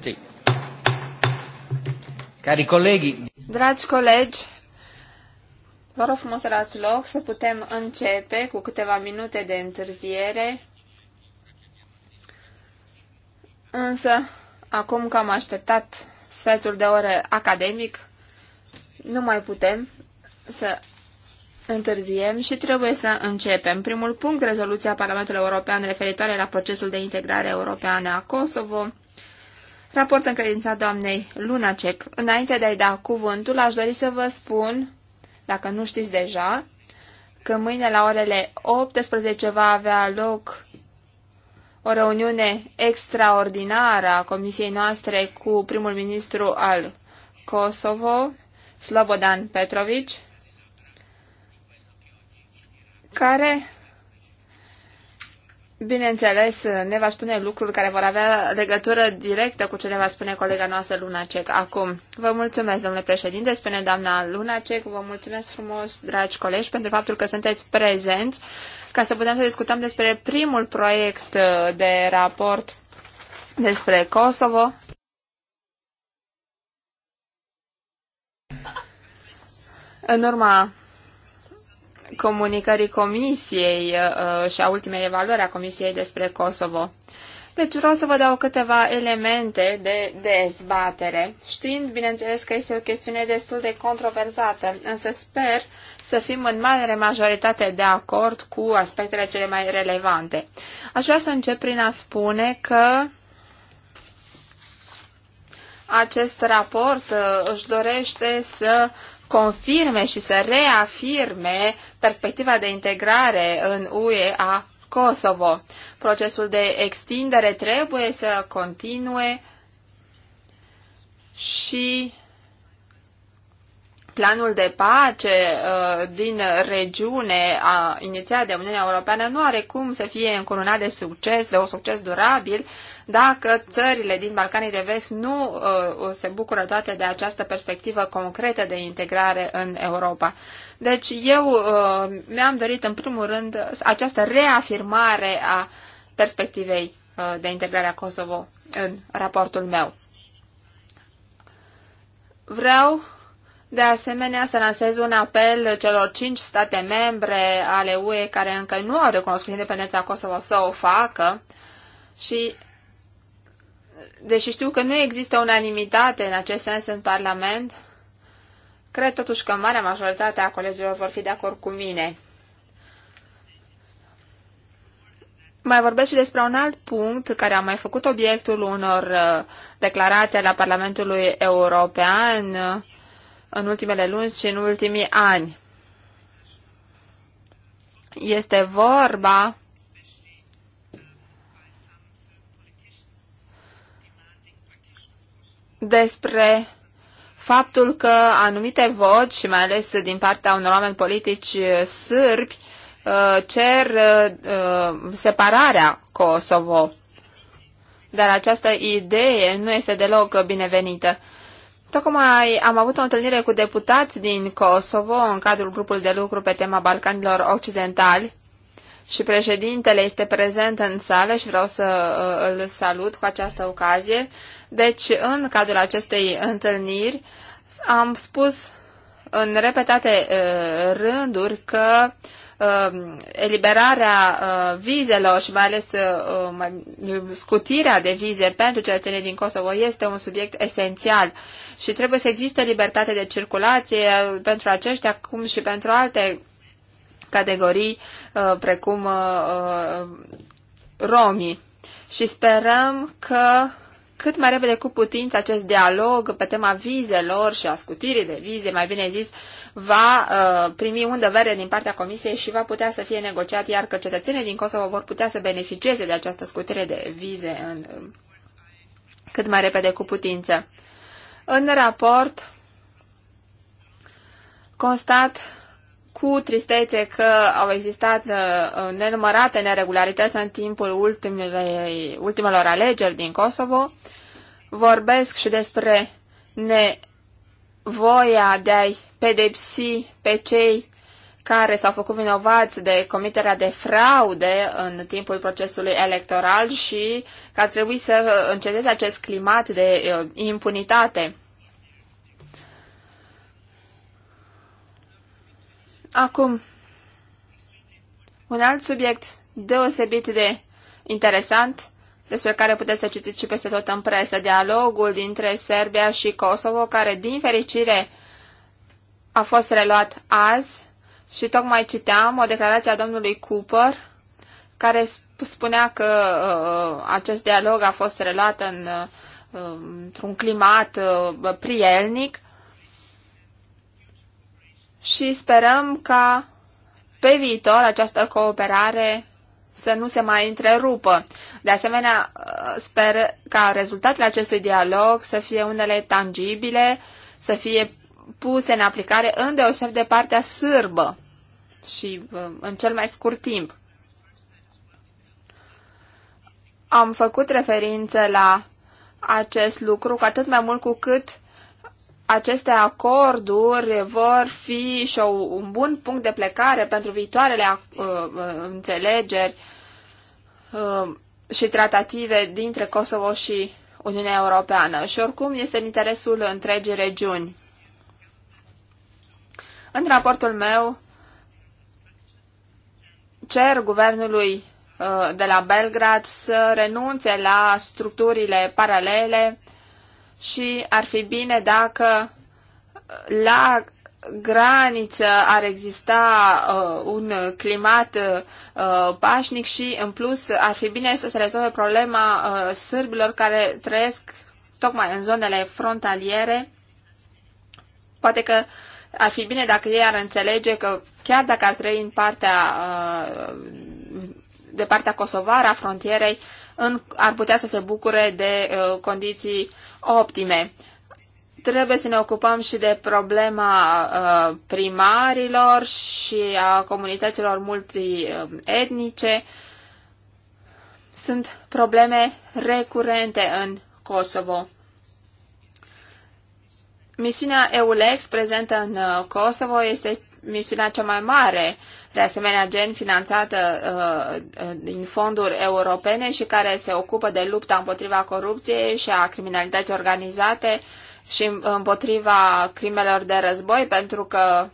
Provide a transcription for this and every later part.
Sì. Cari colleghi. Dragi colegi, vă rog frumos să lați loc să putem începe cu câteva minute de întârziere. Însă, acum că am așteptat sfertul de oră academic, nu mai putem să Întârziem și trebuie să începem. Primul punct, rezoluția Parlamentului European referitoare la procesul de integrare europeană a Kosovo. Raport în credința doamnei Lunacek. Înainte de a-i da cuvântul, aș dori să vă spun, dacă nu știți deja, că mâine la orele 18 va avea loc o reuniune extraordinară a comisiei noastre cu primul ministru al Kosovo, Slobodan Petrovici, care Bineînțeles, ne va spune lucruri care vor avea legătură directă cu ce ne va spune colega noastră Lunacek acum. Vă mulțumesc, domnule președinte, spune doamna Lunacek, vă mulțumesc frumos, dragi colegi, pentru faptul că sunteți prezenți, ca să putem să discutăm despre primul proiect de raport despre Kosovo. În urma comunicării Comisiei uh, uh, și a ultimei evaluări a Comisiei despre Kosovo. Deci vreau să vă dau câteva elemente de dezbatere, știind, bineînțeles, că este o chestiune destul de controversată, însă sper să fim în mare majoritate de acord cu aspectele cele mai relevante. Aș vrea să încep prin a spune că acest raport uh, își dorește să confirme și să reafirme perspectiva de integrare în UE a Kosovo. Procesul de extindere trebuie să continue și planul de pace uh, din regiune a, inițiat de Uniunea Europeană nu are cum să fie încununat de succes, de un succes durabil, dacă țările din Balcanii de Vest nu uh, se bucură toate de această perspectivă concretă de integrare în Europa. Deci eu uh, mi-am dorit în primul rând această reafirmare a perspectivei de integrare a Kosovo în raportul meu. Vreau de asemenea, să lansez un apel celor cinci state membre ale UE care încă nu au recunoscut independența Kosovo să o facă și deși știu că nu există unanimitate în acest sens în Parlament, cred totuși că marea majoritate a colegilor vor fi de acord cu mine. Mai vorbesc și despre un alt punct care a mai făcut obiectul unor uh, declarații la Parlamentului European uh, în ultimele luni și în ultimii ani. Este vorba despre faptul că anumite voci, și mai ales din partea unor oameni politici sârbi, uh, cer uh, uh, separarea Kosovo. Dar această idee nu este deloc binevenită. Tocmai am avut o întâlnire cu deputați din Kosovo în cadrul grupului de lucru pe tema Balcanilor Occidentali și președintele este prezent în sală și vreau să uh, îl salut cu această ocazie. Deci, în cadrul acestei întâlniri, am spus în repetate uh, rânduri că uh, Um, eliberarea uh, vizelor și mai ales uh, um, scutirea de vize pentru cetățenii din Kosovo este un subiect esențial și trebuie să existe libertate de circulație pentru aceștia, cum și pentru alte categorii uh, precum romii. Și sperăm că cât mai repede cu putință acest dialog pe tema vizelor și a scutirii de vize, mai bine zis, va uh, primi undă verde din partea Comisiei și va putea să fie negociat, iar că cetățenii din Kosovo vor putea să beneficieze de această scutire de vize în, uh, cât mai repede cu putință. În raport constat cu tristețe că au existat uh, nenumărate neregularități în timpul ultimelor alegeri din Kosovo. Vorbesc și despre nevoia de a-i pedepsi pe cei care s-au făcut vinovați de comiterea de fraude în timpul procesului electoral și că ar trebui să înceteze acest climat de uh, impunitate. Acum, un alt subiect deosebit de interesant, despre care puteți să citiți și peste tot în presă, dialogul dintre Serbia și Kosovo, care, din fericire, a fost reluat azi și tocmai citeam o declarație a domnului Cooper, care spunea că uh, acest dialog a fost reluat în, uh, într-un climat uh, prielnic și sperăm ca pe viitor această cooperare să nu se mai întrerupă. De asemenea, sper ca rezultatele acestui dialog să fie unele tangibile, să fie puse în aplicare în deoseb de partea sârbă și uh, în cel mai scurt timp. Am făcut referință la acest lucru cu atât mai mult cu cât aceste acorduri vor fi și un bun punct de plecare pentru viitoarele uh, uh, înțelegeri uh, și tratative dintre Kosovo și Uniunea Europeană și oricum este în interesul întregii regiuni. În raportul meu cer guvernului de la Belgrad să renunțe la structurile paralele și ar fi bine dacă la graniță ar exista uh, un climat uh, pașnic și, în plus, ar fi bine să se rezolve problema uh, sârbilor care trăiesc tocmai în zonele frontaliere. Poate că ar fi bine dacă ei ar înțelege că chiar dacă ar trăi în partea, uh, de partea kosovară a frontierei, în, ar putea să se bucure de uh, condiții optime. Trebuie să ne ocupăm și de problema uh, primarilor și a comunităților multietnice. Sunt probleme recurente în Kosovo. Misiunea EULEX prezentă în uh, Kosovo este misiunea cea mai mare de asemenea gen finanțată uh, uh, din fonduri europene și care se ocupă de lupta împotriva corupției și a criminalității organizate și împotriva crimelor de război, pentru că,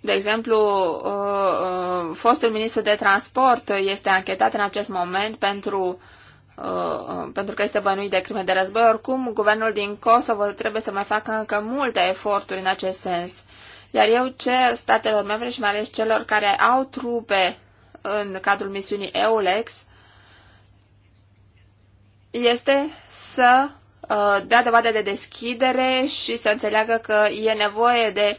de exemplu, uh, uh fostul ministru de transport este anchetat în acest moment pentru uh, pentru că este bănuit de crime de război. Oricum, guvernul din Kosovo trebuie să mai facă încă multe eforturi în acest sens. Iar eu cer statelor membre și mai ales celor care au trupe în cadrul misiunii EULEX este să uh, dea dovadă de deschidere și să înțeleagă că e nevoie de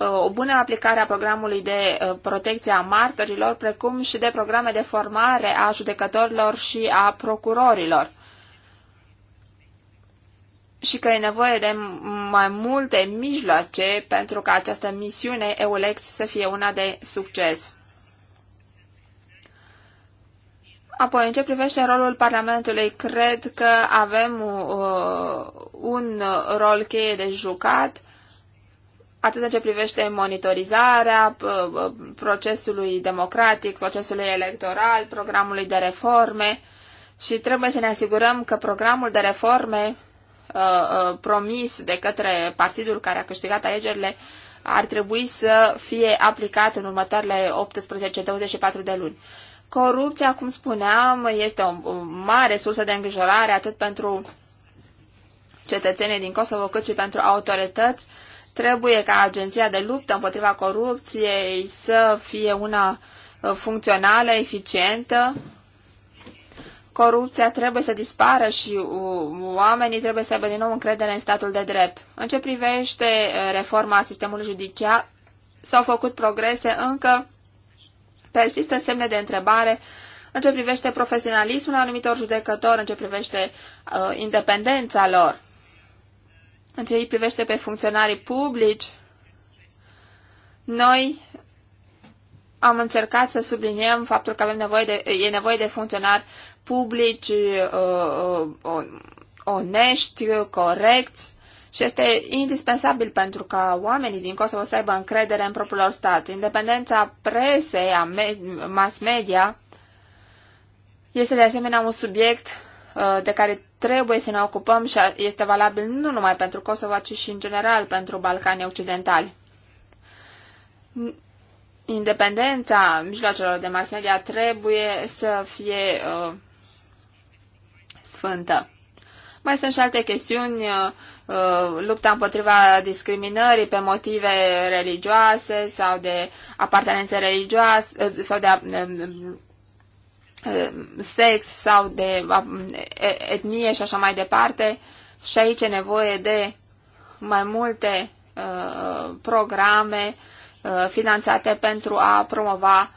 uh, o bună aplicare a programului de uh, protecție a martorilor, precum și de programe de formare a judecătorilor și a procurorilor și că e nevoie de mai multe mijloace pentru ca această misiune EULEX să fie una de succes. Apoi, în ce privește rolul Parlamentului, cred că avem uh, un rol cheie de jucat, atât în ce privește monitorizarea uh, uh procesului democratic, procesului electoral, programului de reforme și trebuie să ne asigurăm că programul de reforme Uh, uh, promis de către partidul care a câștigat alegerile ar trebui să fie aplicat în următoarele 18-24 de luni. Corupția, cum spuneam, este o, o mare sursă de îngrijorare atât pentru cetățenii din Kosovo cât și pentru autorități. Trebuie ca agenția de luptă împotriva corupției să fie una uh, funcțională, eficientă, corupția trebuie să dispară și uh, oamenii trebuie să aibă din nou încredere în statul de drept. În ce privește uh, reforma sistemului judiciar, s-au făcut progrese, încă persistă semne de întrebare în ce privește profesionalismul anumitor judecători, în ce privește uh, independența lor, în ce îi privește pe funcționarii publici. Noi am încercat să subliniem faptul că avem nevoie de, e nevoie de funcționari publici, uh, uh, onești, corecți și este indispensabil pentru ca oamenii din Kosovo să aibă încredere în propriul lor stat. Independența presei, a mass media, este de asemenea un subiect uh, de care trebuie să ne ocupăm și este valabil nu numai pentru Kosovo, ci și în general pentru Balcanii Occidentali. Independența mijloacelor de mass media trebuie să fie uh, sfântă. Mai sunt și alte chestiuni, uh, uh, lupta împotriva discriminării pe motive religioase sau de apartenență religioasă uh, sau de sex sau de etnie și așa mai departe. Și aici e nevoie de mai multe programe finanțate pentru a promova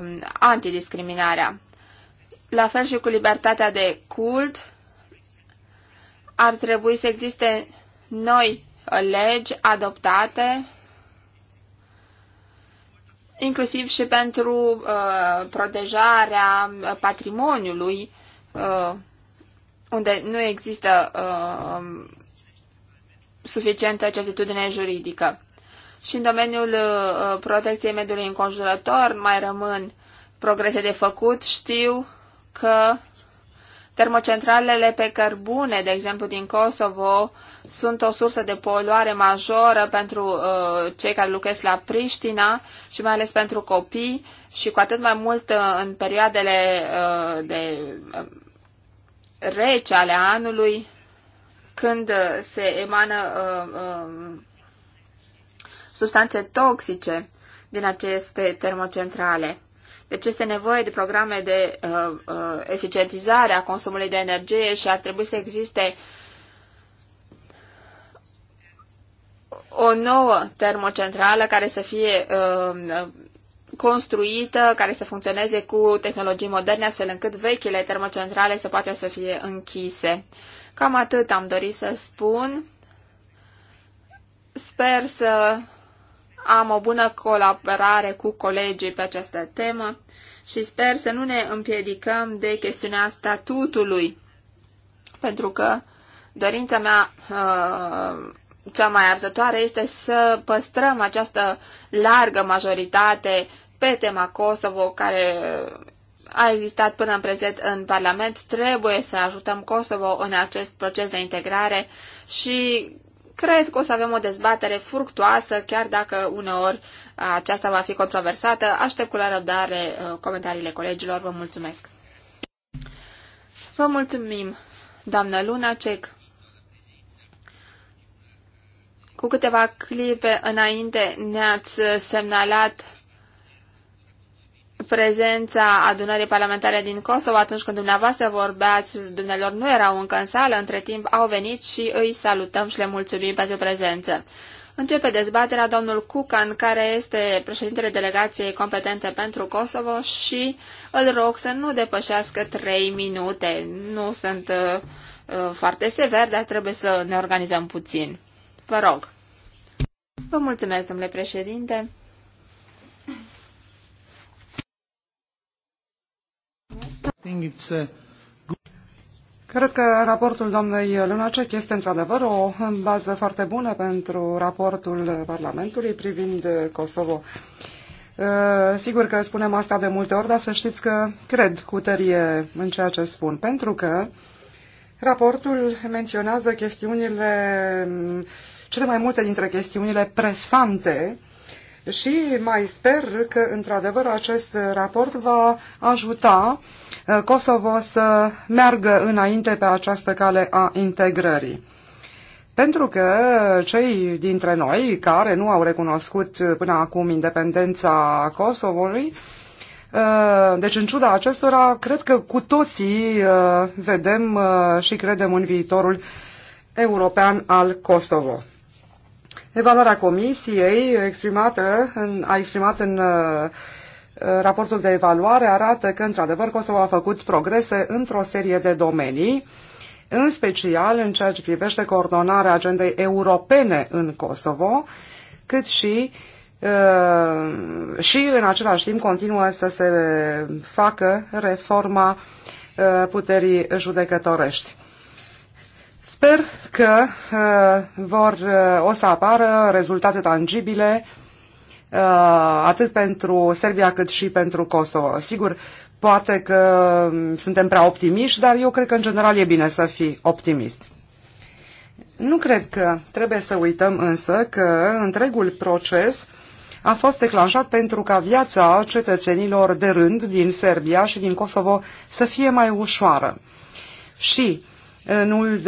um, antidiscriminarea. La fel și cu libertatea de cult, ar trebui să existe noi legi adoptate, inclusiv și pentru uh, protejarea patrimoniului, uh, unde nu există uh, suficientă certitudine juridică. Și în domeniul uh, protecției mediului înconjurător mai rămân progrese de făcut. Știu că termocentralele pe cărbune, de exemplu din Kosovo, sunt o sursă de poluare majoră pentru uh, cei care lucrez la Priștina și mai ales pentru copii și cu atât mai mult uh, în perioadele uh, de uh, rece ale anului, când uh, se emană uh, uh, substanțe toxice din aceste termocentrale. Deci este nevoie de programe de uh, uh, eficientizare a consumului de energie și ar trebui să existe o nouă termocentrală care să fie uh, construită, care să funcționeze cu tehnologii moderne, astfel încât vechile termocentrale să poată să fie închise. Cam atât am dorit să spun. Sper să am o bună colaborare cu colegii pe această temă și sper să nu ne împiedicăm de chestiunea statutului, pentru că dorința mea uh, cea mai arzătoare este să păstrăm această largă majoritate pe tema Kosovo, care a existat până în prezent în Parlament. Trebuie să ajutăm Kosovo în acest proces de integrare și Cred că o să avem o dezbatere fructuoasă, chiar dacă uneori aceasta va fi controversată. Aștept cu la răbdare uh, comentariile colegilor. Vă mulțumesc! Vă mulțumim, doamnă Lunacek! Cu câteva clipe înainte ne-ați semnalat prezența adunării parlamentare din Kosovo atunci când dumneavoastră vorbeați, dumnealor nu erau încă în sală, între timp au venit și îi salutăm și le mulțumim pentru prezență. Începe dezbaterea domnul Cucan, care este președintele delegației competente pentru Kosovo și îl rog să nu depășească trei minute. Nu sunt uh, uh foarte sever, dar trebuie să ne organizăm puțin. Vă rog. Vă mulțumesc, domnule președinte. Cred că raportul doamnei Lunacek este într-adevăr o bază foarte bună pentru raportul Parlamentului privind Kosovo. Uh, sigur că spunem asta de multe ori, dar să știți că cred cu tărie în ceea ce spun, pentru că raportul menționează chestiunile, cele mai multe dintre chestiunile presante și mai sper că, într-adevăr, acest raport va ajuta uh, Kosovo să meargă înainte pe această cale a integrării. Pentru că cei dintre noi care nu au recunoscut până acum independența Kosovoului, uh, deci în ciuda acestora, cred că cu toții uh, vedem și credem în viitorul european al Kosovo. Evaluarea comisiei exprimată în, a exprimat în uh, uh, raportul de evaluare arată că, într-adevăr, Kosovo a făcut progrese într-o serie de domenii, în special în ceea ce privește coordonarea agendei europene în Kosovo, cât și uh, și în același timp continuă să se facă reforma puterii judecătorești. Sper că uh, vor, uh, o să apară rezultate tangibile uh, atât pentru Serbia cât și pentru Kosovo. Sigur, poate că um, suntem prea optimiști, dar eu cred că în general e bine să fii optimist. Nu cred că trebuie să uităm însă că întregul proces a fost declanșat pentru ca viața cetățenilor de rând din Serbia și din Kosovo să fie mai ușoară. Și în,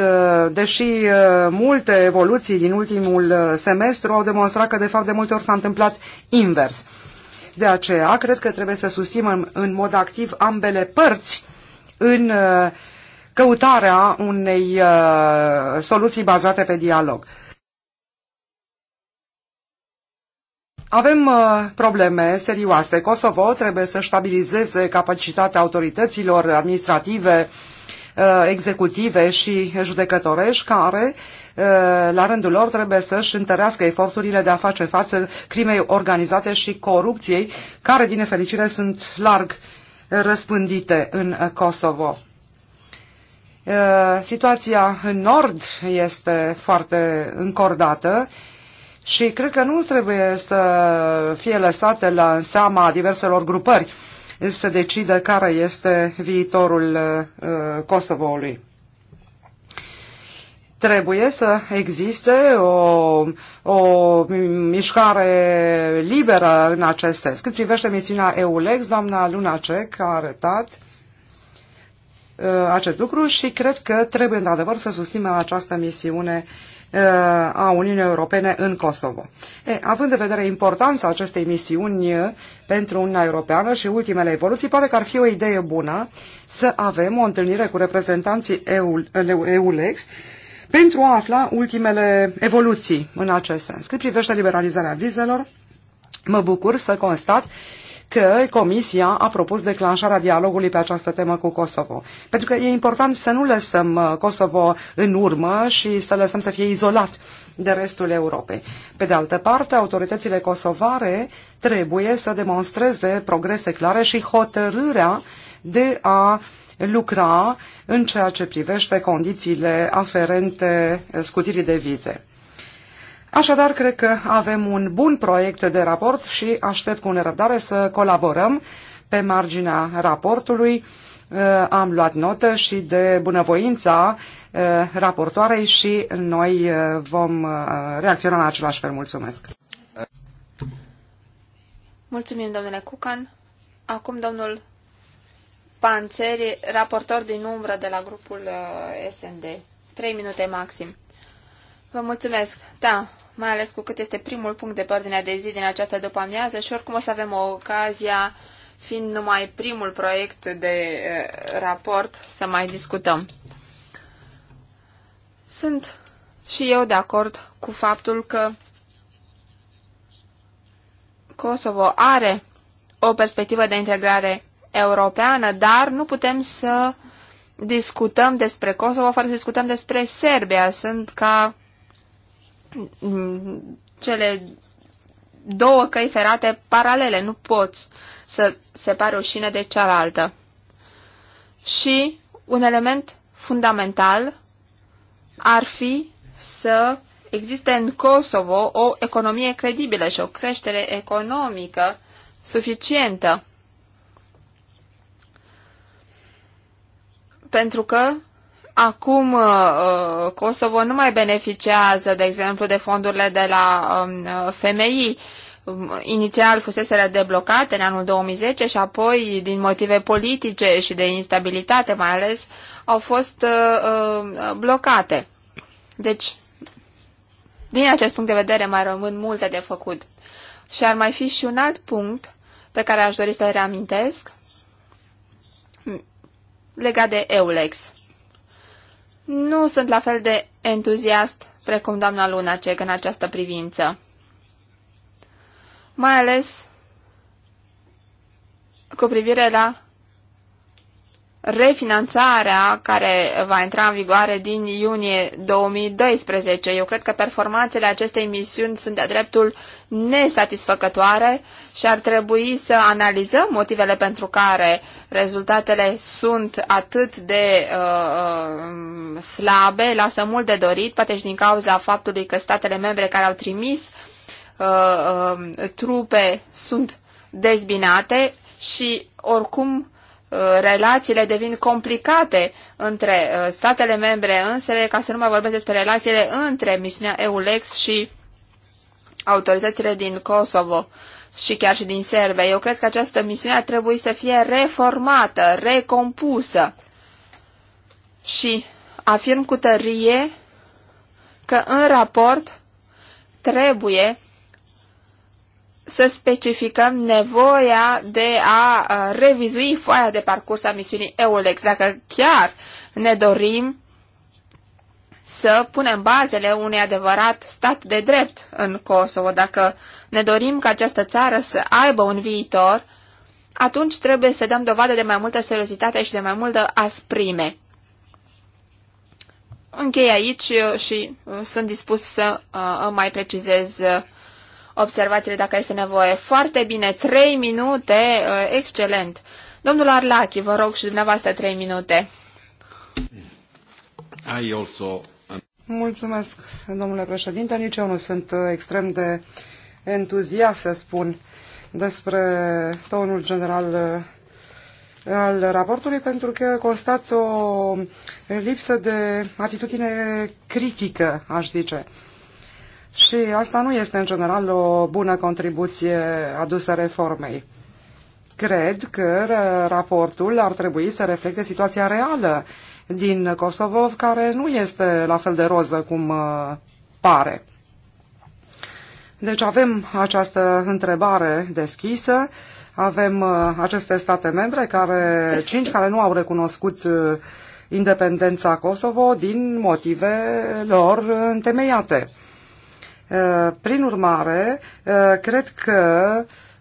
deși uh, multe evoluții din ultimul uh, semestru au demonstrat că de fapt de multe ori s-a întâmplat invers. De aceea, cred că trebuie să susținem în mod activ ambele părți în uh, căutarea unei soluții bazate pe dialog. Avem probleme serioase. Kosovo trebuie să stabilizeze capacitatea autorităților administrative uh, Uh, executive și judecătorești care, uh, la rândul lor, trebuie să-și întărească eforturile de a face față crimei organizate și corupției, care, din nefericire, sunt larg răspândite în uh, Kosovo. Situația în nord este foarte încordată și cred că nu trebuie să fie lăsată la seama diverselor grupări să decidă care este viitorul uh, Kosovoului trebuie să existe o, o mișcare liberă în acest sens. Cât privește misiunea EULEX, doamna Lunacek a arătat uh, acest lucru și cred că trebuie într-adevăr să susținem această misiune Uh, a Uniunii Europene în Kosovo. E, având în vedere importanța acestei misiuni pentru Uniunea Europeană și ultimele evoluții, poate că ar fi o idee bună să avem o întâlnire cu reprezentanții EULEX pentru a afla ultimele evoluții în acest sens. Cât privește liberalizarea vizelor, mă bucur să constat că Comisia a propus declanșarea dialogului pe această temă cu Kosovo. Pentru că e important să nu lăsăm uh, Kosovo în urmă și să lăsăm să fie izolat de restul Europei. Pe de altă parte, autoritățile kosovare trebuie să demonstreze progrese clare și hotărârea de a lucra în ceea ce privește condițiile aferente scutirii de vize. Așadar, cred că avem un bun proiect de raport și aștept cu nerăbdare să colaborăm pe marginea raportului. Uh, am luat notă și de bunăvoința uh, raportoarei și noi uh, vom reacționa la același fel. Mulțumesc! Mulțumim, domnule Cucan. Acum, domnul Panțeri, raportor din umbră de la grupul SND. Trei minute maxim. Vă mulțumesc. Da, mai ales cu cât este primul punct de pe ordinea de zi din această după-amiază și oricum o să avem o ocazia, fiind numai primul proiect de raport, să mai discutăm. Sunt și eu de acord cu faptul că Kosovo are o perspectivă de integrare europeană, dar nu putem să discutăm despre Kosovo fără să discutăm despre Serbia. Sunt ca cele două căi ferate paralele, nu poți să separi o șină de cealaltă. Și un element fundamental ar fi să existe în Kosovo o economie credibilă și o creștere economică suficientă. Pentru că Acum uh, uh, Kosovo nu mai beneficiază, de exemplu, de fondurile de la um, uh, FMI. Um, inițial fusese deblocate în anul 2010 și apoi, din motive politice și de instabilitate mai ales, au fost blocate. Deci, din acest punct de vedere, mai rămân multe de făcut. Și ar mai fi și un alt punct pe care aș dori să-l reamintesc legat de Eulex. Nu sunt la fel de entuziast precum doamna Cec în această privință. Mai ales cu privire la refinanțarea care va intra în vigoare din iunie 2012. Eu cred că performanțele acestei misiuni sunt de dreptul nesatisfăcătoare și ar trebui să analizăm motivele pentru care rezultatele sunt atât de uh, uh, slabe, lasă mult de dorit, poate și din cauza faptului că statele membre care au trimis uh, uh, trupe sunt dezbinate și oricum Uh, relațiile devin complicate între uh, statele membre însele, ca să nu mai vorbesc despre relațiile între misiunea EULEX și autoritățile din Kosovo și chiar și din Serbia. Eu cred că această misiune ar trebui să fie reformată, recompusă. Și afirm cu tărie că în raport trebuie să specificăm nevoia de a revizui foaia de parcurs a misiunii EULEX, dacă chiar ne dorim să punem bazele unui adevărat stat de drept în Kosovo. Dacă ne dorim ca această țară să aibă un viitor, atunci trebuie să dăm dovadă de mai multă seriozitate și de mai multă asprime. Închei aici și sunt dispus să mai precizez observațiile dacă este nevoie. Foarte bine, trei minute, uh, excelent. Domnul Arlachi, vă rog și dumneavoastră trei minute. I also... Mulțumesc, domnule președinte. Nici eu nu sunt uh, extrem de entuziast, să spun, despre tonul general uh, al raportului pentru că constat o lipsă de atitudine critică, aș zice. Și asta nu este, în general, o bună contribuție adusă reformei. Cred că raportul ar trebui să reflecte situația reală din Kosovo, care nu este la fel de roză cum uh, pare. Deci avem această întrebare deschisă, avem uh, aceste state membre, care, cinci care nu au recunoscut uh, independența Kosovo din motive lor întemeiate. Uh, prin urmare, uh, cred că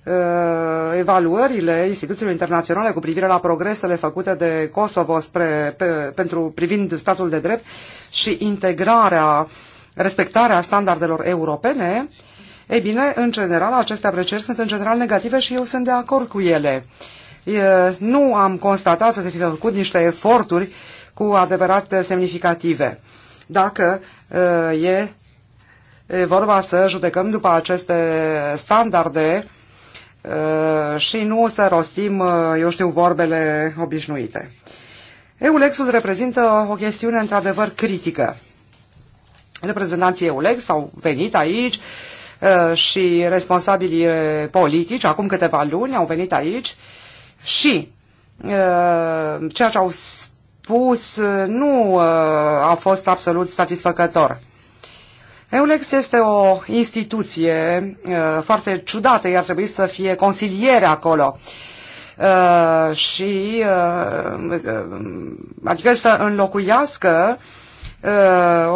uh, evaluările instituțiilor internaționale cu privire la progresele făcute de Kosovo spre, pe, pentru privind statul de drept și integrarea, respectarea standardelor europene, ei bine, în general, aceste aprecieri sunt în general negative și eu sunt de acord cu ele. Nu am constatat să se fi făcut niște eforturi cu adevărat semnificative. Dacă e e vorba să judecăm după aceste standarde și nu să rostim, eu știu, vorbele obișnuite. Eulexul reprezintă o chestiune într-adevăr critică. Reprezentanții EULEX au venit aici și responsabilii politici, acum câteva luni, au venit aici și ceea ce au spus nu a fost absolut satisfăcător. Eulex este o instituție uh, foarte ciudată, iar trebuie să fie consiliere acolo. Uh, și uh, adică să înlocuiască uh,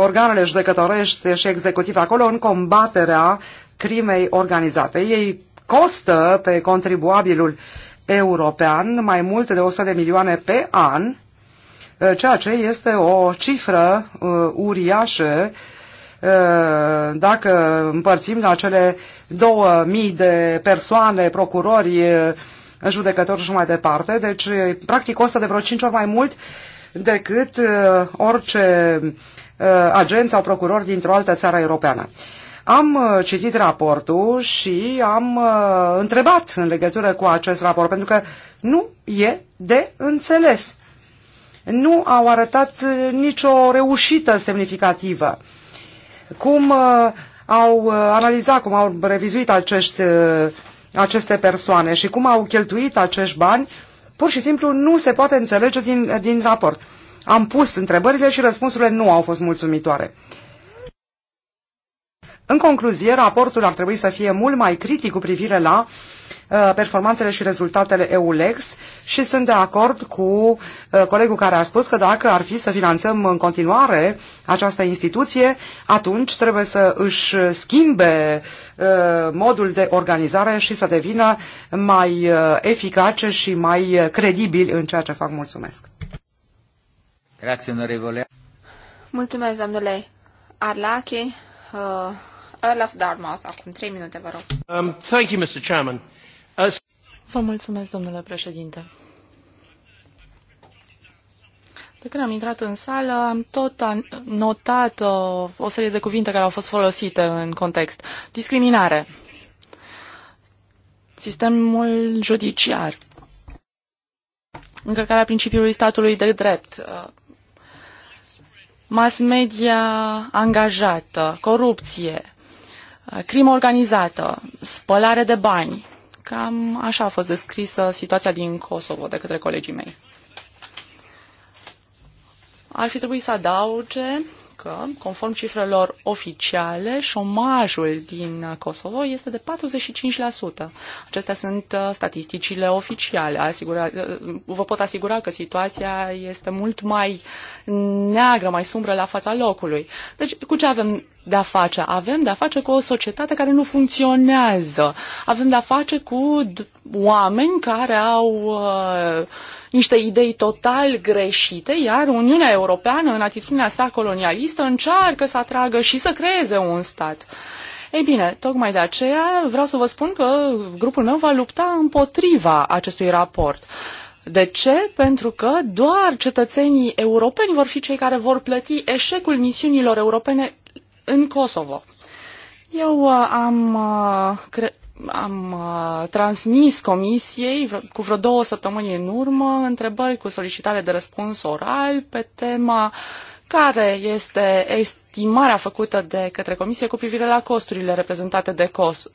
organele judecătorești și executive acolo în combaterea crimei organizate. Ei costă pe contribuabilul european mai mult de 100 de milioane pe an, uh, ceea ce este o cifră uh, uriașă uh, Uh, dacă împărțim la cele 2000 de persoane, procurori, uh, judecători și mai departe, deci uh, practic costă de vreo 5 ori mai mult decât orice agent sau procuror dintr-o altă țară europeană. Am citit raportul și am întrebat în legătură cu acest raport, pentru că nu e de înțeles. Nu au arătat nicio reușită semnificativă cum uh, au uh, analizat, cum au revizuit acești, uh, aceste persoane și cum au cheltuit acești bani, pur și simplu nu se poate înțelege din, din raport. Am pus întrebările și răspunsurile nu au fost mulțumitoare. În concluzie, raportul ar trebui să fie mult mai critic cu privire la uh, Uh, performanțele și rezultatele EULEX și sunt de acord cu uh, colegul care a spus că dacă ar fi să finanțăm în continuare această instituție, atunci trebuie să își schimbe uh, modul de organizare și să devină mai eficace și mai credibil în ceea ce fac. Mulțumesc! Grazie, onorevole. Mulțumesc, domnule Arlache. Uh, Earl of Dartmouth, acum trei minute, vă rog. Um, thank you, Mr. Chairman. Vă mulțumesc, domnule președinte. De când am intrat în sală, am tot notat o, uh, o serie de cuvinte care au fost folosite în context. Discriminare. Sistemul judiciar. Încărcarea principiului statului de drept. Uh, mass media angajată. Corupție. Uh, crimă organizată. Spălare de bani Cam așa a fost descrisă situația din Kosovo de către colegii mei. Ar fi trebuit să adauge că, conform cifrelor oficiale, șomajul din Kosovo este de 45%. Acestea sunt uh, statisticile oficiale. Asigura, uh, vă pot asigura că situația este mult mai neagră, mai sumbră la fața locului. Deci, cu ce avem de-a face? Avem de-a face cu o societate care nu funcționează. Avem de-a face cu oameni care au uh, niște idei total greșite, iar Uniunea Europeană, în atitudinea sa colonialistă, încearcă să atragă și să creeze un stat. Ei bine, tocmai de aceea vreau să vă spun că grupul meu va lupta împotriva acestui raport. De ce? Pentru că doar cetățenii europeni vor fi cei care vor plăti eșecul misiunilor europene în Kosovo. Eu uh, am, uh, cre- am uh, transmis comisiei cu vreo două săptămâni în urmă întrebări cu solicitare de răspuns oral pe tema care este est estimarea făcută de către Comisie cu privire la costurile reprezentate de Kos-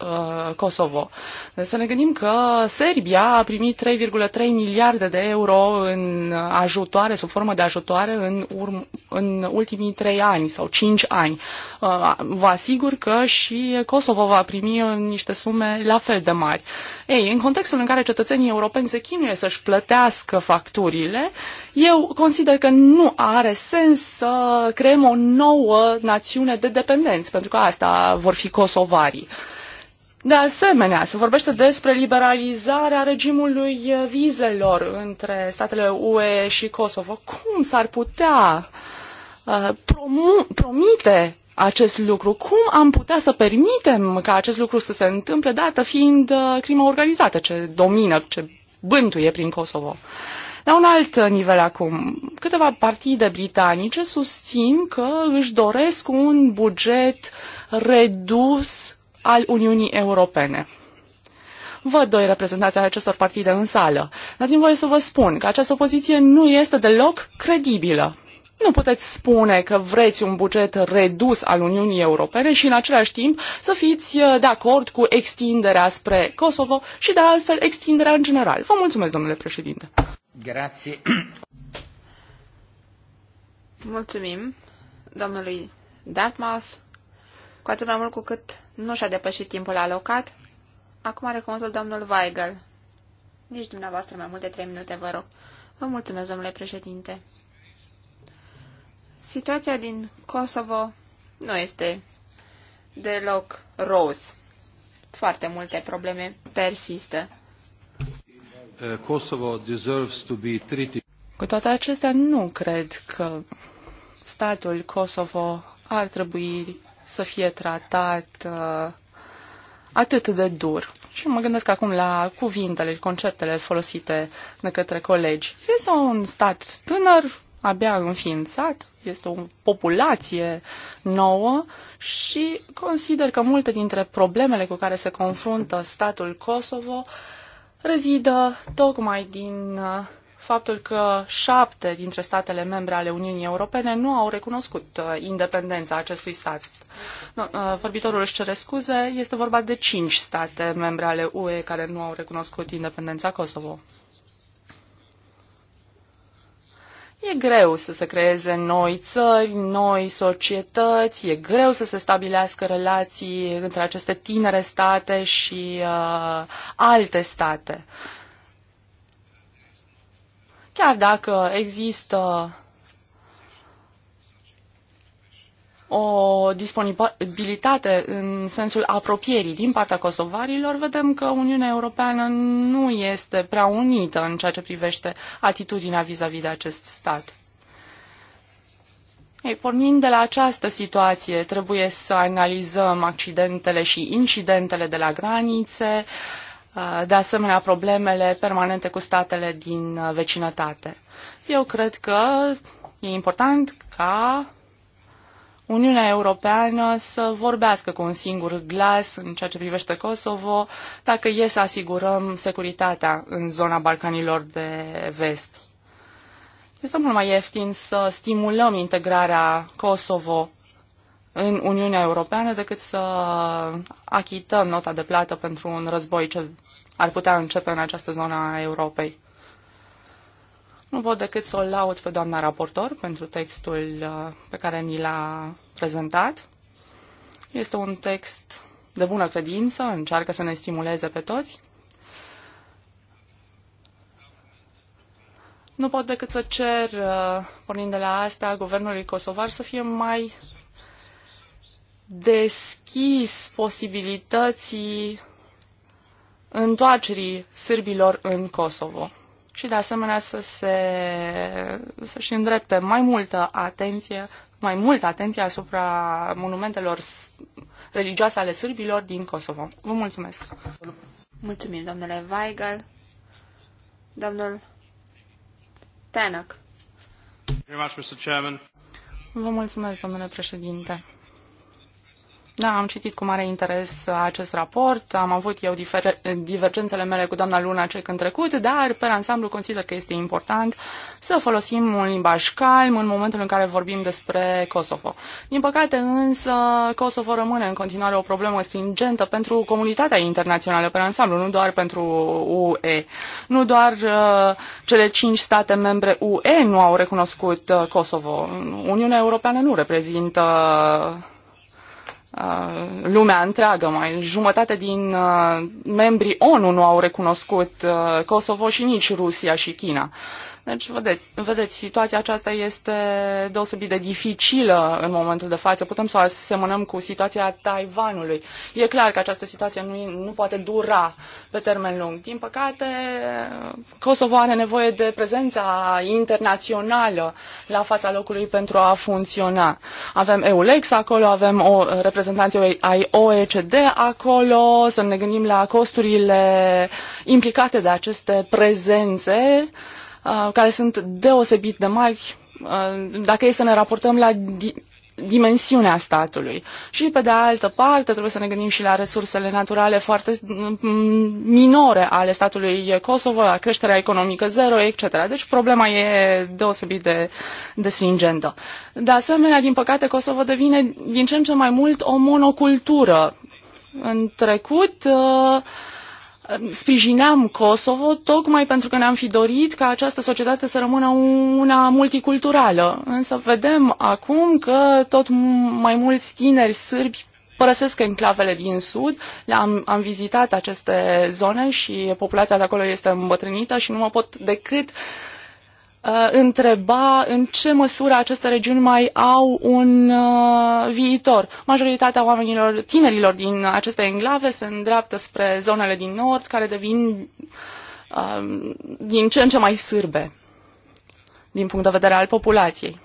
uh, Kosovo. Deci să ne gândim că Serbia a primit 3,3 miliarde de euro în ajutoare, sub formă de ajutoare, în, urm- în ultimii 3 ani sau 5 ani. Uh, vă asigur că și Kosovo va primi niște sume la fel de mari. Ei, în contextul în care cetățenii europeni se chinuie să-și plătească facturile, eu consider că nu are sens să creăm o nouă națiune de dependenți, pentru că asta vor fi kosovarii. De asemenea, se vorbește despre liberalizarea regimului vizelor între statele UE și Kosovo. Cum s-ar putea uh, promite acest lucru? Cum am putea să permitem ca acest lucru să se întâmple, dată fiind uh, crima organizată ce domină, ce bântuie prin Kosovo? Uh, la un alt nivel acum, câteva partide britanice susțin că își doresc un buget redus al Uniunii Europene. Văd doi reprezentanți ai acestor partide în sală. Dați-mi voie să vă spun că această poziție nu este deloc credibilă. Nu puteți spune că vreți un buget redus al Uniunii Europene și în același timp să fiți uh, de acord cu extinderea spre Kosovo și de altfel extinderea în general. Vă mulțumesc, domnule președinte. Grazie. Mulțumim domnului Dartmouth, cu atât mai mult cu cât nu și-a depășit timpul alocat. Acum are cuvântul domnul Weigel. Nici dumneavoastră mai mult de trei minute, vă rog. Vă mulțumesc, domnule președinte. Situația din Kosovo nu este deloc roz. Foarte multe probleme persistă. Uh, Kosovo deserves to be treated. Cu toate acestea, nu cred că statul Kosovo ar trebui să fie tratat uh, atât de dur. Și mă gândesc acum la cuvintele și conceptele folosite de către colegi. Este un stat tânăr, abia înființat, este o populație nouă și consider că multe dintre problemele cu care se confruntă statul Kosovo uh, rezidă tocmai din uh, faptul că șapte dintre statele membre ale Uniunii Europene nu au recunoscut uh, independența acestui stat. Uh, vorbitorul își cere scuze, este vorba de cinci state membre ale UE care nu au recunoscut independența Kosovo. E greu să se creeze noi țări, noi societăți, e greu să se stabilească relații între aceste tinere state și uh, alte state. Chiar dacă există o disponibilitate în sensul apropierii din partea kosovarilor, vedem că Uniunea Europeană nu este prea unită în ceea ce privește atitudinea vis-a-vis de acest stat. Ei, pornind de la această situație, trebuie să analizăm accidentele și incidentele de la granițe, uh, de asemenea problemele permanente cu statele din uh, vecinătate. Eu cred că e important ca Uniunea Europeană să vorbească cu un singur glas în ceea ce privește Kosovo, dacă e să asigurăm securitatea în zona Balcanilor de vest. Este mult mai ieftin să stimulăm integrarea Kosovo în Uniunea Europeană decât să achităm nota de plată pentru un război ce ar putea începe în această zonă a Europei. Nu pot decât să o laud pe doamna raportor pentru textul uh, pe care ni l-a prezentat. Este un text de bună credință, încearcă să ne stimuleze pe toți. Nu pot decât să cer, uh, pornind de la asta, guvernului kosovar să fie mai deschis posibilității întoarcerii sârbilor în Kosovo și de asemenea să se, să-și îndrepte mai multă atenție mai mult atenție asupra monumentelor religioase ale sârbilor din Kosovo. Vă mulțumesc! Mulțumim, domnule Weigel. Domnul Tanak. Vă mulțumesc, domnule președinte. Da, am citit cu mare interes acest raport, am avut eu divergențele mele cu doamna Luna cec în trecut, dar pe ansamblu consider că este important să folosim un limbaj calm în momentul în care vorbim despre Kosovo. Din păcate însă Kosovo rămâne în continuare o problemă stringentă pentru comunitatea internațională pe ansamblu, nu doar pentru UE. Nu doar uh, cele cinci state membre UE nu au recunoscut uh, Kosovo. Uniunea Europeană nu reprezintă uh, Uh, lumea întreagă, mai jumătate din uh, membrii ONU nu au recunoscut uh, Kosovo și nici Rusia și China. Deci, vedeți, vedeți, situația aceasta este deosebit de dificilă în momentul de față. Putem să o asemănăm cu situația Taiwanului. E clar că această situație nu, nu poate dura pe termen lung. Din păcate, Kosovo are nevoie de prezența internațională la fața locului pentru a funcționa. Avem EULEX acolo, avem o reprezentanții ai OECD acolo, să ne gândim la costurile implicate de aceste prezențe Uh, care sunt deosebit de mari uh, dacă e să ne raportăm la dimensiunea statului. Și pe de altă parte trebuie să ne gândim și la resursele naturale foarte mm, minore ale statului Kosovo, la creșterea economică zero, etc. Deci problema e deosebit de, de stringentă. De asemenea, din păcate, Kosovo devine din ce în ce mai mult o monocultură. În trecut, uh, sprijineam Kosovo tocmai pentru că ne-am fi dorit ca această societate să rămână una multiculturală. Însă vedem acum că tot mai mulți tineri sârbi părăsesc enclavele din sud. Am, am vizitat aceste zone și populația de acolo este îmbătrânită și nu mă pot decât uh, Uh, întreba în ce măsură aceste regiuni mai au un uh, viitor. Majoritatea oamenilor, tinerilor din aceste enclave se îndreaptă spre zonele din nord, care devin uh, din ce în ce mai sârbe din punct de vedere al populației.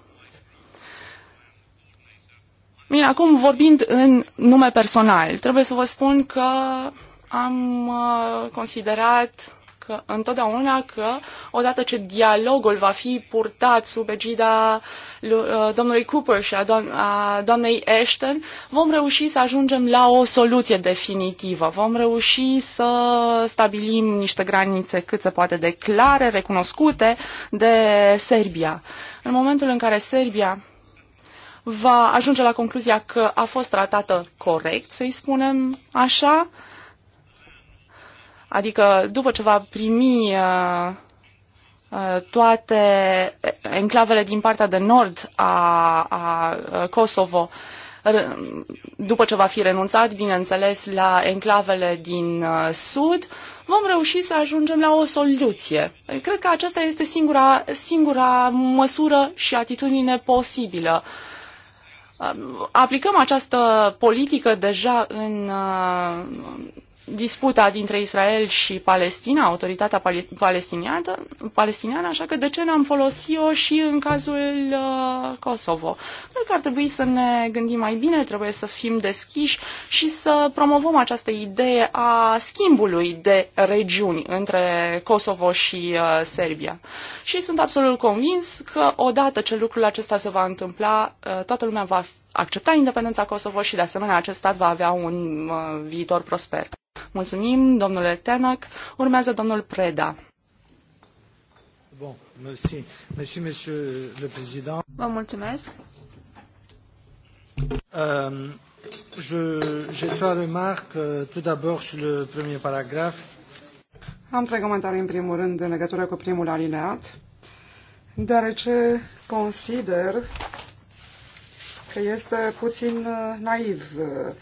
Bine, acum vorbind în nume personal, trebuie să vă spun că am considerat că, întotdeauna că odată ce dialogul va fi purtat sub egida uh, domnului Cooper și a, doam- a doamnei Ashton, vom reuși să ajungem la o soluție definitivă. Vom reuși să stabilim niște granițe cât se poate de clare, recunoscute de Serbia. În momentul în care Serbia va ajunge la concluzia că a fost tratată corect, să-i spunem așa, Adică după ce va primi uh, uh, toate enclavele din partea de nord a, a uh, Kosovo, după ce va fi renunțat, bineînțeles, la enclavele din sud, vom reuși să ajungem la o soluție. Cred că aceasta este singura, singura măsură și atitudine posibilă. Aplicăm această politică deja în disputa dintre Israel și Palestina, autoritatea palestiniană, palestiniană așa că de ce n-am folosit-o și în cazul uh, Kosovo? Cred că ar trebui să ne gândim mai bine, trebuie să fim deschiși și să promovăm această idee a schimbului de regiuni între Kosovo și uh, Serbia. Și sunt absolut convins că odată ce lucrul acesta se va întâmpla, uh, toată lumea va accepta independența Kosovo și de asemenea acest stat va avea un uh, viitor prosper. Mulțumim, domnule Tenac. Urmează domnul Preda. Bun, mulțumesc. Merci, monsieur le président. Vă mulțumesc. Um, je, j'ai trois remarques, euh, tout d'abord sur le premier paragraphe. Am trei comentarii în primul rând în legătură cu primul alineat, deoarece consider că este puțin uh, naiv uh,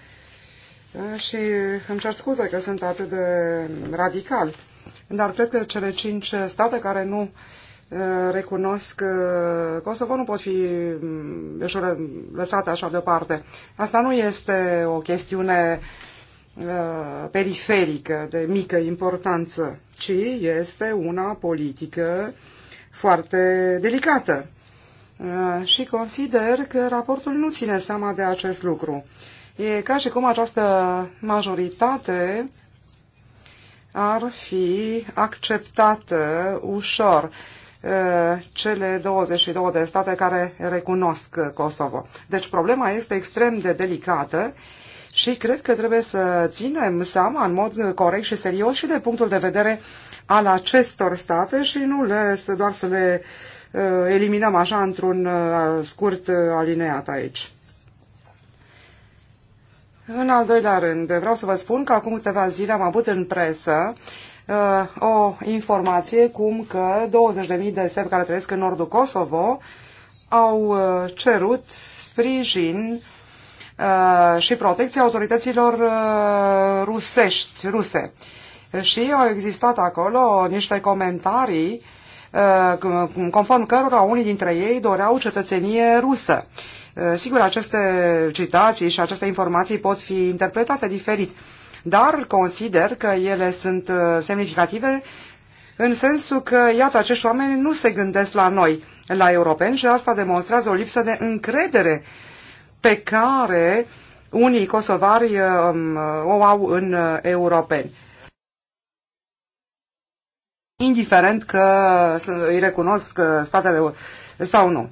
și îmi cer scuze că sunt atât de radical, dar cred că cele cinci state care nu uh, recunosc uh, Kosovo nu pot fi mm, ușor lăsate așa deoparte. Asta nu este o chestiune uh, periferică, de mică importanță, ci este una politică foarte delicată. Și consider că raportul nu ține seama de acest lucru. E ca și cum această majoritate ar fi acceptată ușor cele 22 de state care recunosc Kosovo. Deci problema este extrem de delicată și cred că trebuie să ținem seama în mod corect și serios și de punctul de vedere al acestor state și nu le, doar să le eliminăm așa într-un scurt alineat aici. În al doilea rând, vreau să vă spun că acum câteva zile am avut în presă uh, o informație cum că 20.000 de serbi care trăiesc în nordul Kosovo au uh, cerut sprijin uh, și protecția autorităților uh, rusești, ruse. Și au existat acolo niște comentarii uh, Uh, conform cărora unii dintre ei doreau cetățenie rusă. Uh, sigur, aceste citații și aceste informații pot fi interpretate diferit, dar consider că ele sunt uh, semnificative în sensul că, iată, acești oameni nu se gândesc la noi, la europeni, și asta demonstrează o lipsă de încredere pe care unii kosovari um, o au în europeni indiferent că îi recunosc statele sau nu.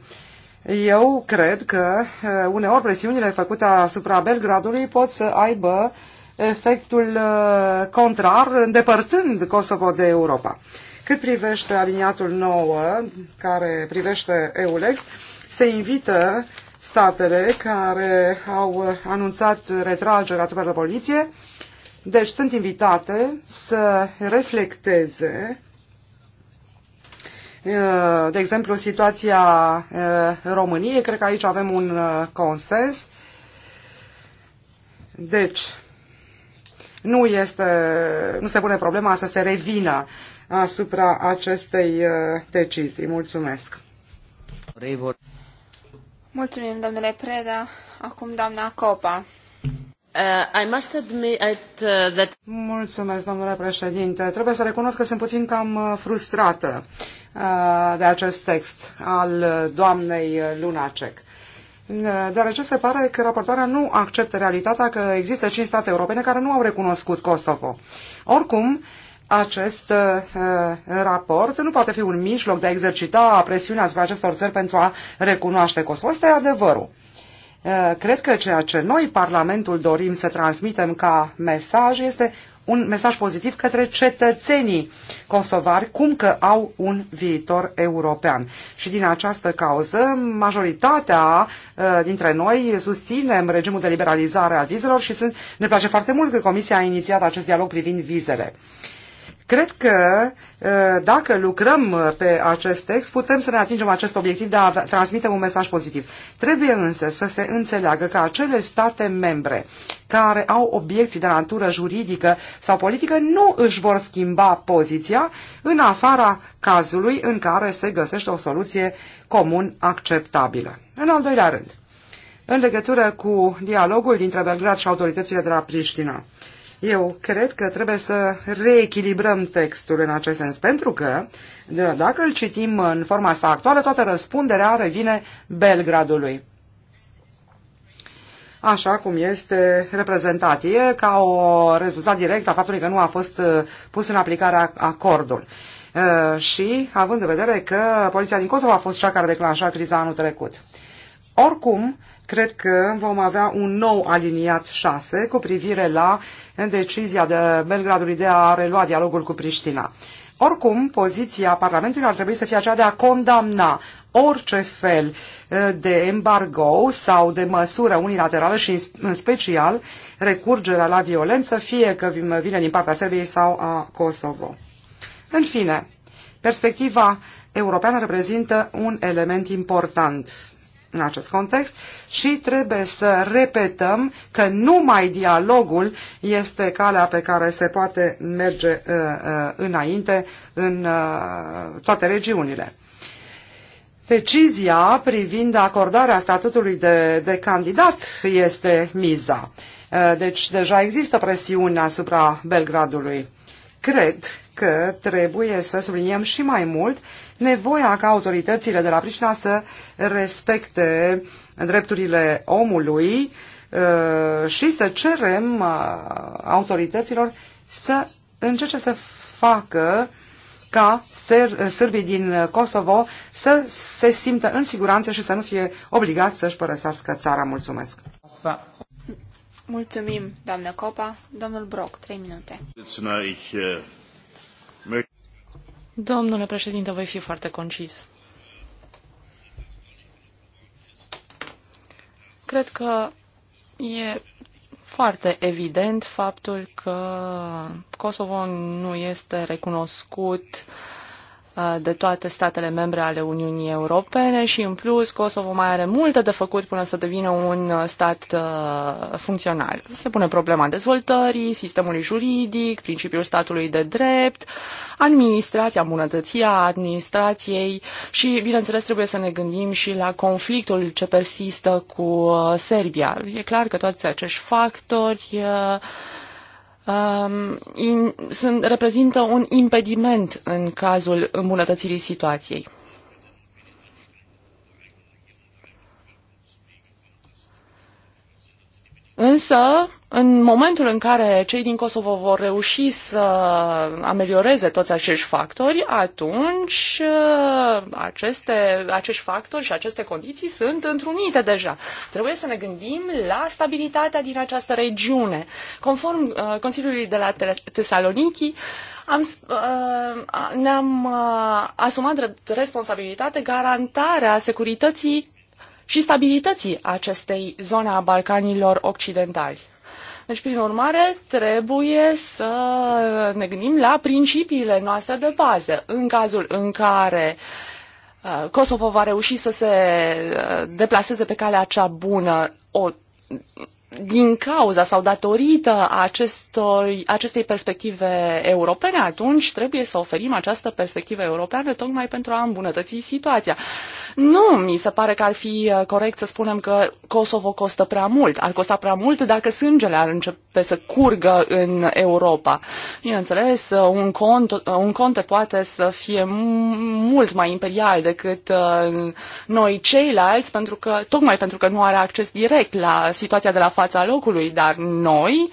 Eu cred că uh, uneori presiunile făcute asupra Belgradului pot să aibă efectul uh, contrar, îndepărtând Kosovo de Europa. Cât privește aliniatul 9, care privește EULEX, se invită statele care au anunțat retragerea trupelor de poliție, deci sunt invitate să reflecteze de exemplu, situația României. Cred că aici avem un consens. Deci, nu, este, nu se pune problema să se revină asupra acestei decizii. Mulțumesc! Mulțumim, domnule Preda. Acum, doamna Copa. Uh, uh, Mulțumesc, domnule președinte. Trebuie să recunosc că sunt puțin cam uh, frustrată de acest text al doamnei Lunacek. Deoarece se pare că raportarea nu acceptă realitatea că există cinci state europene care nu au recunoscut Kosovo. Oricum, acest uh, raport nu poate fi un mijloc de a exercita presiunea asupra acestor țări pentru a recunoaște Kosovo. Asta e adevărul. Uh, Eh, cred că ceea ce noi, Parlamentul, dorim să transmitem ca mesaj este un mesaj pozitiv către cetățenii kosovari, cum că au un viitor european. Și din această cauză, majoritatea eh, dintre noi susținem regimul de liberalizare al vizelor și sunt, ne place foarte mult că Comisia a inițiat acest dialog privind vizele. Cred că ă, dacă lucrăm pe acest text, putem să ne atingem acest obiectiv de a transmite un mesaj pozitiv. Trebuie însă să se înțeleagă că acele state membre care au obiecții de natură juridică sau politică nu își vor schimba poziția în afara cazului în care se găsește o soluție comun acceptabilă. În al doilea rând, în legătură cu dialogul dintre Belgrad și autoritățile de la Priștina. Eu cred că trebuie să reechilibrăm textul în acest sens, pentru că dacă îl citim în forma sa actuală, toată răspunderea revine Belgradului așa cum este reprezentat. E ca o rezultat direct a faptului că nu a fost uh, pus în aplicare acordul. Uh, și având în vedere că poliția din Kosovo a fost cea care declanșa criza anul trecut. Oricum, cred că vom avea un nou aliniat 6 cu privire la decizia de Belgradului de a relua dialogul cu Priștina. Oricum, poziția Parlamentului ar trebui să fie aceea de a condamna orice fel uh, de embargo sau de măsură unilaterală și în special recurgerea la violență, fie că vine din partea Serbiei sau a Kosovo. În fine, perspectiva europeană reprezintă un element important în acest context și trebuie să repetăm că numai dialogul este calea pe care se poate merge uh, uh, înainte în uh, toate regiunile. Decizia privind acordarea statutului de, de candidat este miza. Uh, deci deja există presiune asupra Belgradului. Cred că trebuie să subliniem și mai mult nevoia ca autoritățile de la Prișina să respecte drepturile omului uh, și să cerem uh, autorităților să încerce să facă ca uh, sârbii din Kosovo să se simtă în siguranță și să nu fie obligați să-și părăsească țara. Mulțumesc! Mulțumim, doamnă Copa. Domnul Broc, trei minute. Domnule președinte, voi fi foarte concis. Cred că e foarte evident faptul că Kosovo nu este recunoscut uh, Uh, de toate statele membre ale Uniunii Europene și, în plus, Kosovo mai are multe de făcut până să devină un uh, stat uh, funcțional. Se pune problema dezvoltării, sistemului juridic, principiul statului de drept, administrația, bunătăția administrației și, bineînțeles, trebuie să ne gândim și la conflictul ce persistă cu Serbia. E clar că toți acești factori uh, Um, sunt, reprezintă un impediment în cazul îmbunătățirii situației. Însă, în momentul în care cei din Kosovo vor reuși să amelioreze toți acești factori, atunci uh, aceste, acești factori și aceste condiții sunt întrunite deja. Trebuie să ne gândim la stabilitatea din această regiune. Conform uh, Consiliului de la Tesaloniki, am, uh, ne-am uh, asumat drept responsabilitate garantarea securității și stabilității acestei zone a Balcanilor Occidentali. Deci, prin urmare, trebuie să ne gândim la principiile noastre de bază. În cazul în care uh, Kosovo va reuși să se uh, deplaseze pe calea cea bună, o din cauza sau datorită acestor, acestei perspective europene, atunci trebuie să oferim această perspectivă europeană tocmai pentru a îmbunătăți situația. Nu, mi se pare că ar fi uh, corect să spunem că Kosovo costă prea mult. Ar costa prea mult dacă sângele ar începe să curgă în Europa. Bineînțeles, uh, un cont, uh, un conte poate să fie mult mai imperial decât noi ceilalți, pentru că, tocmai pentru că nu are acces direct la situația de la fața locului, dar noi,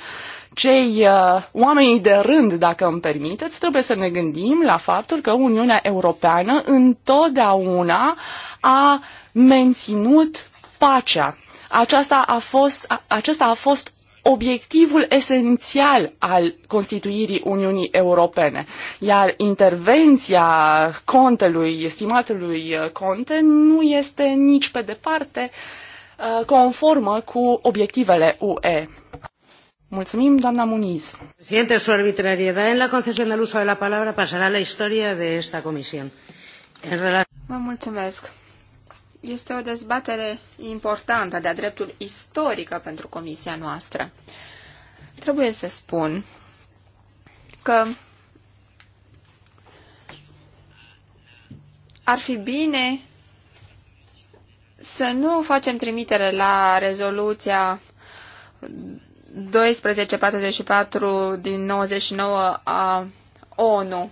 cei uh, oamenii de rând, dacă îmi permiteți, trebuie să ne gândim la faptul că Uniunea Europeană întotdeauna a menținut pacea. Aceasta a fost, a, acesta a fost obiectivul esențial al constituirii Uniunii Europene. Iar intervenția contelui, estimatului uh, conte, nu este nici pe departe uh, conformă cu obiectivele UE. Mulțumim, doamna Muniz. Presidente, su arbitrariedad en la concesión del uso de la palabra pasará la historia de esta comisión. Vă mulțumesc. Este o dezbatere importantă, de-a dreptul istorică pentru comisia noastră. Trebuie să spun că ar fi bine să nu facem trimitere la rezoluția 1244 din 99 a ONU.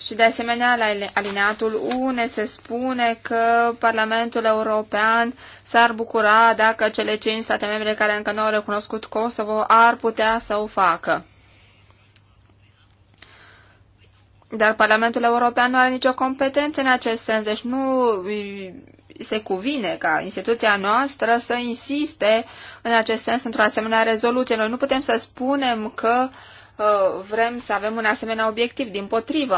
Și de asemenea, la alineatul 1 se spune că Parlamentul European s-ar bucura dacă cele 5 state membre care încă nu au recunoscut Kosovo ar putea să o facă. Dar Parlamentul European nu are nicio competență în acest sens, deci nu se cuvine ca instituția noastră să insiste în acest sens într-o asemenea rezoluție. Noi nu putem să spunem că uh, vrem să avem un asemenea obiectiv. Din potrivă,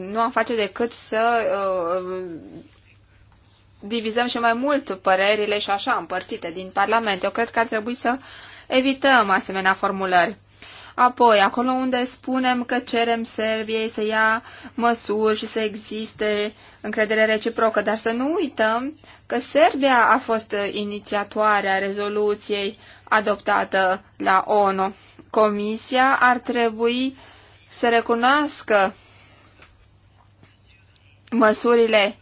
nu am face decât să uh, divizăm și mai mult părerile și așa împărțite din Parlament. Eu cred că ar trebui să evităm asemenea formulări. Apoi, acolo unde spunem că cerem Serbiei să ia măsuri și să existe încredere reciprocă, dar să nu uităm că Serbia a fost inițiatoarea rezoluției adoptată la ONU. Comisia ar trebui să recunoască măsurile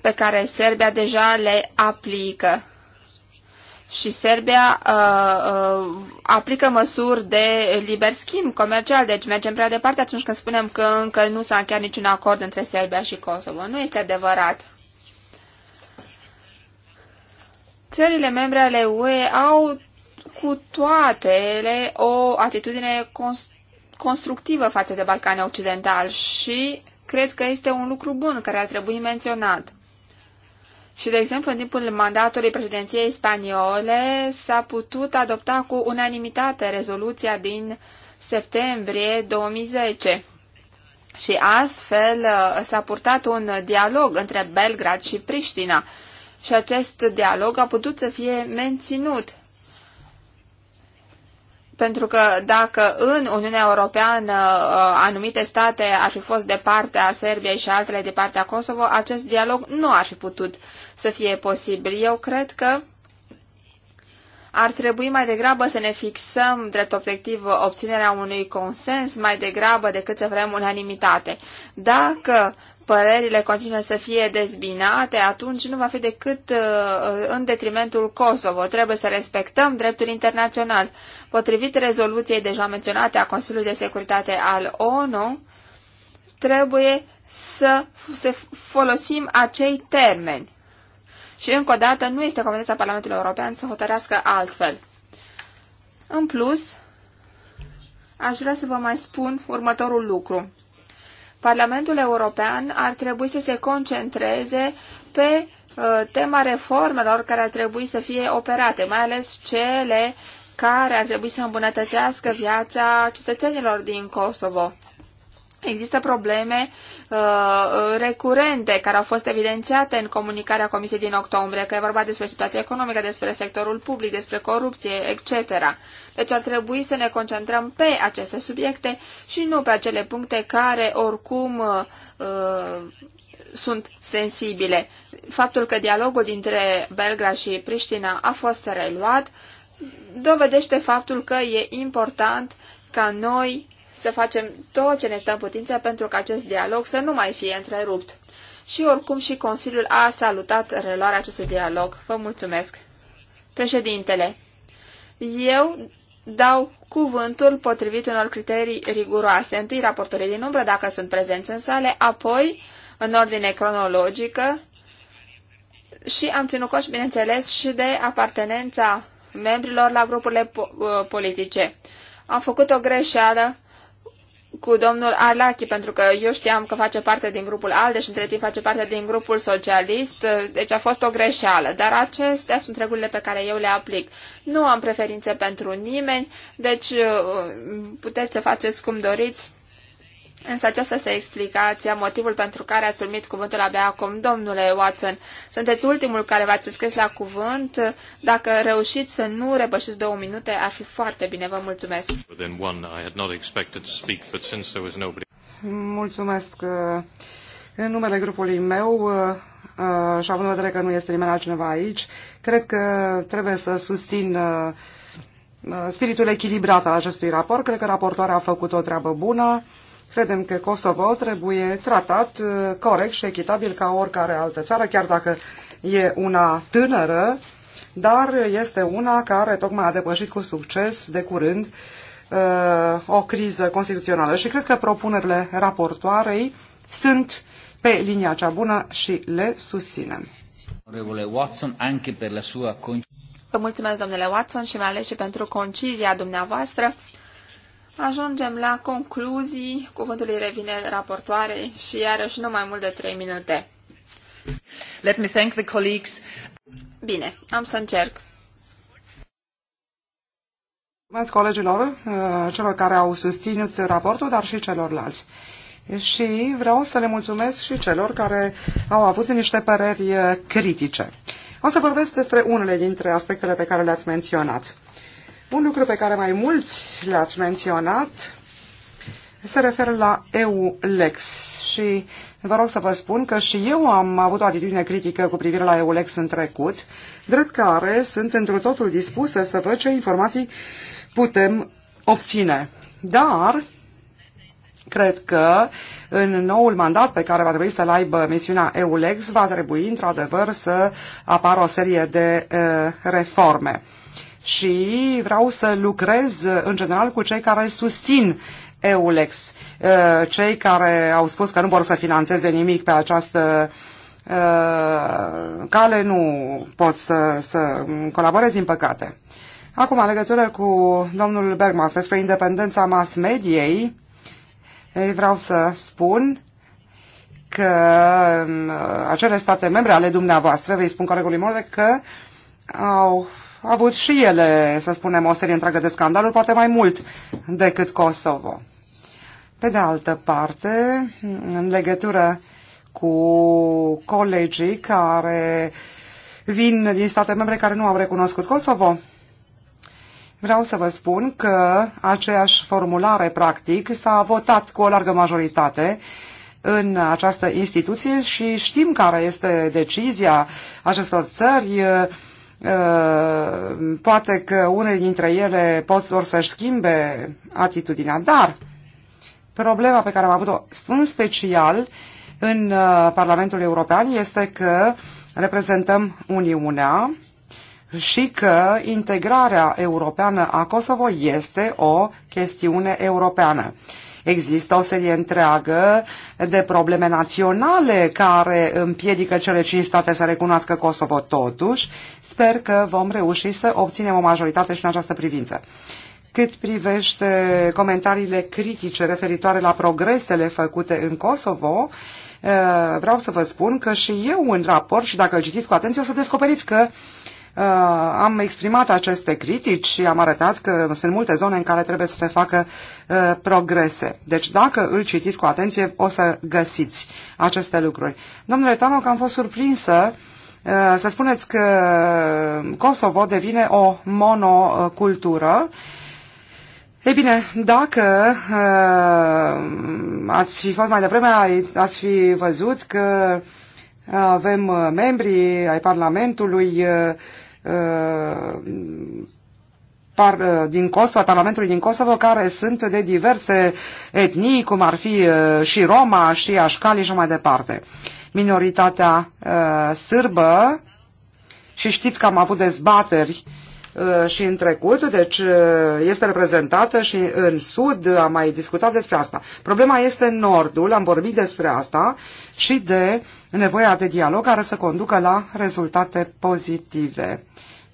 pe care Serbia deja le aplică și Serbia uh, uh, aplică măsuri de liber schimb comercial, deci mergem prea departe atunci când spunem că încă nu s-a încheiat niciun acord între Serbia și Kosovo. Nu este adevărat. Țările membre ale UE au cu toate ele o atitudine constructivă față de Balcanii Occidental și cred că este un lucru bun care ar trebui menționat. Și, de exemplu, în timpul mandatului președinției spaniole s-a putut adopta cu unanimitate rezoluția din septembrie 2010. Și astfel uh, s-a purtat un dialog între Belgrad și Priștina. Și acest dialog a putut să fie menținut pentru că dacă în Uniunea Europeană uh, anumite state ar fi fost de partea Serbiei și altele de partea Kosovo, acest dialog nu ar fi putut să fie posibil. Eu cred că ar trebui mai degrabă să ne fixăm drept obiectiv obținerea unui consens mai degrabă decât să vrem unanimitate. Dacă părerile continuă să fie dezbinate, atunci nu va fi decât uh, în detrimentul Kosovo. Trebuie să respectăm dreptul internațional. Potrivit rezoluției deja menționate a Consiliului de Securitate al ONU, trebuie să folosim acei termeni și încă o dată nu este competența Parlamentului European să hotărească altfel. În plus, aș vrea să vă mai spun următorul lucru. Parlamentul European ar trebui să se concentreze pe uh, tema reformelor care ar trebui să fie operate, mai ales cele care ar trebui să îmbunătățească viața cetățenilor din Kosovo. Există probleme uh, recurente care au fost evidențiate în comunicarea Comisiei din octombrie, că e vorba despre situația economică, despre sectorul public, despre corupție, etc. Deci ar trebui să ne concentrăm pe aceste subiecte și nu pe acele puncte care oricum uh, uh sunt sensibile. Faptul că dialogul dintre Belgra și Priștina a fost reluat dovedește faptul că e important ca noi să facem tot ce ne stă în putință pentru ca acest dialog să nu mai fie întrerupt. Și oricum și Consiliul a salutat reluarea acestui dialog. Vă mulțumesc. Președintele, eu dau cuvântul potrivit unor criterii riguroase. Întâi raportorii din umbră, dacă sunt prezenți în sale, apoi, în ordine cronologică, și am ținut cont, bineînțeles, și de apartenența membrilor la grupurile po uh, politice. Am făcut o greșeală cu domnul Arlachi, pentru că eu știam că face parte din grupul ALDE și între timp face parte din grupul socialist, uh, deci a fost o greșeală, dar acestea sunt regulile pe care eu le aplic. Nu am preferințe pentru nimeni, deci uh, puteți să faceți cum doriți Însă aceasta este explicația, motivul pentru care ați primit cuvântul abia acum. Domnule Watson, sunteți ultimul care v-ați scris la cuvânt. Dacă reușiți să nu repășiți două minute, ar fi foarte bine. Vă mulțumesc. Mulțumesc. În numele grupului meu, uh, uh, și având în vedere că nu este nimeni altcineva aici, cred că trebuie să susțin uh, spiritul echilibrat al acestui raport. Cred că raportoarea a făcut o treabă bună Credem că Kosovo trebuie tratat uh, corect și echitabil ca oricare altă țară, chiar dacă e una tânără, dar este una care tocmai a depășit cu succes de curând uh, o criză constituțională. Și cred că propunerile raportoarei sunt pe linia cea bună și le susținem. Watson, Vă mulțumesc, domnule Watson, și mai ales și pentru concizia dumneavoastră. Ajungem la concluzii. Cuvântul îi revine raportoarei și iarăși nu mai mult de 3 minute. Let me thank the colleagues. Bine, am să încerc. Mulțumesc colegilor, uh, celor care au susținut raportul, dar și celorlalți. Și vreau să le mulțumesc și celor care au avut niște păreri uh, critice. O să vorbesc despre unele dintre aspectele pe care le-ați menționat. Un lucru pe care mai mulți l-ați menționat se referă la EULEX și vă rog să vă spun că și eu am avut o atitudine critică cu privire la EULEX în trecut, drept care sunt într totul dispusă să văd ce informații putem obține. Dar cred că în noul mandat pe care va trebui să-l aibă misiunea EULEX va trebui într-adevăr să apară o serie de uh, reforme și vreau să lucrez în general cu cei care susțin EULEX, uh, cei care au spus că nu vor să financeze nimic pe această uh, cale, nu pot să, să colaborez, din păcate. Acum, în legătură cu domnul Bergman despre independența mass mediei, vreau să spun că uh, acele state membre ale dumneavoastră, vei spun colegului Morde, că au a avut și ele, să spunem, o serie întreagă de scandaluri, poate mai mult decât Kosovo. Pe de altă parte, în legătură cu colegii care vin din state membre care nu au recunoscut Kosovo, vreau să vă spun că aceeași formulare, practic, s-a votat cu o largă majoritate în această instituție și știm care este decizia acestor țări Uh, poate că unele dintre ele pot vor să-și schimbe atitudinea, dar problema pe care am avut-o spun special în uh, Parlamentul European este că reprezentăm Uniunea și că integrarea europeană a Kosovo este o chestiune europeană. Uh, Există o serie întreagă de probleme naționale care împiedică cele cinci state să recunoască Kosovo. Totuși, sper că vom reuși să obținem o majoritate și în această privință. Cât privește comentariile critice referitoare la progresele făcute în Kosovo, eh, vreau să vă spun că și eu în raport, și dacă îl citiți cu atenție, o să descoperiți că Uh, am exprimat aceste critici și am arătat că sunt multe zone în care trebuie să se facă uh, progrese. Deci dacă îl citiți cu atenție, o să găsiți aceste lucruri. Domnule Tanoc, am fost surprinsă uh, să spuneți că Kosovo devine o monocultură. Ei bine, dacă uh, ați fi fost mai devreme, ați fi văzut că uh, avem uh, membri ai Parlamentului uh, uh, din Kosovo, Parlamentului din Kosovo, care sunt de diverse etnii, cum ar fi și Roma, și Așcali și mai departe. Minoritatea sârbă, și știți că am avut dezbateri și în trecut, deci este reprezentată și în Sud, am mai discutat despre asta. Problema este în Nordul, am vorbit despre asta și de uh, nevoia de dialog care să conducă la rezultate pozitive.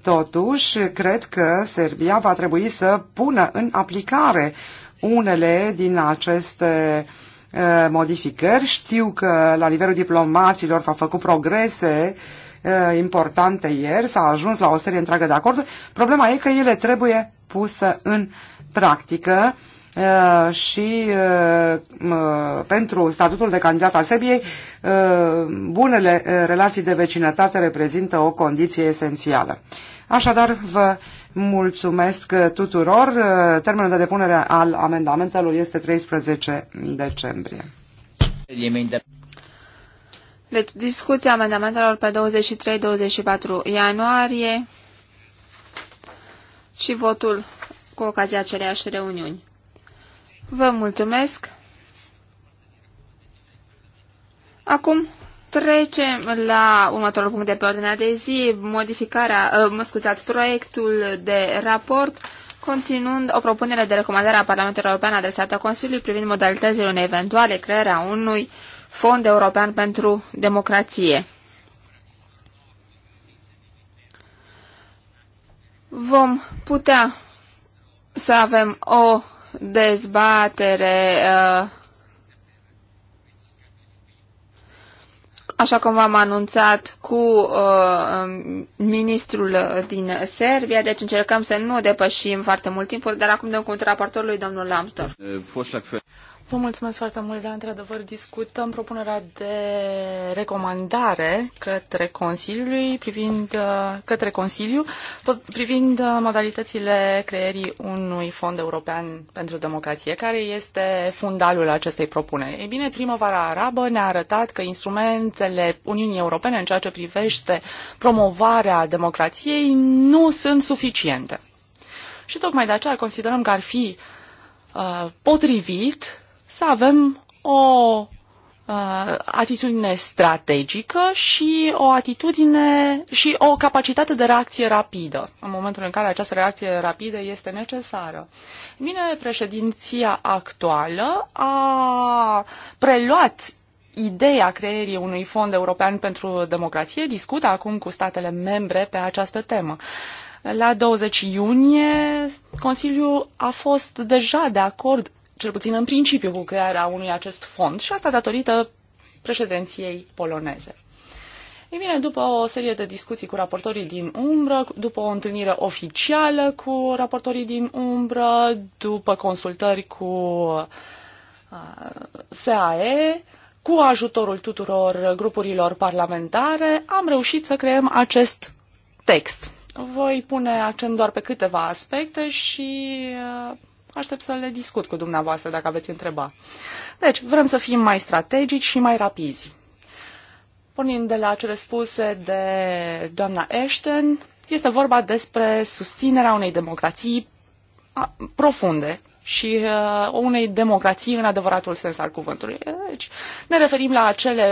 Totuși, cred că Serbia va trebui să pună în aplicare unele din aceste uh, modificări. Știu că la nivelul diplomaților s-au făcut progrese uh, importante ieri, s-a ajuns la o serie întreagă de acorduri. Problema e că ele trebuie pusă în practică Uh, și uh, uh, pentru statutul de candidat al Serbiei, bunele relații de vecinătate reprezintă o condiție esențială. Așadar, vă mulțumesc tuturor. Termenul de depunere al amendamentelor este 13 decembrie. Deci, discuția amendamentelor pe 23-24 ianuarie și votul cu ocazia aceleiași reuniuni. Vă mulțumesc. Acum trecem la următorul punct de pe ordinea de zi, modificarea, ă, mă scuzați, proiectul de raport conținând o propunere de recomandare a Parlamentului European adresată Consiliului privind modalitățile unei eventuale crearea unui fond european pentru democrație. Vom putea să avem o dezbatere uh, așa cum v-am anunțat cu uh, ministrul din Serbia, deci încercăm să nu depășim foarte mult timpul, dar acum dăm raportorul raportorului domnul Lambsdorff. Eh, Vă mulțumesc foarte mult, dar într-adevăr discutăm propunerea de recomandare către Consiliului privind, către Consiliu privind modalitățile creierii unui fond european pentru democrație. Care este fundalul acestei propuneri? Ei bine, primăvara arabă ne-a arătat că instrumentele Uniunii Europene în ceea ce privește promovarea democrației nu sunt suficiente. Și tocmai de aceea considerăm că ar fi uh, potrivit să avem o uh, atitudine strategică și o atitudine și o capacitate de reacție rapidă, în momentul în care această reacție rapidă este necesară. Bine, președinția actuală a preluat ideea creierii unui fond european pentru democrație, discută acum cu statele membre pe această temă. La 20 iunie, Consiliul a fost deja de acord cel puțin în principiu, cu crearea unui acest fond și asta datorită președinției poloneze. Ei bine, după o serie de discuții cu raportorii din umbră, după o întâlnire oficială cu raportorii din umbră, după consultări cu uh, SAE, cu ajutorul tuturor grupurilor parlamentare, am reușit să creăm acest text. Voi pune accent doar pe câteva aspecte și uh, aștept să le discut cu dumneavoastră dacă aveți întreba. Deci, vrem să fim mai strategici și mai rapizi. Pornind de la cele spuse de doamna Ashton, este vorba despre susținerea unei democrații profunde și uh, unei democrații în adevăratul sens al cuvântului. Deci ne referim la acele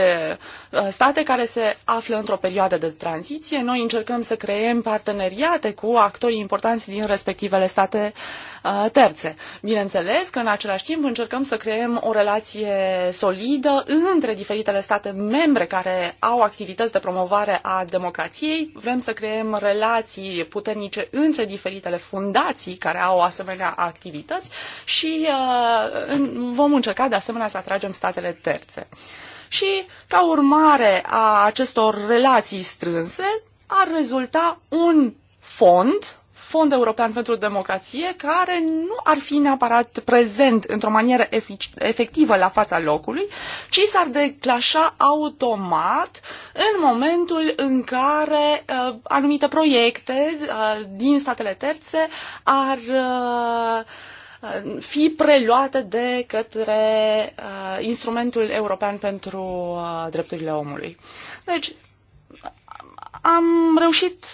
uh, state care se află într-o perioadă de tranziție. Noi încercăm să creăm parteneriate cu actorii importanți din respectivele state uh, terțe. Bineînțeles că în același timp încercăm să creăm o relație solidă între diferitele state membre care au activități de promovare a democrației. Vrem să creăm relații puternice între diferitele fundații care au asemenea activități și vom încerca de asemenea să atragem statele terțe. Și ca urmare a acestor relații strânse ar rezulta un fond fond european pentru democrație care nu ar fi neapărat prezent într-o manieră efectivă la fața locului, ci s-ar declașa automat în momentul în care uh, anumite proiecte uh, din statele terțe ar uh, fi preluate de către uh, instrumentul european pentru uh, drepturile omului. Deci, am reușit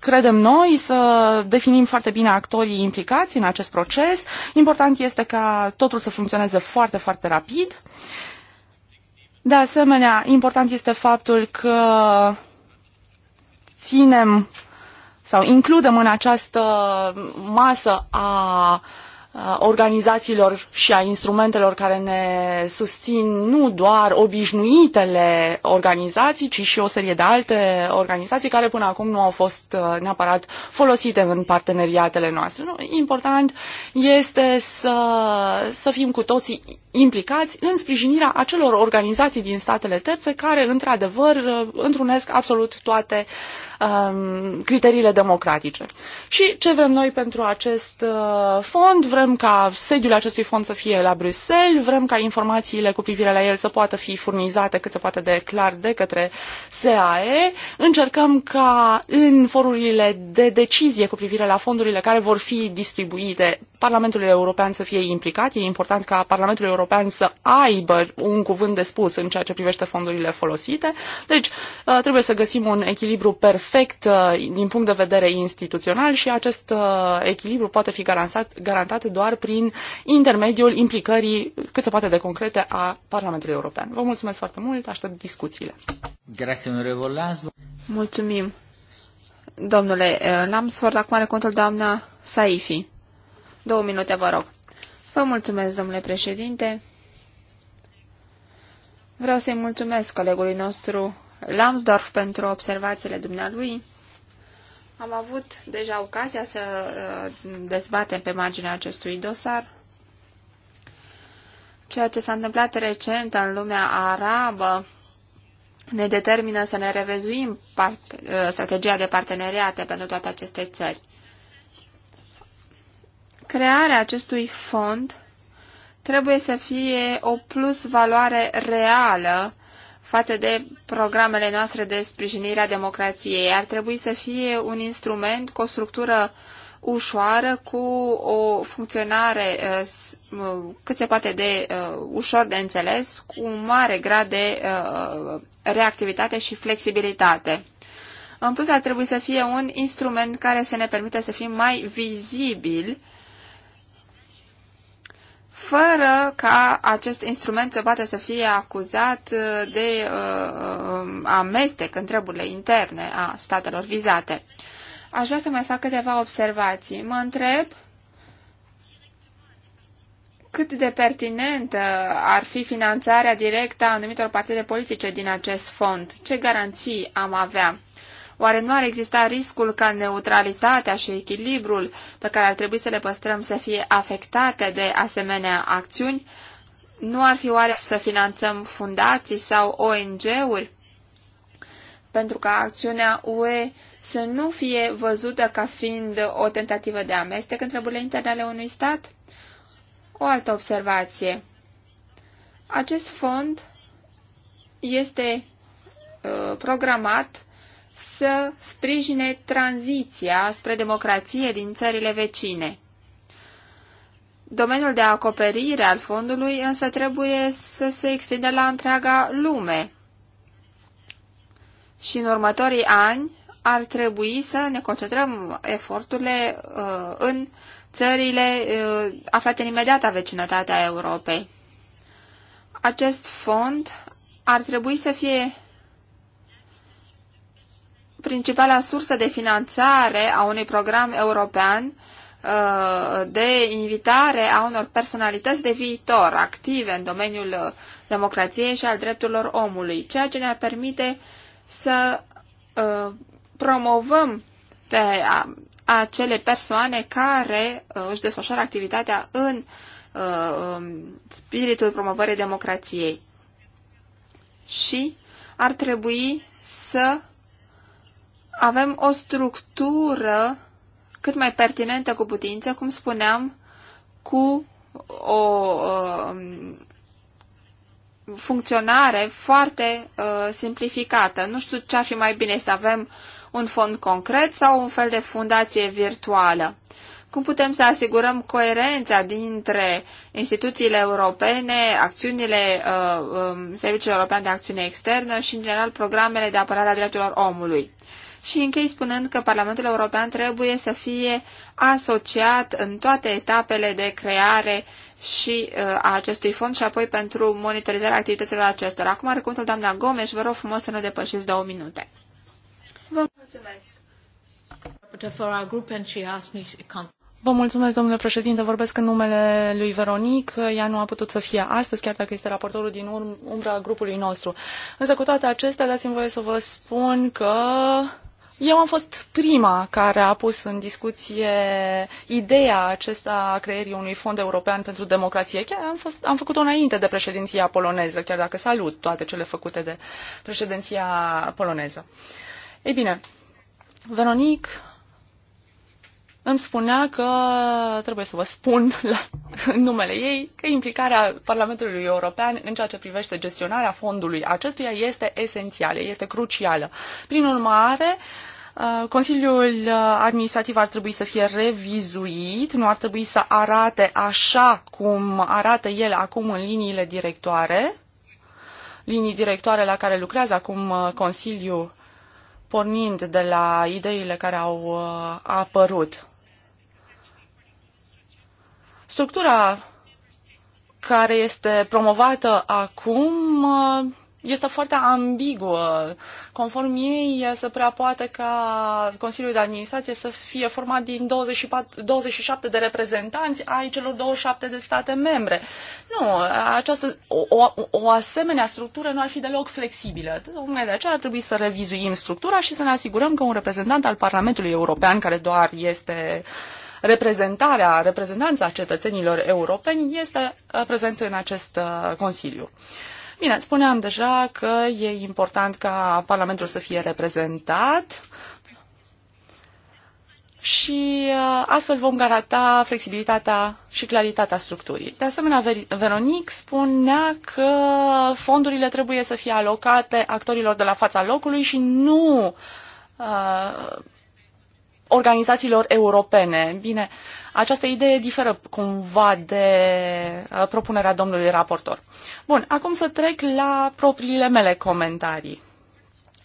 credem noi, să definim foarte bine actorii implicați în acest proces. Important este ca totul să funcționeze foarte, foarte rapid. De asemenea, important este faptul că ținem sau includem în această masă a uh, organizațiilor și a instrumentelor care ne susțin nu doar obișnuitele organizații, ci și o serie de alte organizații care până acum nu au fost uh, neapărat folosite în parteneriatele noastre. Important este să, să fim cu toții implicați în sprijinirea acelor organizații din statele terțe care, într-adevăr, uh, întrunesc absolut toate uh, um, criteriile democratice. Și ce vrem noi pentru acest uh, fond? Vrem ca sediul acestui fond să fie la Bruxelles, vrem ca informațiile cu privire la el să poată fi furnizate cât se poate de clar de către SAE. Încercăm ca în forurile de decizie cu privire la fondurile care vor fi distribuite, Parlamentul European să fie implicat. E important ca Parlamentul European să aibă un cuvânt de spus în ceea ce privește fondurile folosite. Deci uh, trebuie să găsim un echilibru perfect perfect uh, din punct de vedere instituțional și acest uh, echilibru poate fi garantat, garantat doar prin intermediul implicării cât se poate de concrete a Parlamentului European. Vă mulțumesc foarte mult, aștept discuțiile. Mulțumim. Domnule uh, Lamsford, acum are contul doamna Saifi. Două minute, vă rog. Vă mulțumesc, domnule președinte. Vreau să-i mulțumesc colegului nostru Lambsdorff pentru observațiile dumnealui. Am avut deja ocazia să uh, dezbatem pe marginea acestui dosar. Ceea ce s-a întâmplat recent în lumea arabă ne determină să ne revezuim uh, strategia de parteneriate pentru toate aceste țări. Crearea acestui fond trebuie să fie o plus valoare reală față de programele noastre de sprijinire a democrației. Ar trebui să fie un instrument cu o structură ușoară, cu o funcționare uh, uh, cât se poate de uh, ușor de înțeles, cu un mare grad de reactivitate și flexibilitate. În plus, ar trebui să fie un instrument care să ne permită să fim mai vizibili fără ca acest instrument să poată să fie acuzat uh, de uh, uh, amestec în treburile interne a statelor vizate. Aș vrea să mai fac câteva observații. Mă întreb cât de pertinentă ar fi finanțarea directă a anumitor partide politice din acest fond. Ce garanții am avea? Oare nu ar exista riscul ca neutralitatea și echilibrul pe care ar trebui să le păstrăm să fie afectate de asemenea acțiuni? Nu ar fi oare să finanțăm fundații sau ONG-uri? Pentru ca acțiunea UE să nu fie văzută ca fiind o tentativă de amestec în treburile interne ale unui stat? O altă observație. Acest fond este uh, programat să sprijine tranziția spre democrație din țările vecine. Domeniul de acoperire al fondului însă trebuie să se extindă la întreaga lume. Și în următorii ani ar trebui să ne concentrăm eforturile uh, în țările uh, aflate în imediata vecinătate a Europei. Acest fond ar trebui să fie principala sursă de finanțare a unui program european uh, de invitare a unor personalități de viitor active în domeniul uh, democrației și al drepturilor omului, ceea ce ne permite să uh, promovăm pe acele persoane care își desfășoară activitatea în spiritul promovării democrației. Și ar trebui să avem o structură cât mai pertinentă cu putință, cum spuneam, cu o uh, funcționare foarte uh, simplificată. Nu știu ce ar fi mai bine să avem un fond concret sau un fel de fundație virtuală. Cum putem să asigurăm coerența dintre instituțiile europene, acțiunile uh, um, Serviciului European de Acțiune Externă și, în general, programele de apărare a drepturilor omului? și închei spunând că Parlamentul European trebuie să fie asociat în toate etapele de creare și uh, a acestui fond și apoi pentru monitorizarea activităților acestora. Acum are cuvântul doamna Gomes, vă rog frumos să nu depășiți două minute. Vă mulțumesc! Vă mulțumesc, domnule președinte. Vorbesc în numele lui Veronic. Ea nu a putut să fie astăzi, chiar dacă este raportorul din umbra grupului nostru. Însă, cu toate acestea, dați-mi voie să vă spun că eu am fost prima care a pus în discuție ideea acesta a creierii unui fond european pentru democrație. Chiar am, fost, am făcut-o înainte de președinția poloneză, chiar dacă salut toate cele făcute de președinția poloneză. Ei bine, Veronic îmi spunea că, trebuie să vă spun la, în numele ei, că implicarea Parlamentului European în ceea ce privește gestionarea fondului acestuia este esențială, este crucială. Prin urmare, uh, Uh, Consiliul uh, administrativ ar trebui să fie revizuit, nu ar trebui să arate așa cum arată el acum în liniile directoare, linii directoare la care lucrează acum uh, Consiliul, pornind de la ideile care au apărut. Structura care este promovată acum este foarte ambiguă. Conform ei, se prea poate ca Consiliul de Administrație să fie format din 24, 27 de reprezentanți ai celor 27 de state membre. Nu, această, o, o, o asemenea structură nu ar fi deloc flexibilă. Tocmai de aceea ar trebui să revizuim structura și să ne asigurăm că un reprezentant al Parlamentului European, care doar este reprezentarea, reprezentanța cetățenilor europeni, este uh, prezent în acest uh, Consiliu. Uh, Bine, spuneam deja că e important ca Parlamentul să fie reprezentat și uh, astfel vom garanta flexibilitatea și claritatea structurii. De asemenea, Veronic spunea că fondurile trebuie să fie alocate actorilor de la fața locului și nu uh, organizațiilor europene. Bine, această idee diferă cumva de uh, propunerea domnului raportor. Bun, acum să trec la propriile mele comentarii.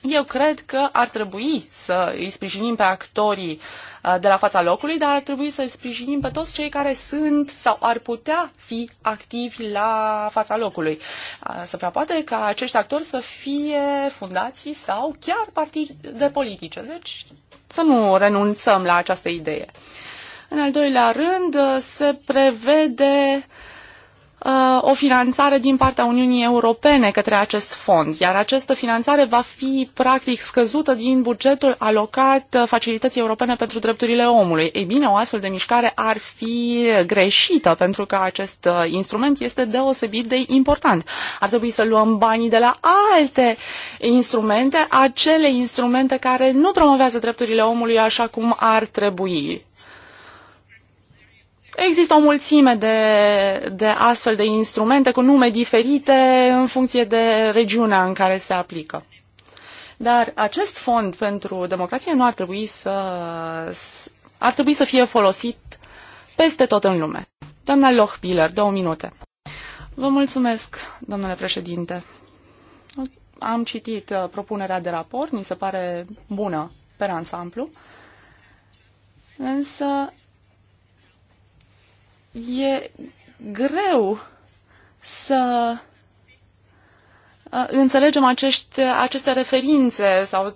Eu cred că ar trebui să îi sprijinim pe actorii uh, Uh, de la fața locului, dar ar trebui să-i sprijinim pe toți cei care sunt sau ar putea fi activi la fața locului. Uh, se prea poate ca acești actori să fie fundații sau chiar partide politice. Deci să nu renunțăm la această idee. În al doilea rând, uh, se prevede Uh, o finanțare din partea Uniunii Europene către acest fond, iar această finanțare va fi practic scăzută din bugetul alocat uh, Facilității Europene pentru Drepturile Omului. Ei bine, o astfel de mișcare ar fi greșită, pentru că acest uh, instrument este deosebit de important. Ar trebui să luăm banii de la alte instrumente, acele instrumente care nu promovează drepturile omului așa cum ar trebui. Există o mulțime de, de astfel de instrumente cu nume diferite în funcție de regiunea în care se aplică. Dar acest fond pentru democrație nu ar trebui să, ar trebui să fie folosit peste tot în lume. Doamna Lochbiller, două minute. Vă mulțumesc, domnule președinte. Am citit uh, propunerea de raport, mi se pare bună pe ansamblu, însă e greu să înțelegem acești, aceste referințe sau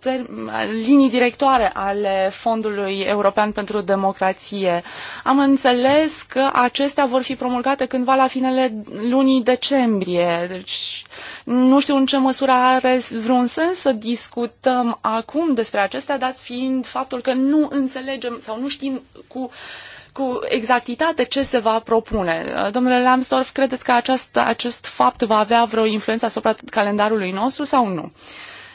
linii directoare ale Fondului European pentru Democrație. Am înțeles că acestea vor fi promulgate cândva la finele lunii decembrie. Deci nu știu în ce măsură are vreun sens să discutăm acum despre acestea, dat fiind faptul că nu înțelegem sau nu știm cu uh, cu exactitate ce se va propune. Domnule Lambsdorff, credeți că acest, acest fapt va avea vreo influență asupra calendarului nostru sau nu?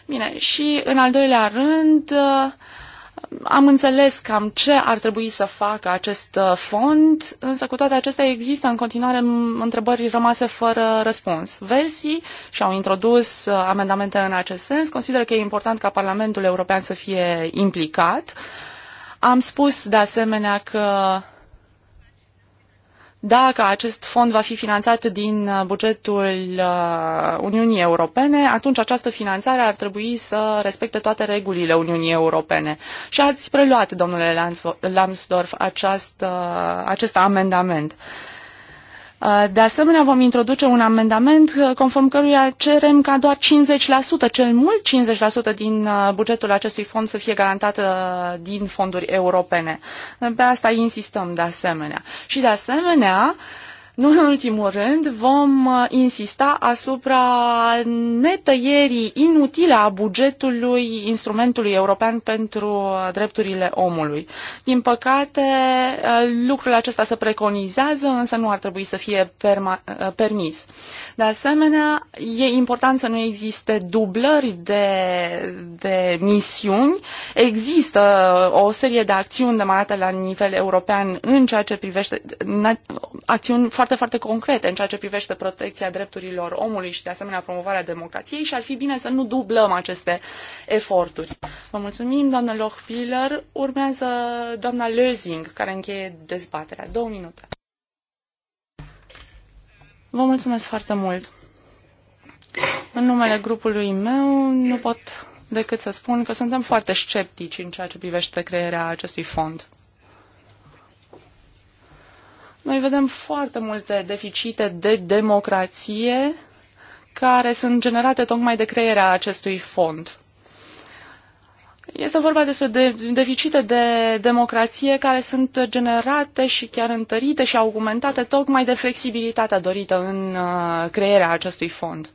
Bine, și în al doilea rând, uh, am înțeles cam ce ar trebui să facă acest uh, fond, însă cu toate acestea există în continuare întrebări rămase fără răspuns. Versii și-au introdus uh, amendamente în acest sens. Consider că e important ca Parlamentul European să fie implicat. Uh, am spus de asemenea că dacă acest fond va fi finanțat din uh, bugetul uh, Uniunii Europene, atunci această finanțare ar trebui să respecte toate regulile Uniunii Europene. Și ați preluat, domnule Lambsdorff, acest amendament. Uh, Uh, de asemenea, vom introduce un amendament uh, conform căruia cerem ca doar 50%, cel mult 50% din uh, bugetul acestui fond să fie garantat din fonduri europene. Pe asta insistăm de asemenea. Și de asemenea, nu în ultimul rând, vom uh, insista asupra netăierii inutile a bugetului instrumentului european pentru uh, drepturile omului. Din păcate, uh, lucrul acesta se preconizează, însă nu ar trebui să fie permis. De asemenea, e important să nu existe dublări de, de misiuni. Există o serie de acțiuni demarate la nivel european în ceea ce privește acțiuni foarte foarte, foarte concrete în ceea ce privește protecția drepturilor omului și, de asemenea, promovarea democrației și ar fi bine să nu dublăm aceste eforturi. Vă mulțumim, doamnă Lochpiller. Urmează doamna Lözing, care încheie dezbaterea. Două minute. Vă mulțumesc foarte mult. În numele grupului meu nu pot decât să spun că suntem foarte sceptici în ceea ce privește crearea acestui fond. Noi vedem foarte multe deficite de democrație care sunt generate tocmai de crearea acestui fond. Este vorba despre de, deficite de democrație care sunt generate și chiar întărite și augmentate tocmai de flexibilitatea dorită în uh, crearea acestui fond.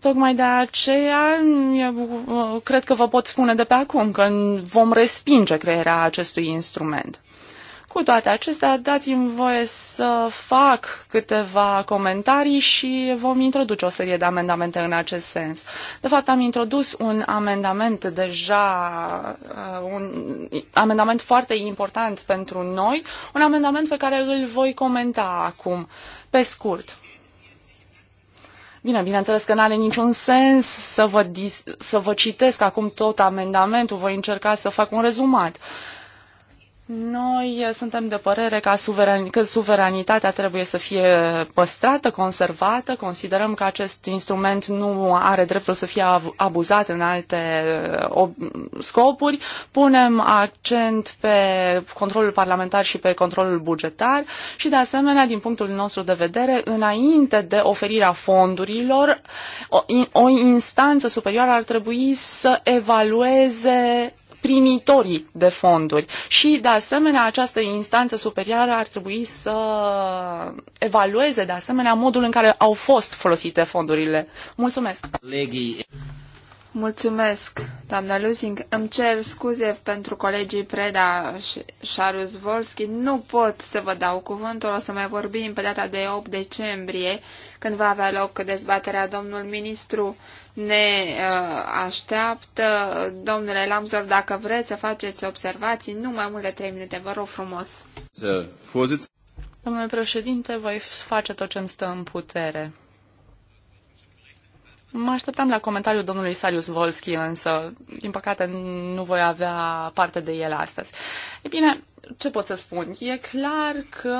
Tocmai de aceea, eu uh, cred că vă pot spune de pe acum că vom respinge crearea acestui instrument. Cu toate acestea, dați-mi voie să fac câteva comentarii și vom introduce o serie de amendamente în acest sens. De fapt, am introdus un amendament deja, uh, un amendament foarte important pentru noi, un amendament pe care îl voi comenta acum, pe scurt. Bine, bineînțeles că nu are niciun sens să vă, să vă citesc acum tot amendamentul, voi încerca să fac un rezumat. Uh, noi eh, suntem de părere că, suveran, că suveranitatea trebuie să fie păstrată, conservată. Considerăm că acest instrument nu are dreptul să fie abuzat în alte eh, scopuri. Punem accent pe controlul parlamentar și pe controlul bugetar și, de asemenea, din punctul nostru de vedere, înainte de oferirea fondurilor, o, o instanță superioară ar trebui să evalueze primitorii de fonduri. Și, de asemenea, această instanță superioară ar trebui să evalueze, de asemenea, modul în care au fost folosite fondurile. Mulțumesc! Legii. Mulțumesc, doamna Luzing. Îmi cer scuze pentru colegii Preda și Șarus Volski. Nu pot să vă dau cuvântul, o să mai vorbim pe data de 8 decembrie, când va avea loc dezbaterea domnul ministru ne uh, așteaptă. Domnule Lambsdorff, dacă vreți să faceți observații, nu mai mult de trei minute, vă rog frumos. Domnule președinte, voi face tot ce îmi stă în putere. Mă așteptam la comentariul domnului Sarius Volski, însă, din păcate, nu voi avea parte de el astăzi. E bine, ce pot să spun? E clar că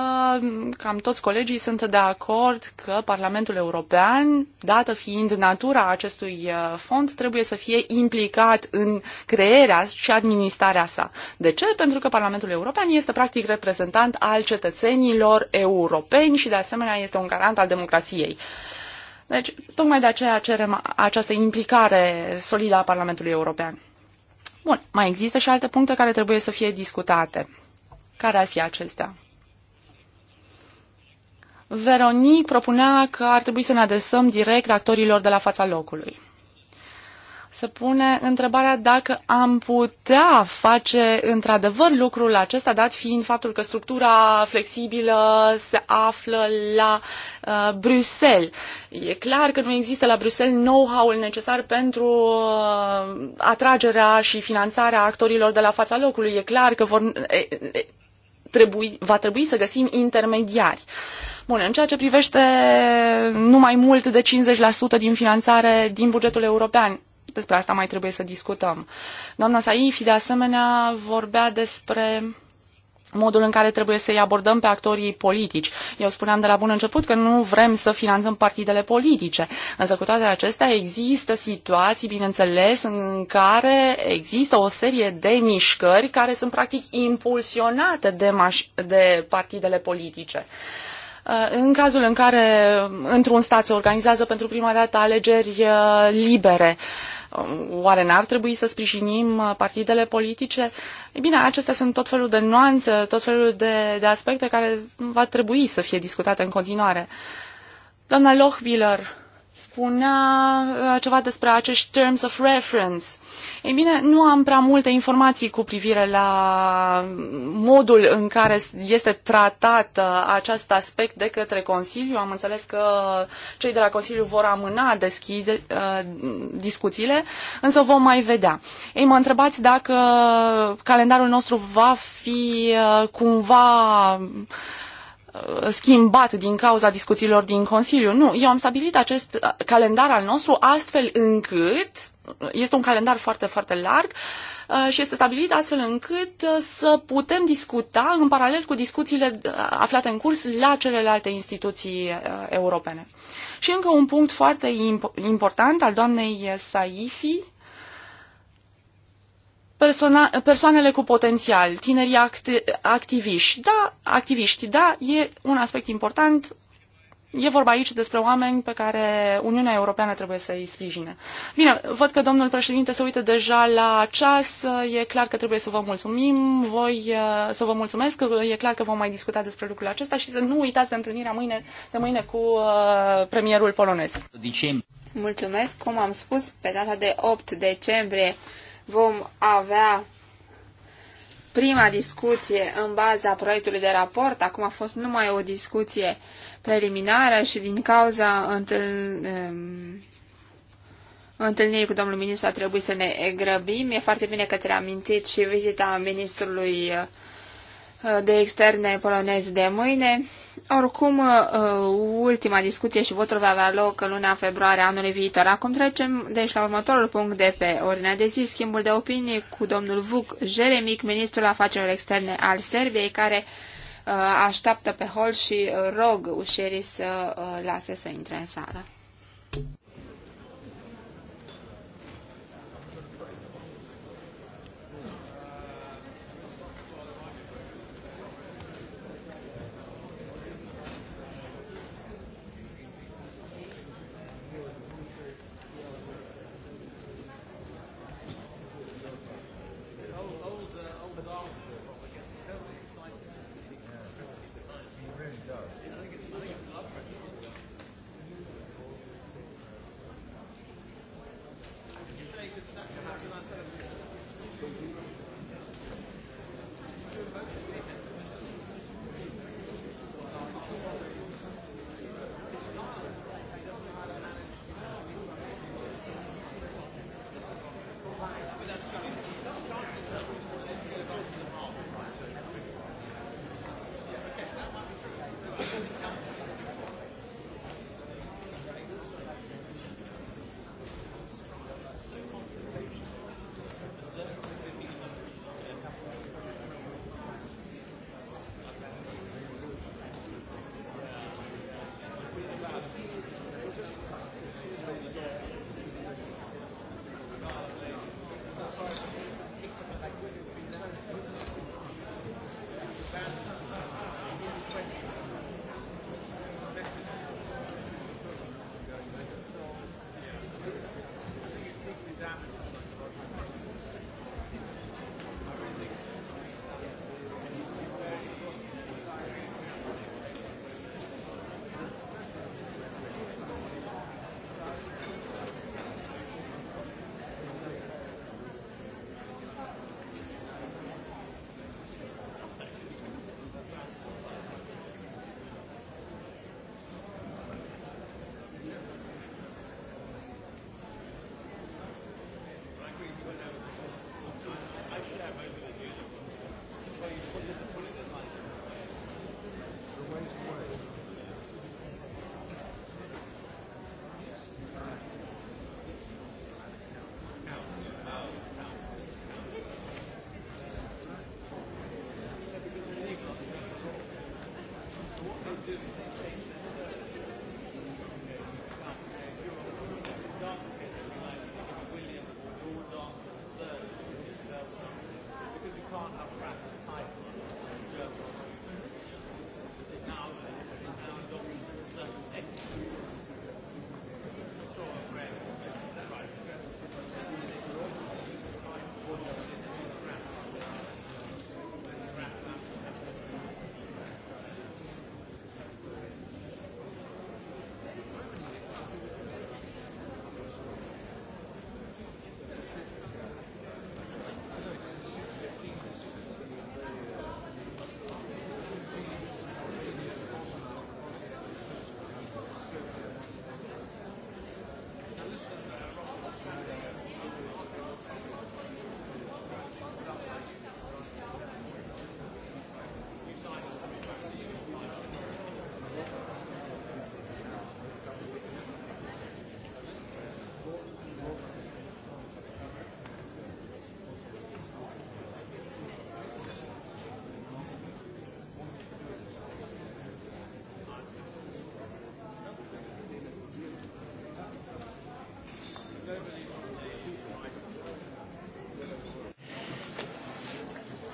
cam toți colegii sunt de acord că Parlamentul European, dată fiind natura acestui uh, fond, trebuie să fie implicat în crearea și administrarea sa. De ce? Pentru că Parlamentul European este practic reprezentant al cetățenilor europeni și de asemenea este un garant al democrației. Deci, tocmai de aceea cerem această implicare solidă a Parlamentului European. Bun, mai există și alte puncte care trebuie să fie discutate. Care ar fi acestea? Veroni propunea că ar trebui să ne adresăm direct actorilor de la fața locului. Se pune întrebarea dacă am putea face într-adevăr lucrul acesta, dat fiind faptul că structura flexibilă se află la uh, Bruxelles. E clar că nu există la Bruxelles know-how-ul necesar pentru uh, atragerea și finanțarea actorilor de la fața locului. E clar că vor, trebui, va trebui să găsim intermediari. Bun, în ceea ce privește nu mai mult de 50% din finanțare din bugetul european, despre asta mai trebuie să discutăm. Doamna Saifi, de asemenea, vorbea despre modul în care trebuie să-i abordăm pe actorii politici. Eu spuneam de la bun început că nu vrem să finanțăm partidele politice, însă cu toate acestea există situații, bineînțeles, în care există o serie de mișcări care sunt practic impulsionate de, de partidele politice. Uh, în cazul în care într-un stat se organizează pentru prima dată alegeri uh, libere, uh, Oare n-ar trebui să sprijinim uh, partidele politice? Ei bine, acestea sunt tot felul de nuanțe, tot felul de, de aspecte care va trebui să fie discutate în continuare. Doamna Lochbiller spunea uh, ceva despre acești terms of reference. Ei bine, nu am prea multe informații cu privire la modul în care este tratat acest aspect de către Consiliu. Am înțeles că cei de la Consiliu vor amâna deschide uh, discuțiile, însă vom mai vedea. Ei mă întrebați dacă calendarul nostru va fi uh, cumva Uh, schimbat din cauza discuțiilor din Consiliu. Nu, eu am stabilit acest calendar al nostru astfel încât, este un calendar foarte, foarte larg uh, și este stabilit astfel încât uh, să putem discuta în paralel cu discuțiile aflate în curs la celelalte instituții europene. Și încă un punct foarte important al doamnei Saifi, persona, persoanele cu potențial, tinerii acti, activiști. Da, activiști, da, e un aspect important. E vorba aici despre oameni pe care Uniunea Europeană trebuie să îi sprijine. Bine, văd că domnul președinte se uită deja la ceas. E clar că trebuie să vă mulțumim. Voi uh, să vă mulțumesc. E clar că vom mai discuta despre lucrul acesta și să nu uitați de întâlnirea mâine, de mâine cu uh, premierul polonez. Mulțumesc. Cum am spus, pe data de 8 decembrie vom avea prima discuție în baza proiectului de raport. Acum a fost numai o discuție preliminară și din cauza întâl- întâlnirii cu domnul ministru a trebuit să ne grăbim. E foarte bine că ți-a amintit și vizita ministrului Uh, de externe polonez de mâine. Oricum, uh, uh, ultima discuție și votul va avea loc în luna februarie anului viitor. Acum trecem, deci, la următorul punct de pe ordinea de zi, schimbul de opinii cu domnul Vuc Jeremic, ministrul afacerilor externe al Serbiei, care așteaptă pe hol și rog ușerii să lase să intre în sală.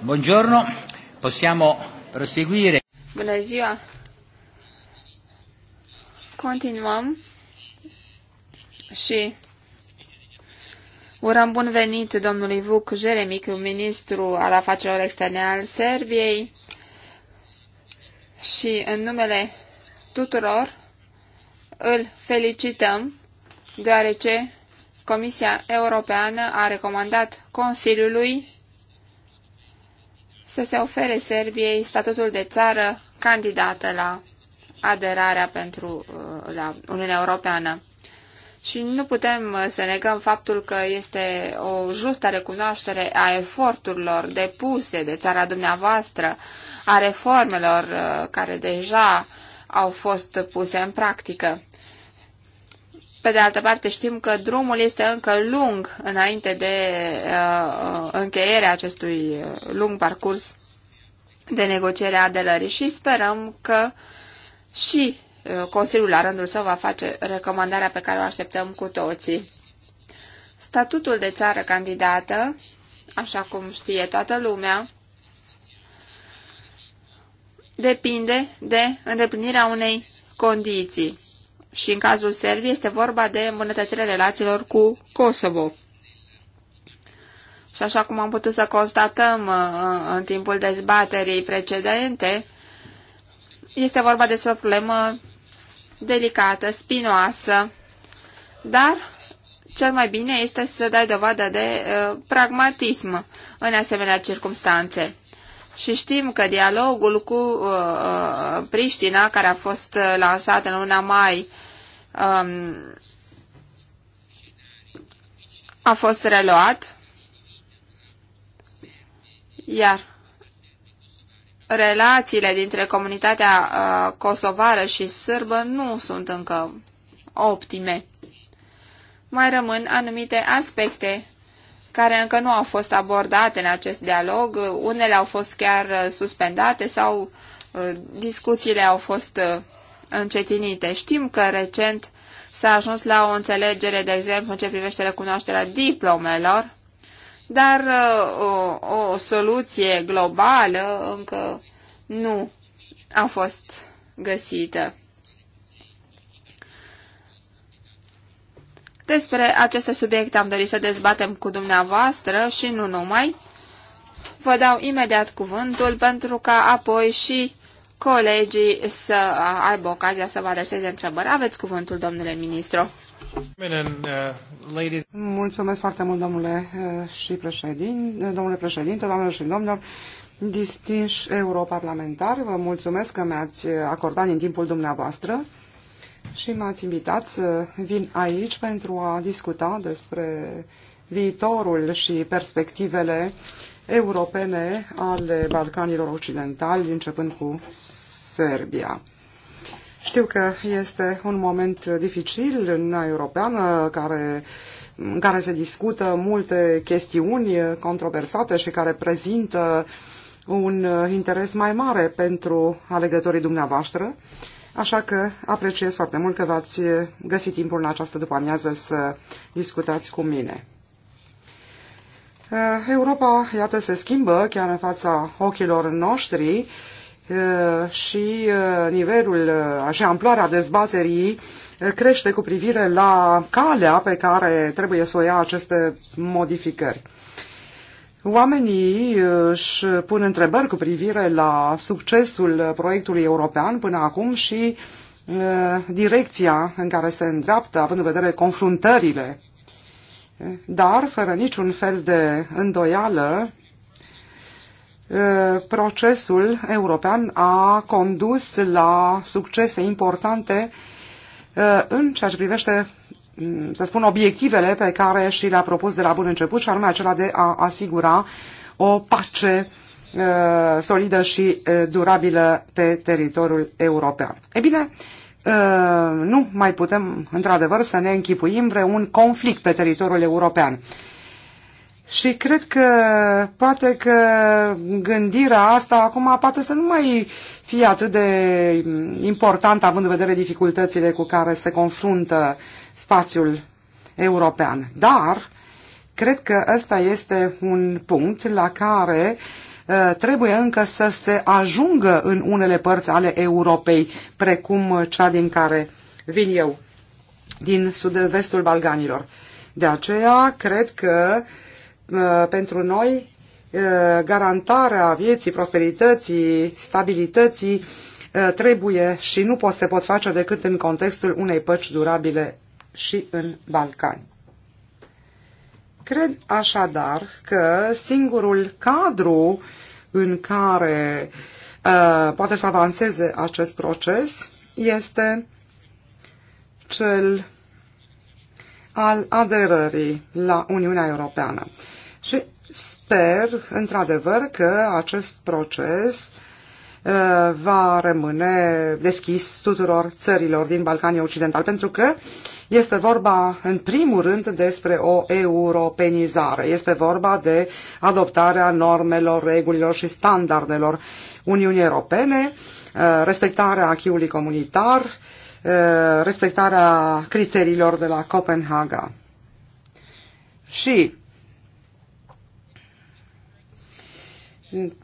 Buongiorno, possiamo proseguire. Bună ziua! Continuăm și urăm bun venit domnului Vuc Jeremic, ministru al afacerilor externe al Serbiei și în numele tuturor îl felicităm deoarece Comisia Europeană a recomandat Consiliului să se ofere Serbiei statutul de țară candidată la aderarea pentru uh, la Uniunea Europeană. Și nu putem uh, să negăm faptul că este o justă recunoaștere a eforturilor depuse de țara dumneavoastră, a reformelor uh, care deja au fost puse în practică. Pe de altă parte, știm că drumul este încă lung înainte de uh, uh încheierea acestui uh, lung parcurs de negociere a aderării și sperăm că și uh, Consiliul la rândul său va face recomandarea pe care o așteptăm cu toții. Statutul de țară candidată, așa cum știe toată lumea, depinde de îndeplinirea unei condiții și în cazul Serbiei este vorba de îmbunătățirea relațiilor cu Kosovo. Și așa cum am putut să constatăm uh, uh, în timpul dezbaterii precedente, este vorba despre o problemă delicată, spinoasă, dar cel mai bine este să dai dovadă de uh, pragmatism în asemenea circumstanțe. Și știm că dialogul cu uh, uh Priștina, care a fost lansat în luna mai um, a fost reluat, iar relațiile dintre comunitatea uh, kosovară și sârbă nu sunt încă optime. Mai rămân anumite aspecte care încă nu au fost abordate în acest dialog, unele au fost chiar uh, suspendate sau uh, discuțiile au fost uh, încetinite. Știm că recent s-a ajuns la o înțelegere, de exemplu, în ce privește recunoașterea diplomelor, dar uh, o, o soluție globală încă nu a fost găsită. Despre aceste subiecte am dorit să dezbatem cu dumneavoastră și nu numai. Vă dau imediat cuvântul pentru ca apoi și colegii să aibă ocazia să vă adreseze întrebări. Aveți cuvântul, domnule ministru. Uh, mulțumesc foarte mult, domnule uh, și președinte, domnule președinte, doamnelor și domnilor, distinși europarlamentari, vă mulțumesc că mi-ați acordat din timpul dumneavoastră și m-ați invitat să vin aici pentru a discuta despre viitorul și perspectivele europene ale Balcanilor Occidentali, începând cu Serbia. Știu că este un moment dificil în Uniunea Europeană care, în care se discută multe chestiuni controversate și care prezintă un interes mai mare pentru alegătorii dumneavoastră Așa că apreciez foarte mult că v-ați găsit timpul în această după-amiază să discutați cu mine. Uh, Europa, iată, se schimbă chiar în fața ochilor noștri uh, și uh, nivelul și amploarea dezbaterii crește cu privire la calea pe care trebuie să o ia aceste modificări. Oamenii își pun întrebări cu privire la succesul proiectului european până acum și direcția în care se îndreaptă, având în vedere confruntările. Dar, fără niciun fel de îndoială, procesul european a condus la succese importante în ceea ce privește Mm, să spun, obiectivele pe care și le-a propus de la bun început, și anume acela de a asigura o pace uh, solidă și uh, durabilă pe teritoriul european. E bine, uh, nu mai putem, într-adevăr, să ne închipuim vreun conflict pe teritoriul european. Și cred că poate că gândirea asta acum poate să nu mai fie atât de mm, importantă având în vedere dificultățile cu care se confruntă spațiul european. Dar cred că ăsta este un punct la care uh, trebuie încă să se ajungă în unele părți ale Europei, precum uh, cea din care vin eu, din sud-vestul Balganilor. De aceea, cred că uh, pentru noi garantarea vieții, prosperității, stabilității trebuie și nu se pot face decât în contextul unei păci durabile și în Balcani. Cred așadar că singurul cadru în care uh, poate să avanseze acest proces este cel al aderării la Uniunea Europeană. Și sper, într-adevăr, că acest proces uh, Uh, va rămâne deschis tuturor țărilor din Balcanii Occidental, pentru că este vorba în primul rând despre o europenizare. Este vorba de adoptarea normelor, regulilor și standardelor Uniunii Europene, uh, respectarea achiului comunitar, uh, respectarea criteriilor de la Copenhaga. Și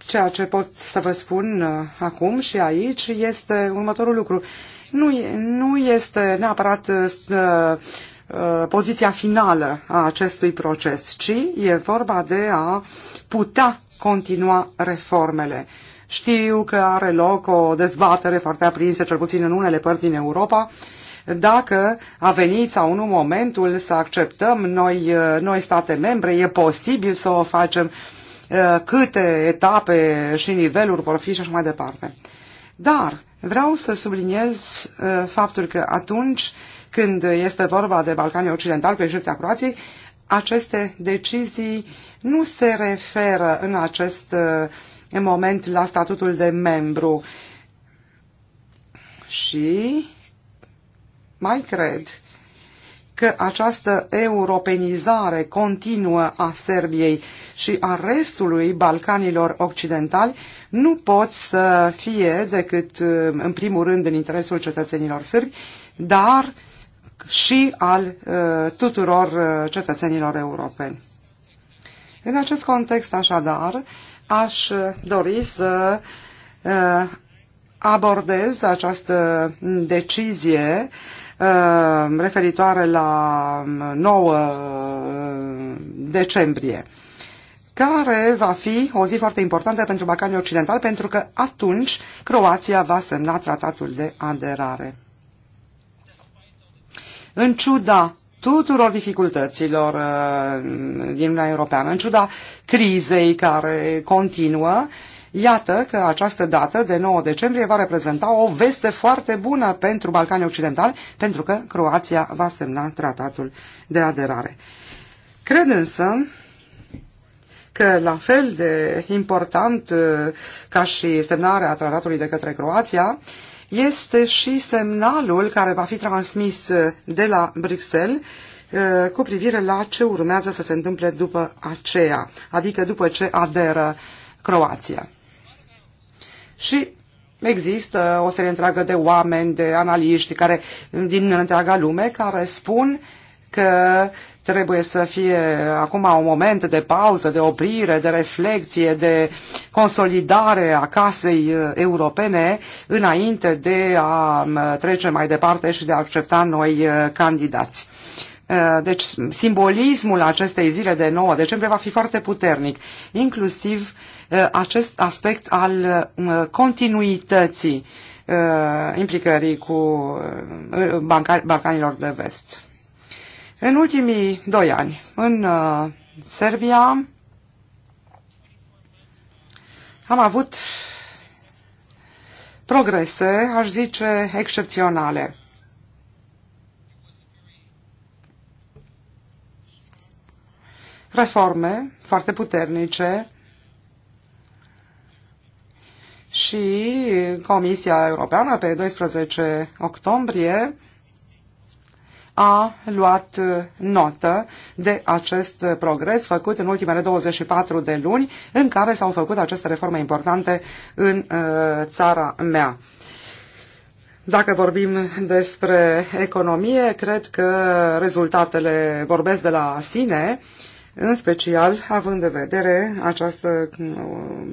Ceea ce pot să vă spun uh, acum și aici este următorul lucru. Nu, nu este neapărat uh, uh, uh, poziția finală a acestui proces, ci e vorba de a putea continua reformele. Știu că are loc o dezbatere foarte aprinsă, cel puțin în unele părți din Europa, dacă a venit sau nu momentul să acceptăm noi, noi state membre, e posibil să o facem. Uh, Eh, câte etape și niveluri vor fi și așa mai departe. Dar vreau să subliniez eh, faptul că atunci când este vorba de Balcanii Occidentali, cu excepția Croației, aceste decizii nu se referă în acest eh, moment la statutul de membru. Și mai cred că această europenizare continuă a Serbiei și a restului Balcanilor Occidentali nu pot să fie decât, în primul rând, în interesul cetățenilor sârbi, dar și al uh, tuturor uh, cetățenilor europeni. În acest context, așadar, aș uh, dori să abordez această decizie Uh, referitoare la 9 uh, uh, decembrie care va fi o zi foarte importantă pentru Balcanii Occidental, pentru că atunci Croația va semna tratatul de aderare. În ciuda tuturor dificultăților din Uniunea Europeană, în ciuda crizei care continuă, Iată că această dată de 9 decembrie va reprezenta o veste foarte bună pentru Balcanii Occidentali, pentru că Croația va semna tratatul de aderare. Cred însă că la fel de important uh, ca și semnarea tratatului de către Croația, este și semnalul care va fi transmis uh, de la Bruxelles uh, cu privire la ce urmează să se întâmple după aceea, adică după ce aderă Croația. Și există o serie întreagă de oameni, de analiști care, din întreaga lume care spun că trebuie să fie acum un moment de pauză, de oprire, de reflexie, de consolidare a casei uh, europene înainte de a um, trece mai departe și de a accepta noi uh, candidați. Uh, deci simbolismul acestei zile de 9 decembrie va fi foarte puternic, inclusiv uh, Uh, acest aspect al uh, continuității uh, implicării cu Balcanilor de Vest. În ultimii doi ani, în Serbia, am avut progrese, aș zice, excepționale. Reforme foarte puternice și Comisia Europeană pe 12 octombrie a luat notă de acest progres făcut în ultimele 24 de luni în care s-au făcut aceste reforme importante în uh, țara mea. Dacă vorbim despre economie, cred că rezultatele vorbesc de la sine în special având în vedere această uh,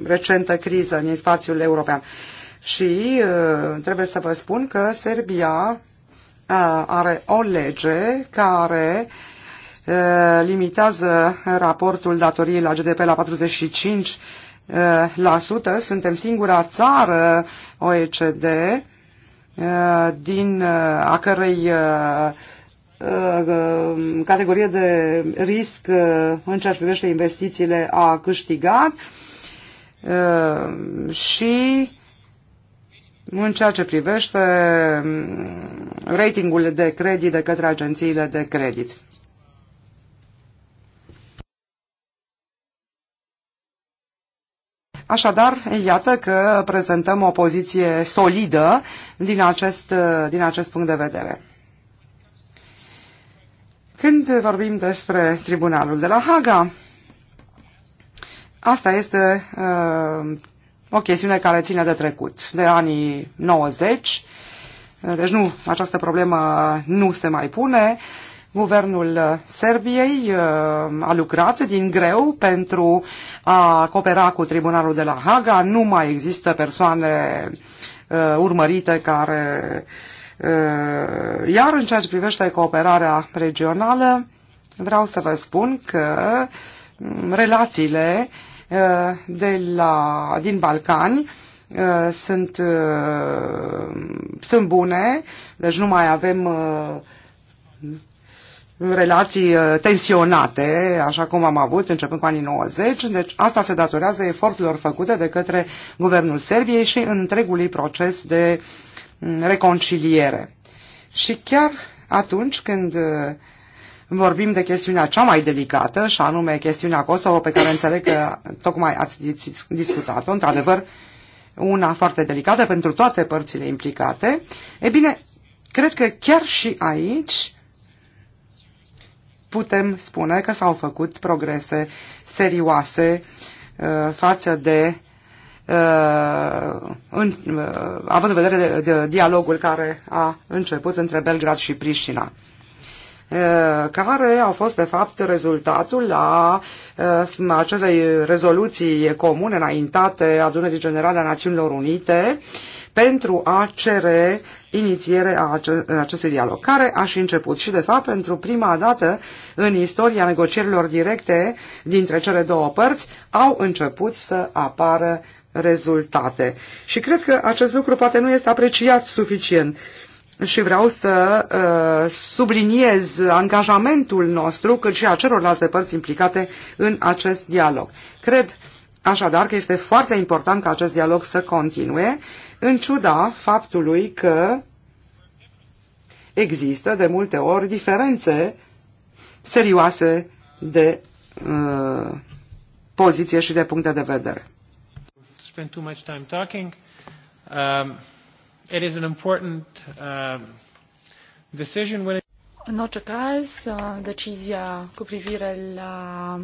recentă criză în spațiul european. Și uh, trebuie să vă spun că Serbia uh, are o lege care limitează raportul datoriei la GDP la 45 la sută. Suntem singura țară OECD din a cărei Uh, um, categorie de risc uh, în ceea ce privește investițiile a câștigat uh, și în ceea ce privește um, ratingul de credit de către agențiile de credit. Așadar, iată că prezentăm o poziție solidă din acest, din acest punct de vedere. Când vorbim despre tribunalul de la Haga, asta este uh, o chestiune care ține de trecut, de anii 90. Deci nu, această problemă nu se mai pune. Guvernul Serbiei uh, a lucrat din greu pentru a coopera cu tribunalul de la Haga. Nu mai există persoane uh, urmărite care uh, Uh, iar în ceea ce privește cooperarea regională, vreau să vă spun că mm, relațiile uh, de la, din Balcani uh, sunt, sunt bune, deci nu mai avem relații tensionate, așa cum am avut începând cu anii 90. Deci asta se datorează eforturilor făcute de către guvernul Serbiei și întregului proces de uh, reconciliere. Și chiar atunci când uh, vorbim de chestiunea cea mai delicată, și anume chestiunea Kosovo, pe care înțeleg că tocmai ați discutat-o, într-adevăr, una foarte delicată pentru toate părțile implicate, e bine, cred că chiar și aici putem spune că s-au făcut progrese serioase uh, față de Uh, în, uh, având în vedere de, de, dialogul care a început între Belgrad și Priștina uh, care au fost de fapt rezultatul la acelei rezoluții comune înaintate adunării generale a Națiunilor Unite pentru a cere inițierea acestui dialog, care a și început și, de fapt, pentru prima dată în istoria negocierilor directe dintre cele două părți, au început să apară rezultate. Și cred că acest lucru poate nu este apreciat suficient. Și vreau să uh, subliniez angajamentul nostru, cât și a celorlalte părți implicate în acest dialog. Cred așadar că este foarte important ca acest dialog să continue, în ciuda faptului că există de multe ori diferențe serioase de uh, poziție și de puncte de vedere spend too much time talking. Um, it is an important uh, decision when it în orice caz, uh, decizia cu privire la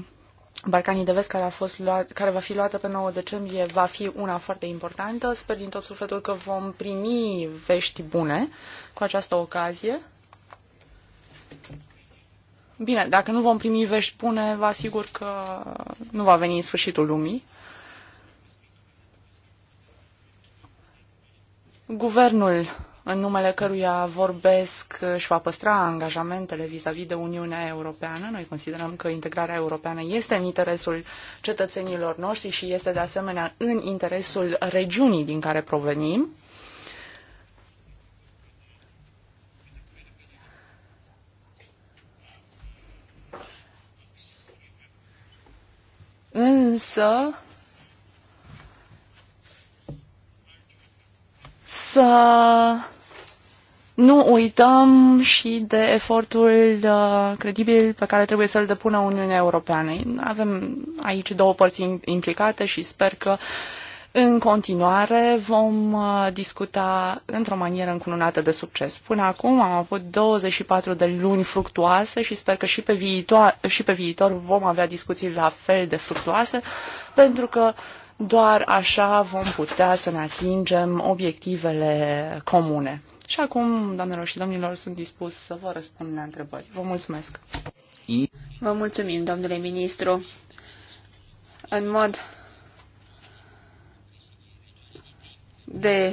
Balcanii de Vest care, a fost luat, care va fi luată pe 9 decembrie va fi una foarte importantă. Sper din tot sufletul că vom primi vești bune cu această ocazie. Bine, dacă nu vom primi vești bune, vă asigur că nu va veni în sfârșitul lumii. Guvernul în numele căruia vorbesc și va păstra angajamentele vis a -vis de Uniunea Europeană. Noi considerăm că integrarea europeană este în interesul cetățenilor noștri și este de asemenea în interesul regiunii din care provenim. Însă, să nu uităm și de efortul uh, credibil pe care trebuie să-l depună Uniunea Europeană. Avem aici două părți implicate și sper că în continuare vom uh, discuta într-o manieră încununată de succes. Până acum am avut 24 de luni fructuoase și sper că și pe, viitor, și pe viitor vom avea discuții la fel de fructuoase, pentru că doar așa vom putea să ne atingem obiectivele comune. Și acum, doamnelor și domnilor, sunt dispus să vă răspund la întrebări. Vă mulțumesc! Vă mulțumim, domnule ministru. În mod de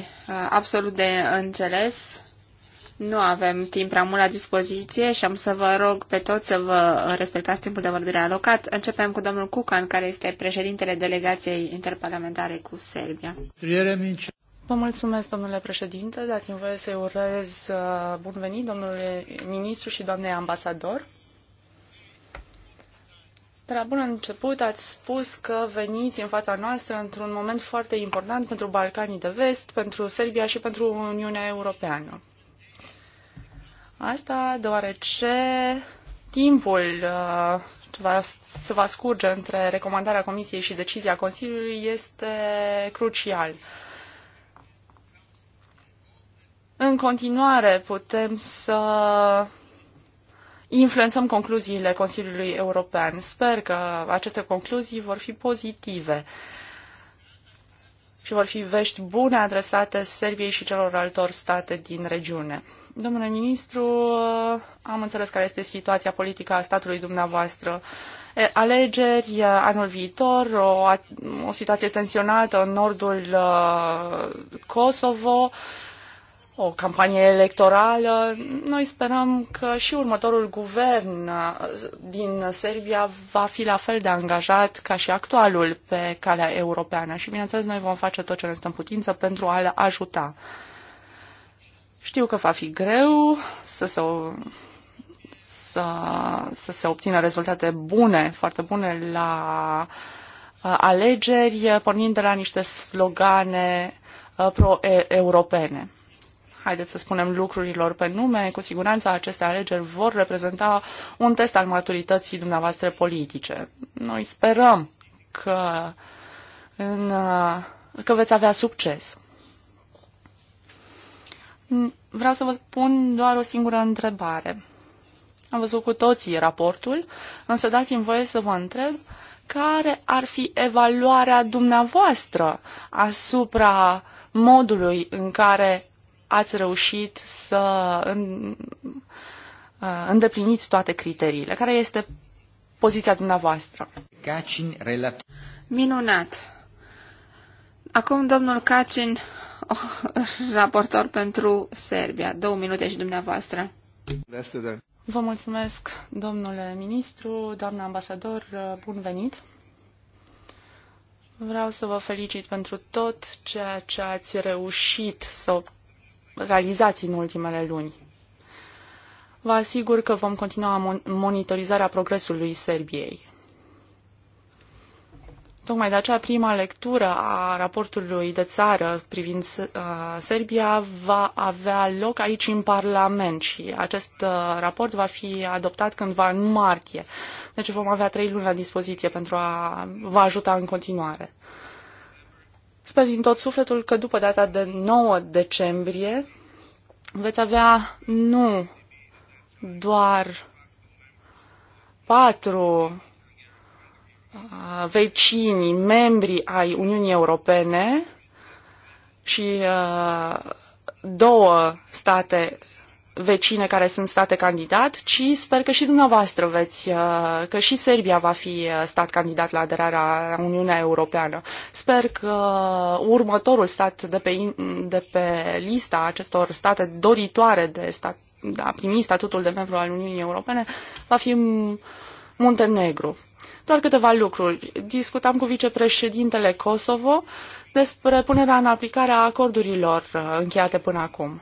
absolut de înțeles, nu avem timp prea mult la dispoziție și am să vă rog pe toți să vă respectați timpul de vorbire alocat. Începem cu domnul Cucan, care este președintele delegației interparlamentare cu Serbia. Vă mulțumesc, domnule președinte. Dați-mi voie să-i urez uh, bun venit, domnule ministru și doamne ambasador. De la bun început ați spus că veniți în fața noastră într-un moment foarte important pentru Balcanii de Vest, pentru Serbia și pentru Uniunea Europeană. Asta deoarece timpul uh, ce va, se va scurge între recomandarea Comisiei și decizia Consiliului este crucial. În continuare putem să influențăm concluziile Consiliului European. Sper că aceste concluzii vor fi pozitive și vor fi vești bune adresate Serbiei și celor altor state din regiune. Domnule ministru, am înțeles care este situația politică a statului dumneavoastră. Alegeri anul viitor, o, o situație tensionată în nordul Kosovo, o campanie electorală. Noi sperăm că și următorul guvern din Serbia va fi la fel de angajat ca și actualul pe calea europeană și, bineînțeles, noi vom face tot ce ne stă în putință pentru a-l ajuta. Știu că va fi greu să se, să, să se obțină rezultate bune, foarte bune la uh, alegeri, uh, pornind de la niște slogane uh, pro-europene. Haideți să spunem lucrurilor pe nume, cu siguranță aceste alegeri vor reprezenta un test al maturității dumneavoastră politice. Noi sperăm că, în, că veți avea succes. Vreau să vă pun doar o singură întrebare. Am văzut cu toții raportul, însă dați-mi voie să vă întreb care ar fi evaluarea dumneavoastră asupra modului în care ați reușit să uh, îndepliniți toate criteriile. Care este poziția dumneavoastră? Minunat! Acum domnul Cacin, raportor pentru Serbia. Două minute și dumneavoastră. Vă mulțumesc, domnule ministru, doamna ambasador, bun venit. Vreau să vă felicit pentru tot ceea ce ați reușit să realizați în ultimele luni. Vă asigur că vom continua monitorizarea progresului Serbiei. Tocmai de aceea prima lectură a raportului de țară privind uh, Serbia va avea loc aici în Parlament și acest uh, raport va fi adoptat cândva în martie. Deci vom avea trei luni la dispoziție pentru a vă ajuta în continuare. Sper din tot sufletul că după data de 9 decembrie veți avea nu doar patru vecinii, membri ai Uniunii Europene și două state vecine care sunt state candidat, ci sper că și dumneavoastră veți, că și Serbia va fi stat candidat la aderarea la Uniunea Europeană. Sper că următorul stat de pe, de pe lista acestor state doritoare de, stat, de a primi statutul de membru al Uniunii Europene va fi Muntenegru. Doar câteva lucruri. Discutam cu vicepreședintele Kosovo despre punerea în aplicare a acordurilor uh, încheiate până acum.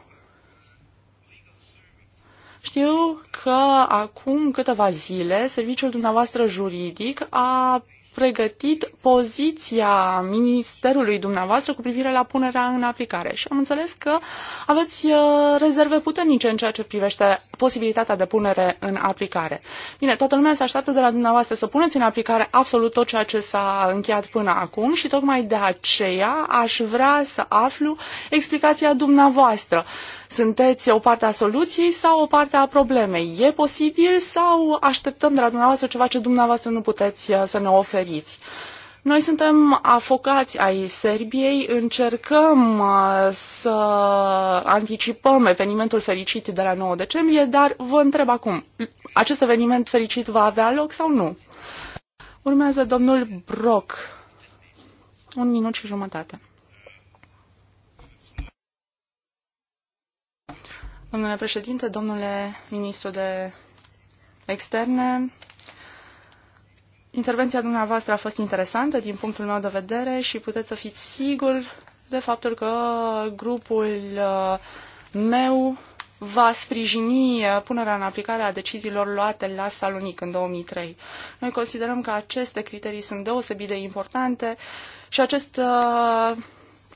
Știu că acum câteva zile serviciul dumneavoastră juridic a pregătit poziția ministerului dumneavoastră cu privire la punerea în aplicare și am înțeles că aveți uh, rezerve puternice în ceea ce privește posibilitatea de punere în aplicare. Bine, toată lumea se așteaptă de la dumneavoastră să puneți în aplicare absolut tot ceea ce s-a încheiat până acum și tocmai de aceea aș vrea să aflu explicația dumneavoastră. Sunteți o parte a soluției sau o parte a problemei? E posibil sau așteptăm de la dumneavoastră ceva ce dumneavoastră nu puteți uh, să ne oferiți? Noi suntem afocați ai Serbiei, încercăm uh, să anticipăm evenimentul fericit de la 9 decembrie, dar vă întreb acum, acest eveniment fericit va avea loc sau nu? Urmează domnul Brock. Un minut și jumătate. Domnule președinte, domnule ministru de externe, intervenția dumneavoastră a fost interesantă din punctul meu de vedere și puteți să fiți sigur de faptul că grupul uh, meu va sprijini uh, punerea în aplicare a deciziilor luate la Salonic în 2003. Noi considerăm că aceste criterii sunt deosebit de importante și acest uh,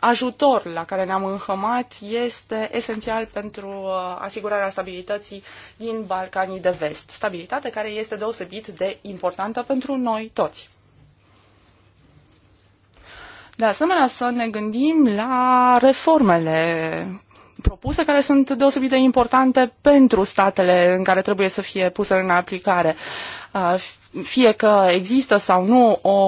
ajutor la care ne-am înhămat este esențial pentru uh, asigurarea stabilității din Balcanii de Vest, stabilitate care este deosebit de importantă pentru noi toți. De asemenea, să ne gândim la reformele propuse care sunt deosebit de importante pentru statele în care trebuie să fie puse în aplicare. Uh, fie că există sau nu o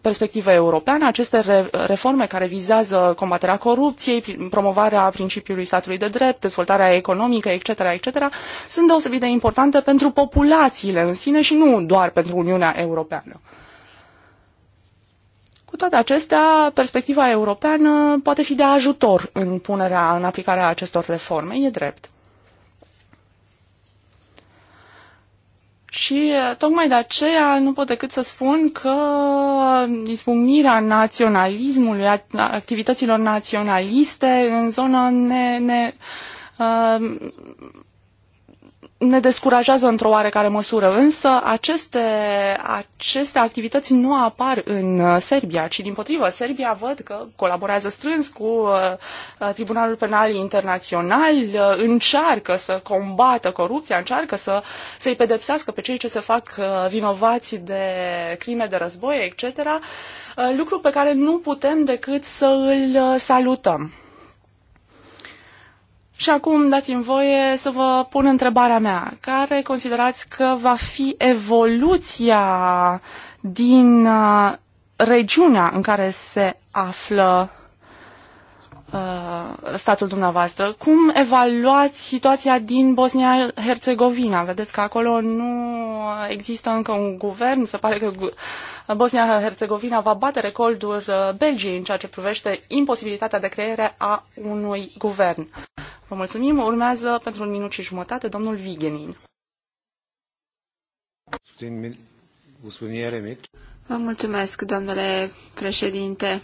perspectivă europeană, aceste reforme care vizează combaterea corupției, promovarea principiului statului de drept, dezvoltarea economică, etc., etc., sunt deosebit de importante pentru populațiile în sine și nu doar pentru Uniunea Europeană toate acestea, perspectiva europeană poate fi de ajutor în punerea în aplicarea acestor reforme, e drept. Și tocmai de aceea nu pot decât să spun că izbucnirea naționalismului, activităților naționaliste în zona ne, ne, uh, ne descurajează într-o oarecare măsură, însă aceste, aceste activități nu apar în uh, Serbia, ci din potrivă, Serbia văd că colaborează strâns cu uh, uh, Tribunalul Penal Internațional, încearcă să combată corupția, încearcă să, să-i pedepsească pe cei ce se fac vinovați de crime de război, etc., lucru pe care nu putem decât să îl salutăm. Și acum dați-mi voie să vă pun întrebarea mea. Care considerați că va fi evoluția din uh, regiunea în care se află uh, statul dumneavoastră? Cum evaluați situația din Bosnia-Herzegovina? Vedeți că acolo nu există încă un guvern. Se pare că Bosnia-Herzegovina va bate recorduri uh, Belgiei în ceea ce privește imposibilitatea de creare a unui guvern. Vă mulțumim. Urmează pentru un minut și jumătate domnul Vigenin. Vă mulțumesc, domnule președinte.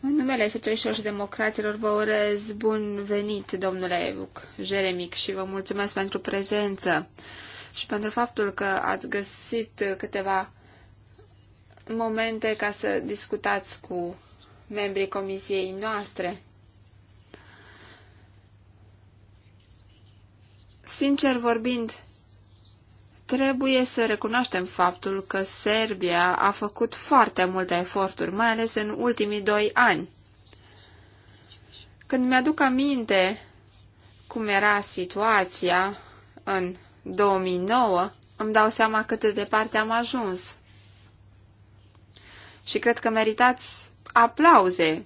În numele Socialiștilor și Democraților vă urez bun venit, domnule Jeremic, și vă mulțumesc pentru prezență și pentru faptul că ați găsit câteva momente ca să discutați cu membrii comisiei noastre. Sincer vorbind, trebuie să recunoaștem faptul că Serbia a făcut foarte multe eforturi, mai ales în ultimii doi ani. Când mi-aduc aminte cum era situația în 2009, îmi dau seama cât de departe am ajuns. Și cred că meritați aplauze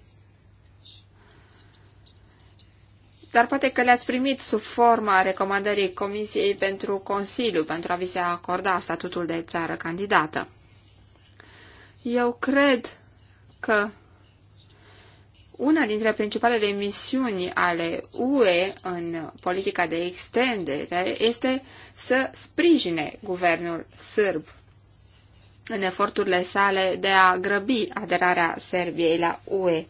dar poate că le-ați primit sub forma recomandării Comisiei pentru Consiliu pentru a vi se acorda statutul de țară candidată. Eu cred că una dintre principalele misiuni ale UE în politica de extindere este să sprijine guvernul sârb în eforturile sale de a grăbi aderarea Serbiei la UE.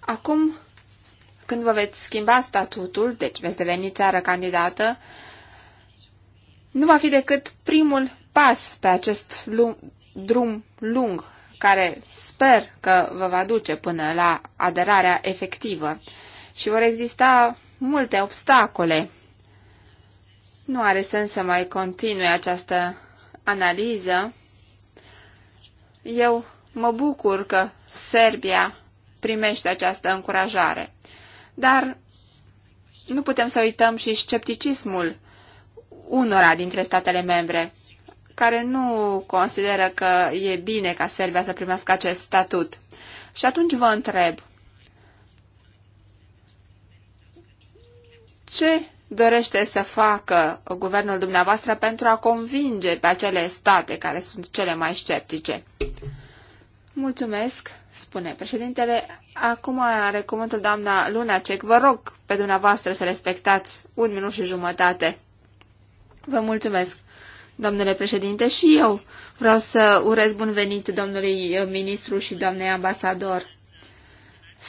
Acum când vă veți schimba statutul, deci veți deveni țară candidată, nu va fi decât primul pas pe acest lung, drum lung, care sper că vă va duce până la aderarea efectivă. Și vor exista multe obstacole. Nu are sens să mai continui această analiză. Eu mă bucur că Serbia primește această încurajare. Dar nu putem să uităm și scepticismul unora dintre statele membre, care nu consideră că e bine ca Serbia să primească acest statut. Și atunci vă întreb, ce dorește să facă guvernul dumneavoastră pentru a convinge pe acele state care sunt cele mai sceptice? Mulțumesc, spune președintele. Acum are cuvântul doamna Lunacek. Vă rog pe dumneavoastră să respectați un minut și jumătate. Vă mulțumesc, domnule președinte, și eu vreau să urez bun venit domnului ministru și doamnei ambasador.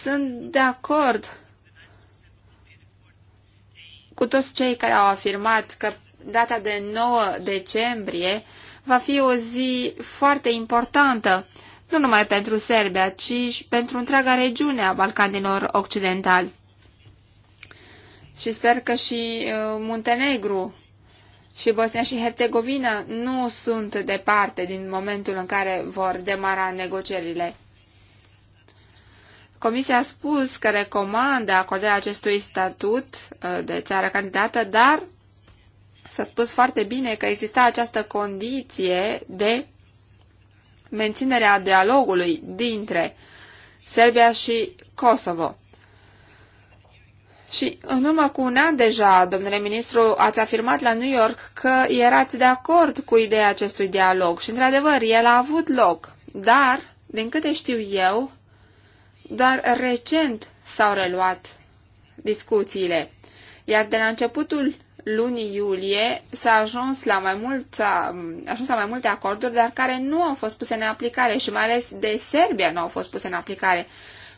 Sunt de acord cu toți cei care au afirmat că data de 9 decembrie va fi o zi foarte importantă nu numai pentru Serbia, ci și pentru întreaga regiune a Balcanilor Occidentali. Și sper că și uh, Muntenegru și Bosnia și Herțegovina nu sunt departe din momentul în care vor demara negocierile. Comisia a spus că recomandă acordarea acestui statut uh, de țară candidată, dar s-a spus foarte bine că exista această condiție de menținerea dialogului dintre Serbia și Kosovo. Și în urmă cu un an deja, domnule ministru, ați afirmat la New York că erați de acord cu ideea acestui dialog și, într-adevăr, el a avut loc, dar, din câte știu eu, doar recent s-au reluat discuțiile, iar de la începutul lunii iulie s-a ajuns la mai, mult, a ajuns la mai multe acorduri, dar care nu au fost puse în aplicare și mai ales de Serbia nu au fost puse în aplicare.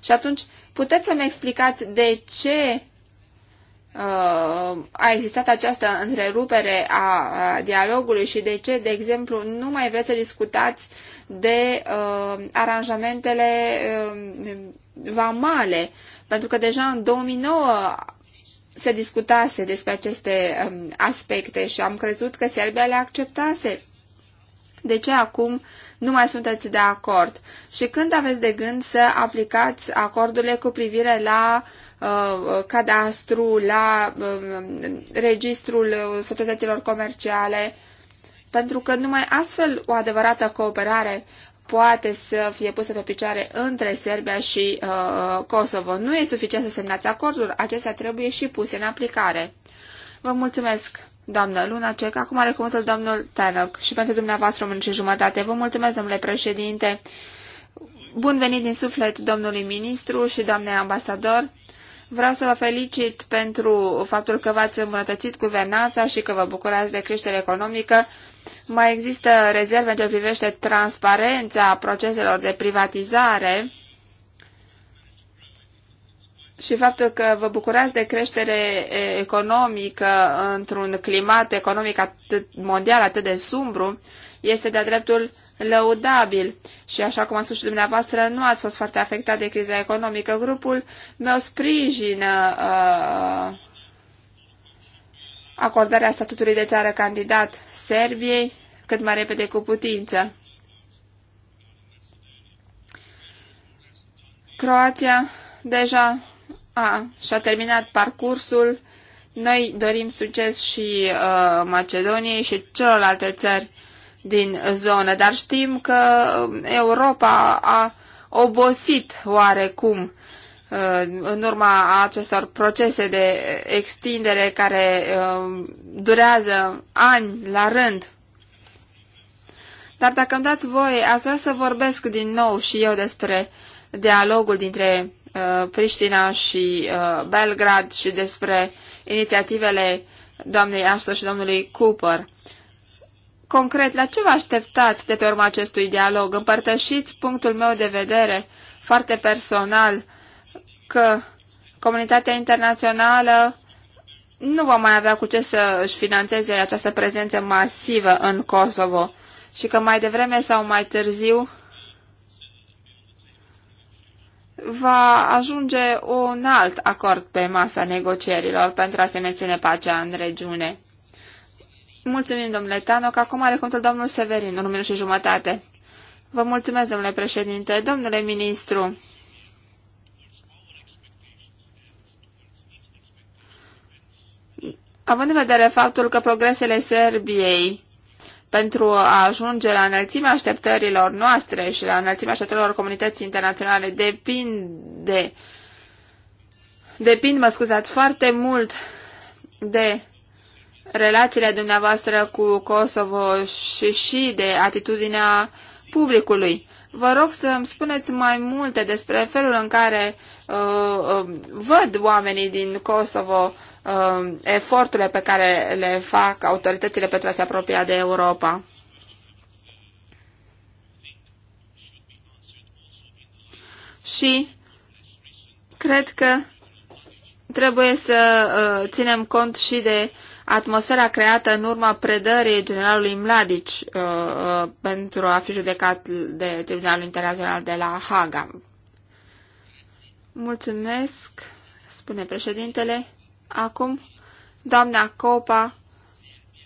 Și atunci, puteți să-mi explicați de ce uh, a existat această întrerupere a, a dialogului și de ce, de exemplu, nu mai vreți să discutați de uh, aranjamentele uh, vamale? Pentru că deja în 2009 se discutase despre aceste um, aspecte și am crezut că Serbia le acceptase. De ce acum nu mai sunteți de acord? Și când aveți de gând să aplicați acordurile cu privire la uh, cadastru, la uh, registrul societăților comerciale? Pentru că numai astfel o adevărată cooperare poate să fie pusă pe picioare între Serbia și uh, Kosovo. Nu e suficient să semnați acordul, acestea trebuie și puse în aplicare. Vă mulțumesc, doamnă Cec, Acum are cuvântul domnul Tanok și pentru dumneavoastră o și jumătate. Vă mulțumesc, domnule președinte. Bun venit din suflet domnului ministru și doamne ambasador. Vreau să vă felicit pentru faptul că v-ați îmbunătățit guvernanța și că vă bucurați de creștere economică mai există rezerve în ce privește transparența proceselor de privatizare și faptul că vă bucurați de creștere economică într-un climat economic atât mondial atât de sumbru este de-a dreptul lăudabil. Și așa cum a spus și dumneavoastră, nu ați fost foarte afectat de criza economică. Grupul meu sprijină uh, acordarea statutului de țară candidat Serbiei cât mai repede cu putință. Croația deja a, și-a terminat parcursul. Noi dorim succes și uh, Macedoniei și celorlalte țări din zonă, dar știm că um, Europa a obosit oarecum Uh, în urma acestor procese de extindere care uh, durează ani la rând. Dar dacă îmi dați voie, aș vrea să vorbesc din nou și eu despre dialogul dintre uh, Priștina și Belgrad și despre inițiativele doamnei Ashton și domnului Cooper. Concret, la ce vă așteptați de pe urma acestui dialog? Împărtășiți punctul meu de vedere foarte personal că comunitatea internațională nu va mai avea cu ce să își financeze această prezență masivă în Kosovo și că mai devreme sau mai târziu va ajunge un alt acord pe masa negocierilor pentru a se menține pacea în regiune. Mulțumim, domnule Tano că Acum are contul domnul Severin, un minut și jumătate. Vă mulțumesc, domnule președinte. Domnule ministru, Având în vedere faptul că progresele Serbiei pentru a ajunge la înălțimea așteptărilor noastre și la înălțimea așteptărilor comunității internaționale depinde, depind, mă scuzați, foarte mult de relațiile dumneavoastră cu Kosovo și și de atitudinea publicului. Vă rog să îmi spuneți mai multe despre felul în care uh, uh, văd oamenii din Kosovo uh, eforturile pe care le fac autoritățile pentru a se apropia de Europa. Și cred că trebuie să uh, ținem cont și de atmosfera creată în urma predării generalului Mladic uh, uh, pentru a fi judecat de Tribunalul Internațional de la Haga. Mulțumesc, spune președintele. Acum, doamna Copa,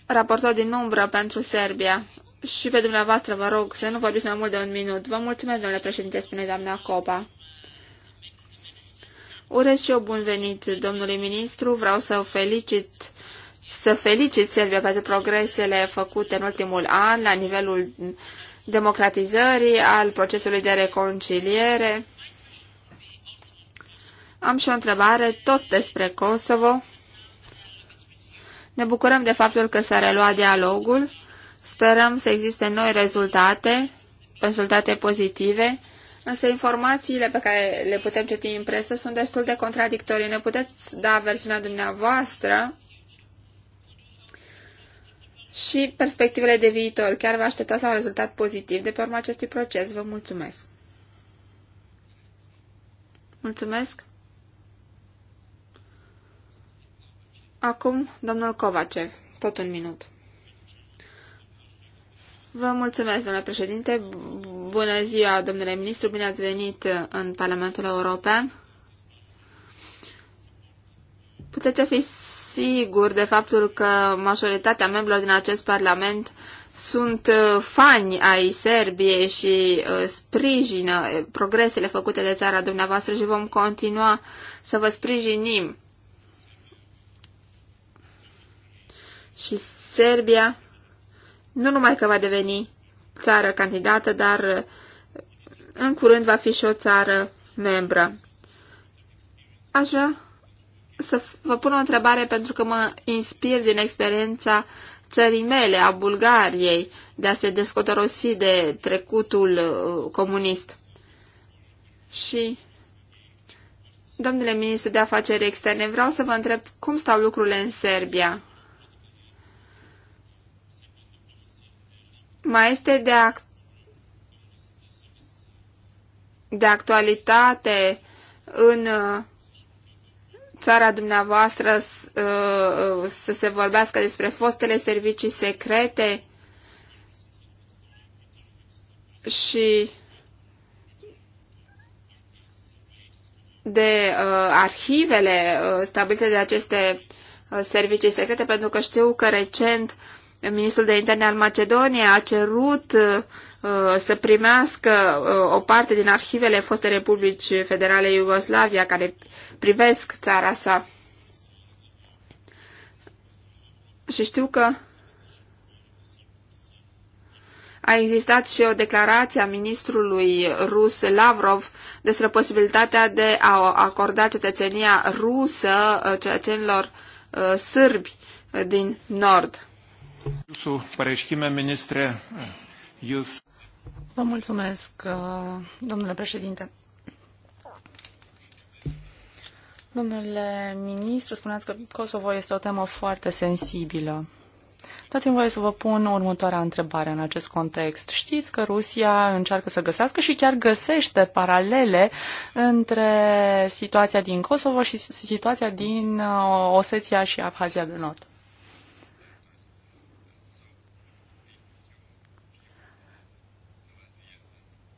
raportă din umbră pentru Serbia. Și pe dumneavoastră vă rog să nu vorbiți mai mult de un minut. Vă mulțumesc, domnule președinte, spune doamna Copa. Urez și eu bun venit, domnului ministru. Vreau să felicit să felicit Serbia pentru progresele făcute în ultimul an la nivelul democratizării, al procesului de reconciliere am și o întrebare tot despre Kosovo. Ne bucurăm de faptul că s-a reluat dialogul. Sperăm să existe noi rezultate, rezultate pozitive, însă informațiile pe care le putem citi în presă sunt destul de contradictorii. Ne puteți da versiunea dumneavoastră și perspectivele de viitor. Chiar vă așteptați la un rezultat pozitiv de pe urma acestui proces. Vă mulțumesc! Mulțumesc! Acum, domnul Kovacev, tot un minut. Vă mulțumesc, domnule președinte. Bună ziua, domnule ministru. Bine ați venit în Parlamentul European. Puteți fi sigur de faptul că majoritatea membrilor din acest Parlament sunt uh, fani ai Serbiei și uh, sprijină eh, progresele făcute de țara dumneavoastră și vom continua să vă sprijinim și Serbia nu numai că va deveni țară candidată, dar uh, în curând va fi și o țară membră. Aș vrea să vă pun o întrebare pentru că mă inspir din experiența țării mele, a Bulgariei, de a se descotorosi de trecutul uh, comunist. Și, domnule ministru de afaceri externe, vreau să vă întreb cum stau lucrurile în Serbia. mai este de, act- de actualitate în uh, țara dumneavoastră uh, uh, să se vorbească despre fostele servicii secrete și de uh, arhivele uh, stabilite de aceste uh, servicii secrete, pentru că știu că recent uh, Ministrul de Interne al Macedoniei a cerut uh, să primească uh, o parte din arhivele foste Republici Federale Iugoslavia care privesc țara sa. Și știu că a existat și o declarație a ministrului rus Lavrov despre posibilitatea de a acorda cetățenia rusă uh, cetățenilor uh, sârbi din nord pareiškime, jūs... Vă mulțumesc, uh, domnule președinte. Domnule ministru, spuneați că Kosovo este o temă foarte sensibilă. Dați-mi voie să vă pun următoarea întrebare în acest context. Știți că Rusia încearcă să găsească și chiar găsește paralele între situația din Kosovo și situația din uh, Osetia și Abhazia de Nord.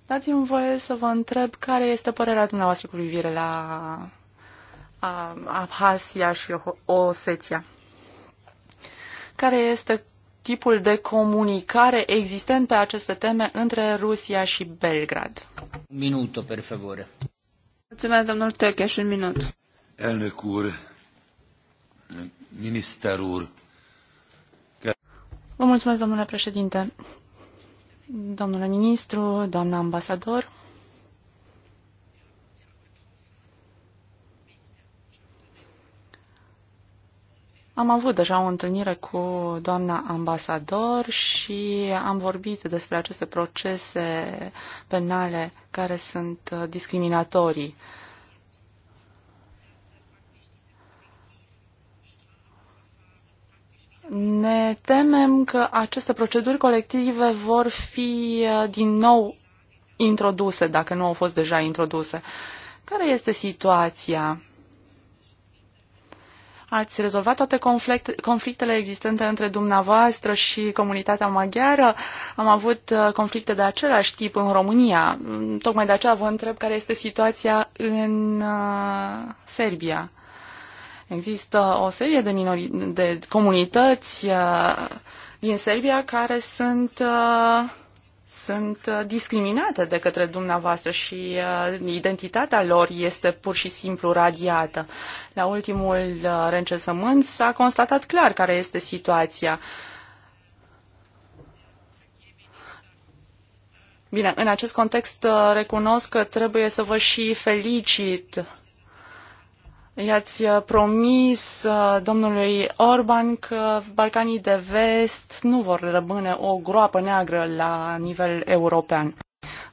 Dați-mi voie să vă întreb care este părerea dumneavoastră cu privire la Abhasia și Osetia. Care este tipul de comunicare existent pe aceste teme între Rusia și Belgrad? Un minut, per favore. Mulțumesc, domnul Tăcheș, un minut. Elnök ministerul. Vă mulțumesc, domnule președinte. Domnule ministru, doamna ambasador, Am avut deja o întâlnire cu doamna ambasador și am vorbit despre aceste procese penale care sunt uh, discriminatorii. Ne temem că aceste proceduri colective vor fi uh, din nou introduse, dacă nu au fost deja introduse. Care este situația? Ați rezolvat toate conflict conflictele existente între dumneavoastră și comunitatea maghiară? Am avut uh, conflicte de același tip în România. Mm, tocmai de aceea vă întreb care este situația în uh, Serbia. Există o serie de, minori- de comunități uh, din Serbia care sunt, uh, sunt uh, discriminate de către dumneavoastră și identitatea lor este pur și simplu radiată. La ultimul rencesământ s-a constatat clar care este situația. Bine, în acest context recunosc că trebuie să vă și felicit I-ați uh, promis uh, domnului Orban că Balcanii de Vest nu vor rămâne o groapă neagră la nivel european.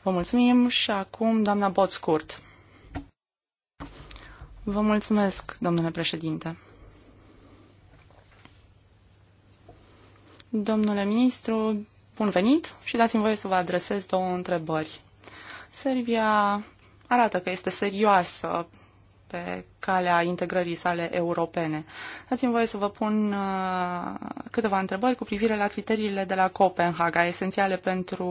Vă mulțumim și acum doamna Boțcurt. Vă mulțumesc, domnule președinte. Domnule ministru, bun venit și dați-mi voie să vă adresez două întrebări. Serbia arată că este serioasă pe calea integrării sale europene. Dați-mi voie să vă pun uh, câteva întrebări cu privire la criteriile de la Copenhaga, esențiale pentru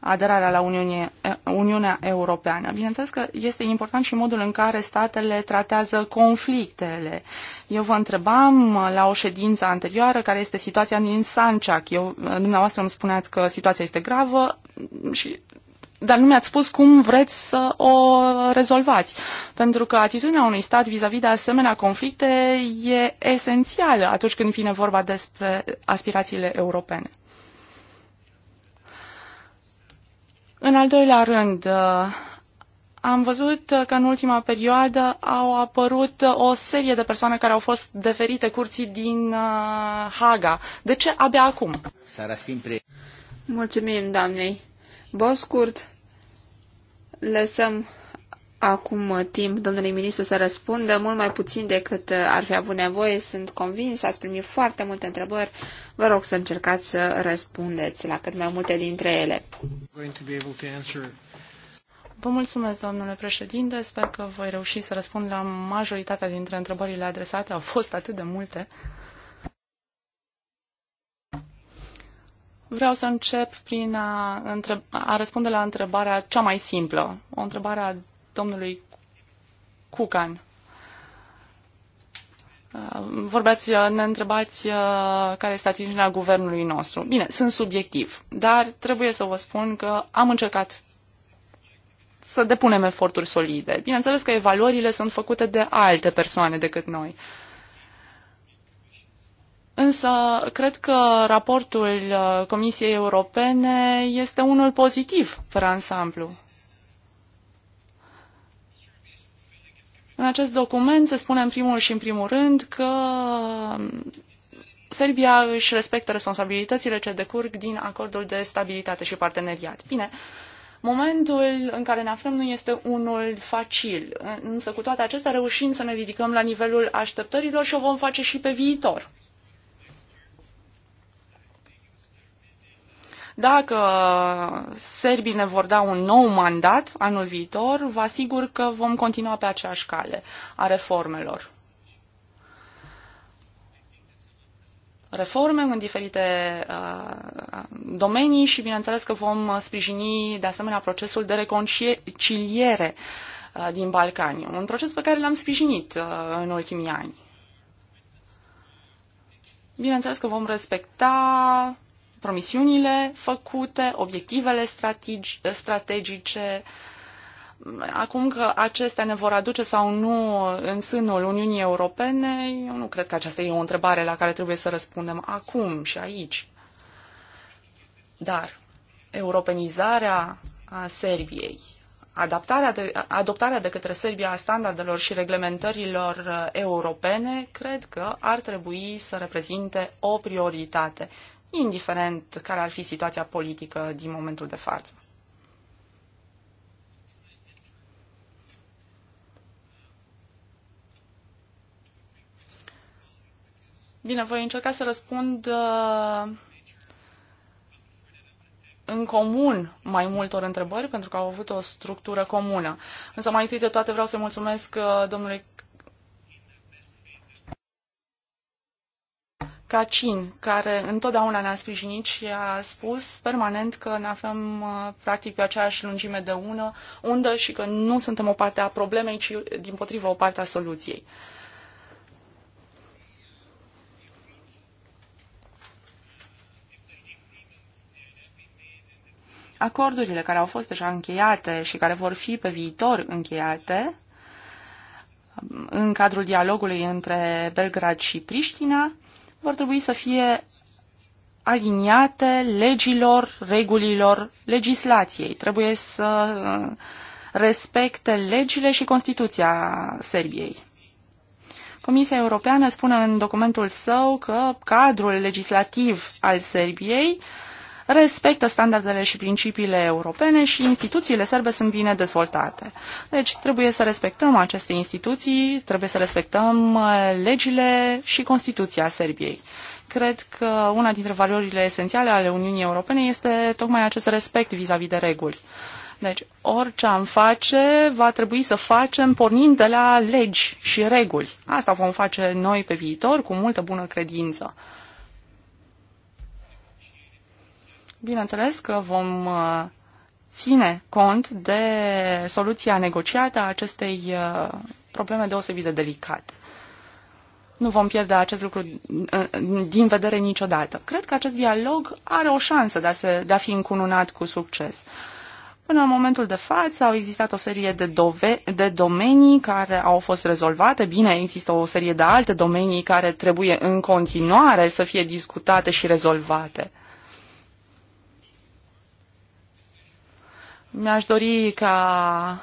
aderarea la Uniunie, uh, Uniunea Europeană. Bineînțeles că este important și modul în care statele tratează conflictele. Eu vă întrebam uh, la o ședință anterioară care este situația din Sanciac. Eu, dumneavoastră îmi spuneați că situația este gravă mm, și dar nu mi-ați spus cum vreți să o rezolvați. Pentru că atitudinea unui stat vis-a-vis -vis de asemenea conflicte e esențială atunci când vine vorba despre aspirațiile europene. În al doilea rând, am văzut că în ultima perioadă au apărut o serie de persoane care au fost deferite curții din uh, Haga. De ce abia acum? Sara Mulțumim, doamnei. Boscurt, lăsăm acum timp domnului ministru să răspundă, mult mai puțin decât ar fi avut nevoie. Sunt convins, ați primit foarte multe întrebări. Vă rog să încercați să răspundeți la cât mai multe dintre ele. Vă mulțumesc, domnule președinte. Sper că voi reuși să răspund la majoritatea dintre întrebările adresate. Au fost atât de multe. Uh, Vreau să încep prin a, întreb, a răspunde la întrebarea cea mai simplă, o întrebare a domnului Cucan. Uh, vorbeați, uh, ne întrebați uh, care este atitudinea guvernului nostru. Bine, sunt subiectiv, dar trebuie să vă spun că am încercat să depunem eforturi solide. Bineînțeles că evaluările sunt făcute de alte persoane decât noi. Uh, Însă, cred că raportul uh, Comisiei Europene este unul pozitiv pe ansamblu. În acest document se spune în primul și în primul rând că um, Serbia își respectă responsabilitățile ce decurg din acordul de stabilitate și parteneriat. Bine, momentul în care ne aflăm nu este unul facil, însă cu toate acestea reușim să ne ridicăm la nivelul așteptărilor și o vom face și pe viitor. Dacă serbii ne vor da un nou mandat anul viitor, vă asigur că vom continua pe aceeași cale a reformelor. reforme în diferite uh, domenii și bineînțeles că vom sprijini de asemenea procesul de reconciliere uh, din Balcani, un proces pe care l-am sprijinit uh, în ultimii ani. Bineînțeles că vom respecta promisiunile făcute, obiectivele strategi, strategice, Acum că acestea ne vor aduce sau nu în sânul Uniunii Europene, eu nu cred că aceasta e o întrebare la care trebuie să răspundem acum și aici. Dar europenizarea a Serbiei, adaptarea de, adoptarea de către Serbia a standardelor și reglementărilor uh, europene, cred că ar trebui să reprezinte o prioritate indiferent care ar fi situația politică din momentul de față. Bine, voi încerca să răspund uh, în comun mai multor întrebări, pentru că au avut o structură comună. Însă, mai întâi de toate, vreau să mulțumesc uh, domnului Cacin, care întotdeauna ne-a sprijinit și a spus permanent că ne aflăm uh, practic pe aceeași lungime de ună, undă și că nu suntem o parte a problemei, ci din potrivă o parte a soluției. Acordurile care au fost deja încheiate și care vor fi pe viitor încheiate um, în cadrul dialogului între Belgrad și Priștina vor trebui să fie aliniate legilor, regulilor, legislației. Trebuie să uh, respecte legile și Constituția Serbiei. Comisia Europeană spune în documentul său că cadrul legislativ al Serbiei uh, respectă standardele și principiile europene și instituțiile serbe sunt bine dezvoltate. Deci trebuie să respectăm aceste instituții, trebuie să respectăm uh, legile și Constituția Serbiei. Cred că una dintre valorile esențiale ale Uniunii Europene este tocmai acest respect vis-a-vis -vis de reguli. Deci, orice am face, va trebui să facem pornind de la legi și reguli. Asta vom face noi pe viitor cu multă bună credință. Bineînțeles că vom uh, ține cont de soluția negociată a acestei uh, probleme deosebit de delicate. Nu vom pierde acest lucru uh, din vedere niciodată. Cred că acest dialog are o șansă de a, se, de a fi încununat cu succes. Până în momentul de față au existat o serie de, dove- de domenii care au fost rezolvate. Bine, există o serie de alte domenii care trebuie în continuare să fie discutate și rezolvate. Mi-aș dori ca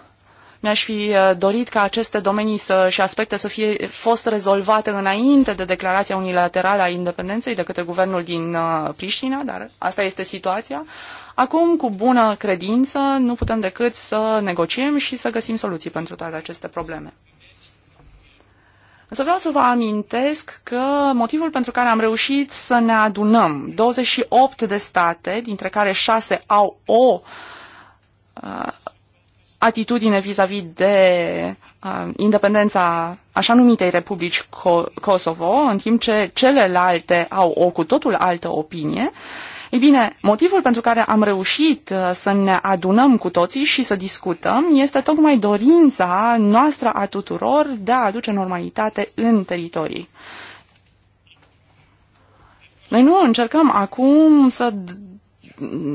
mi-aș fi uh, dorit ca aceste domenii să, și aspecte să fie fost rezolvate înainte de declarația unilaterală a independenței de către guvernul din uh, Priștina, dar asta este situația. Acum, cu bună credință, nu putem decât să negociem și să găsim soluții pentru toate aceste probleme. Însă vreau să vă amintesc că motivul pentru care am reușit să ne adunăm 28 de state, dintre care 6 au o Uh, atitudine vis-a-vis -vis de uh, independența așa numitei Republici Kosovo, în timp ce celelalte au o cu totul altă opinie, ei bine, motivul pentru care am reușit uh, să ne adunăm cu toții și să discutăm este tocmai dorința noastră a tuturor de a aduce normalitate în teritorii. Noi nu încercăm acum să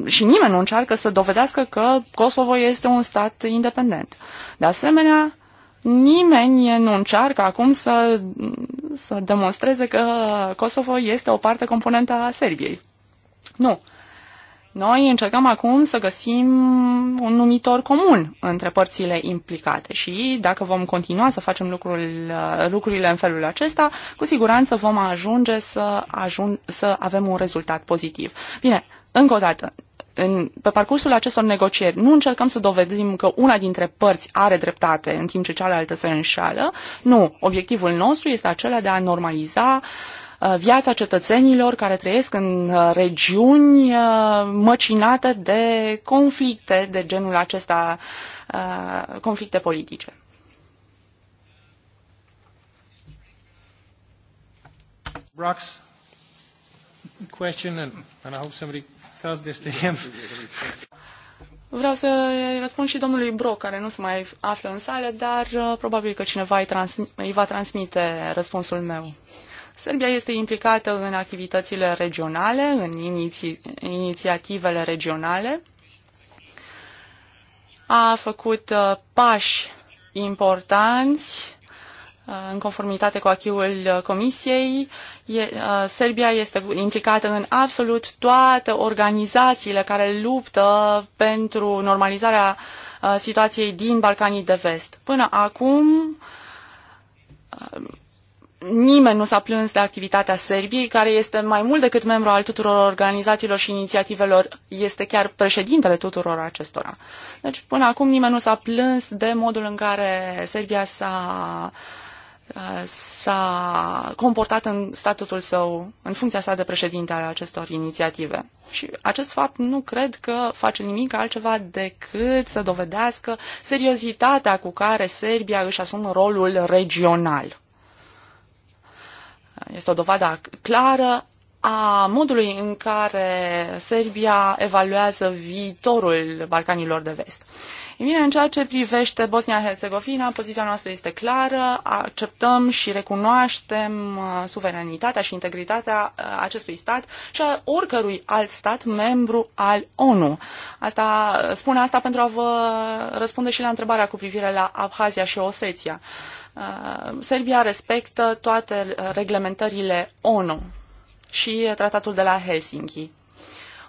și nimeni nu încearcă să dovedească că Kosovo este un stat independent. De asemenea, nimeni nu încearcă acum să, să demonstreze că Kosovo este o parte componentă a Serbiei. Nu. Noi încercăm acum să găsim un numitor comun între părțile implicate și dacă vom continua să facem lucrul, lucrurile în felul acesta, cu siguranță vom ajunge să, ajung, să avem un rezultat pozitiv. Bine, încă o dată, în, pe parcursul acestor negocieri nu încercăm să dovedim că una dintre părți are dreptate în timp ce cealaltă se înșală. Nu. Obiectivul nostru este acela de a normaliza uh, viața cetățenilor care trăiesc în uh, regiuni uh, măcinate de conflicte de genul acesta, conflicte politice. Brock's question, and, and I hope somebody Vreau să răspund și domnului Bro, care nu se mai află în sală, dar uh, probabil că cineva îi, trans- îi va transmite răspunsul meu. Serbia este implicată în activitățile regionale, în iniți- inițiativele regionale. A făcut uh, pași importanți uh, în conformitate cu achiul Comisiei. E, uh, Serbia este implicată în absolut toate organizațiile care luptă pentru normalizarea uh, situației din Balcanii de Vest. Până acum, uh, nimeni nu s-a plâns de activitatea Serbiei, care este mai mult decât membru al tuturor organizațiilor și inițiativelor, este chiar președintele tuturor acestora. Deci, până acum, nimeni nu s-a plâns de modul în care Serbia s-a uh, s-a comportat în statutul său, în funcția sa de președinte al acestor inițiative. Și acest fapt nu cred că face nimic altceva decât să dovedească seriozitatea cu care Serbia își asumă rolul regional. Este o dovadă clară a modului în care Serbia evaluează viitorul Balcanilor de Vest. Uh, bine, în ceea ce privește Bosnia-Herzegovina, poziția noastră este clară, acceptăm și recunoaștem uh, suveranitatea și integritatea uh, acestui stat și a oricărui alt stat membru al ONU. Asta, uh, spune asta pentru a vă răspunde și la întrebarea cu privire la Abhazia și Oseția. Serbia respectă toate reglementările ONU și tratatul de la Helsinki.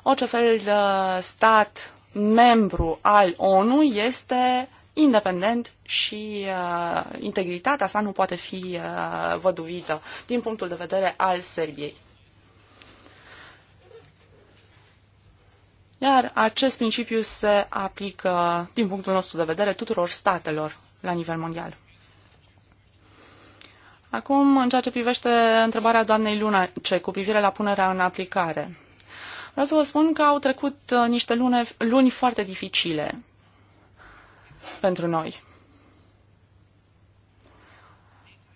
Orice fel de stat membru al ONU este independent și uh, integritatea sa nu poate fi uh, văduvită din punctul de vedere al Serbiei. Iar acest principiu se aplică, din punctul nostru de vedere, tuturor statelor la nivel mondial. Acum, în ceea ce privește întrebarea doamnei Luna, ce cu privire la punerea în aplicare. Vreau să vă spun că au trecut uh, niște lune, luni foarte dificile pentru noi.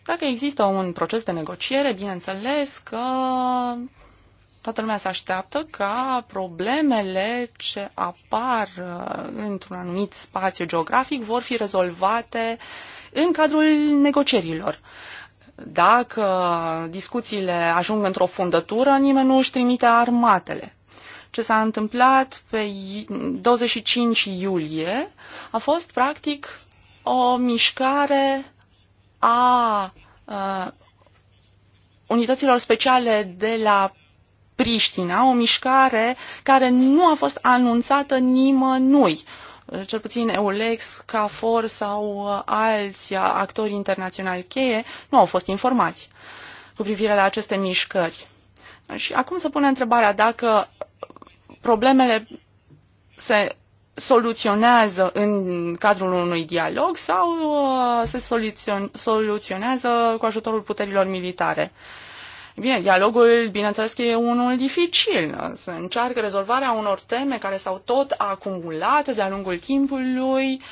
Dacă există un proces de negociere, bineînțeles că toată lumea se așteaptă ca problemele ce apar uh, într-un anumit spațiu geografic vor fi rezolvate în cadrul negocierilor. Dacă discuțiile ajung într-o fundătură, nimeni nu își trimite armatele ce s-a întâmplat pe 25 iulie a fost practic o mișcare a uh, unităților speciale de la Priștina, o mișcare care nu a fost anunțată nimănui cel puțin Eulex, CAFOR sau uh, alți actori internaționali cheie, nu au fost informați cu privire la aceste mișcări. Și acum se pune întrebarea dacă problemele se soluționează în cadrul unui dialog sau uh, se soluționează cu ajutorul puterilor militare. Bine, dialogul, bineînțeles că e unul dificil. Se încearcă rezolvarea unor teme care s-au tot acumulat de-a lungul timpului. Uh,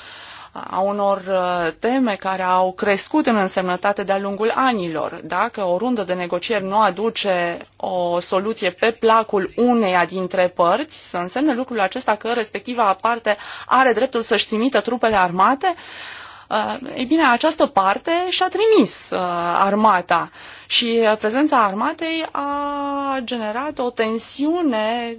a unor uh, teme care au crescut în însemnătate de-a lungul anilor. Dacă o rundă de negocieri nu aduce o soluție pe placul uneia dintre părți, să însemne lucrul acesta că respectiva parte are dreptul să-și trimită trupele armate, uh, ei bine, această parte și-a trimis uh, armata și prezența armatei a generat o tensiune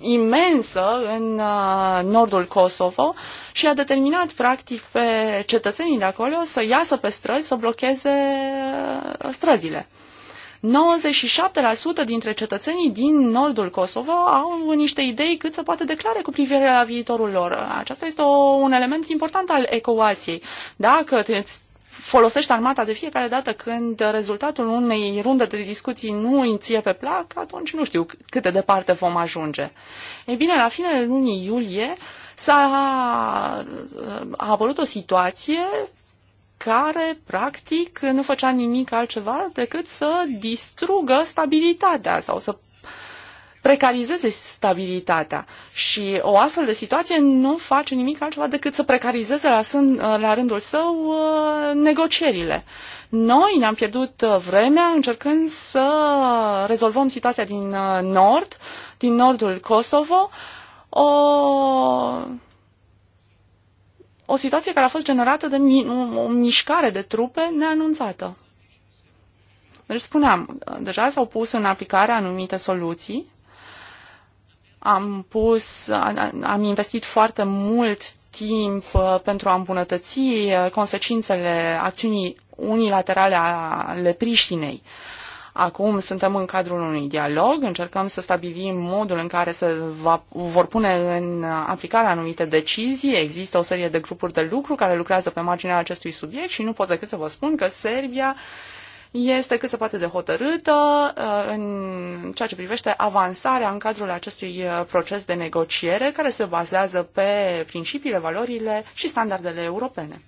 imensă în uh, nordul Kosovo și a determinat practic pe cetățenii de acolo să iasă pe străzi, să blocheze uh, străzile. 97% dintre cetățenii din nordul Kosovo au niște idei cât se poate declare cu privire la viitorul lor. Aceasta este o, un element important al ecuației. Dacă folosești armata de fiecare dată când rezultatul unei runde de discuții nu îi ție pe plac, atunci nu știu cât de departe vom ajunge. Ei bine, la finele lunii iulie s-a a apărut o situație care, practic, nu făcea nimic altceva decât să distrugă stabilitatea sau să precarizeze stabilitatea. Și o astfel de situație nu face nimic altceva decât să precarizeze la, sân, la rândul său uh, negocierile. Noi ne-am pierdut uh, vremea încercând să rezolvăm situația din uh, nord, din nordul Kosovo, o, o situație care a fost generată de mi, o mișcare de trupe neanunțată. Deci spuneam, deja s-au pus în aplicare anumite soluții, am pus, am investit foarte mult timp uh, pentru a îmbunătăți uh, consecințele acțiunii unilaterale ale Priștinei. Acum suntem în cadrul unui dialog, încercăm să stabilim modul în care se va, vor pune în aplicare anumite decizii. Există o serie de grupuri de lucru care lucrează pe marginea acestui subiect și nu pot decât să vă spun că Serbia uh, este cât se poate de hotărâtă uh, în ceea ce privește avansarea în cadrul acestui uh, proces de negociere care se bazează pe principiile, valorile și standardele europene.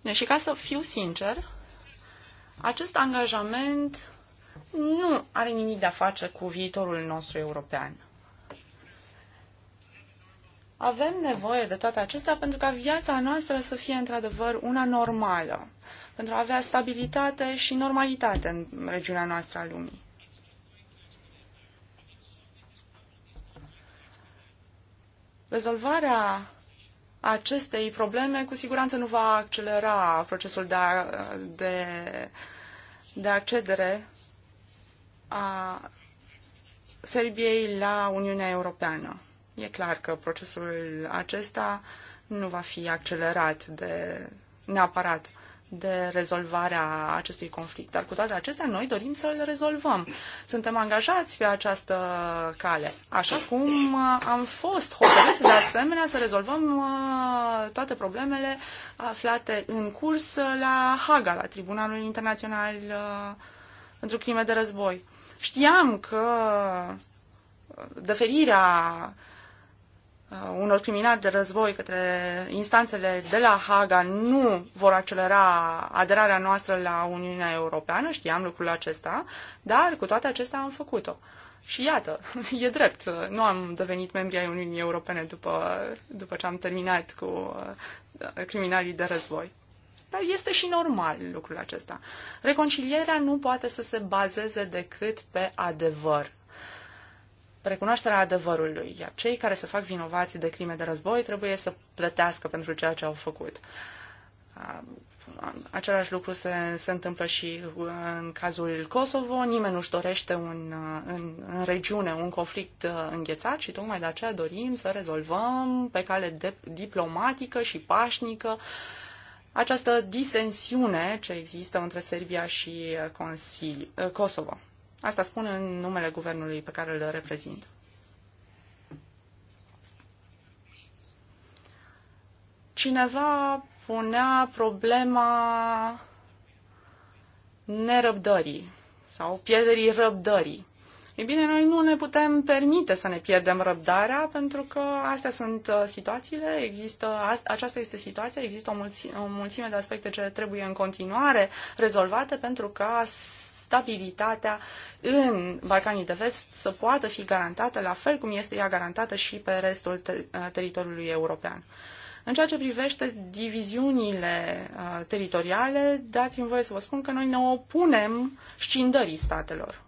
Deci, și ca să fiu sincer, acest angajament nu are nimic de a face cu viitorul nostru european. Avem nevoie de toate acestea pentru ca viața noastră să fie într-adevăr una normală, pentru a avea stabilitate și normalitate în regiunea noastră a lumii. Rezolvarea acestei probleme cu siguranță nu va accelera procesul de, a, de, de accedere a Serbiei la Uniunea Europeană. E clar că procesul acesta nu va fi accelerat de neapărat de rezolvarea acestui conflict. Dar cu toate acestea, noi dorim să-l rezolvăm. Suntem angajați pe această cale, așa cum am fost hotărâți de asemenea să rezolvăm uh, toate problemele aflate în curs la Haga, la Tribunalul Internațional uh, pentru Crime de Război. Știam că uh, deferirea Uh, unor criminali de război către instanțele de la Haga nu vor accelera aderarea noastră la Uniunea Europeană, știam lucrul acesta, dar cu toate acestea am făcut-o. Și iată, e drept, nu am devenit membri ai Uniunii Europene după, după ce am terminat cu uh, criminalii de război. Dar este și normal lucrul acesta. Reconcilierea nu poate să se bazeze decât pe adevăr recunoașterea adevărului, iar cei care se fac vinovați de crime de război trebuie să plătească pentru ceea ce au făcut. Ah, același lucru se, se întâmplă și uh, în cazul Kosovo. Nimeni nu-și dorește un, uh, în, în regiune un conflict uh, înghețat și tocmai de aceea dorim să rezolvăm pe cale de, diplomatică și pașnică această disensiune ce există între Serbia și Consiliu, Kosovo. Asta spun în numele guvernului pe care îl reprezint. Cineva punea problema nerăbdării sau pierderii răbdării. Ei bine, noi nu ne putem permite să ne pierdem răbdarea, pentru că astea sunt uh, situațiile, există, aceasta este situația, există o mulțime, o mulțime de aspecte ce trebuie în continuare rezolvate pentru ca stabilitatea în Balcanii de Vest să poată fi garantată, la fel cum este ea garantată și pe restul te- uh, teritoriului european. În ceea ce privește diviziunile uh, teritoriale, dați-mi voie să vă spun că noi ne opunem scindării statelor.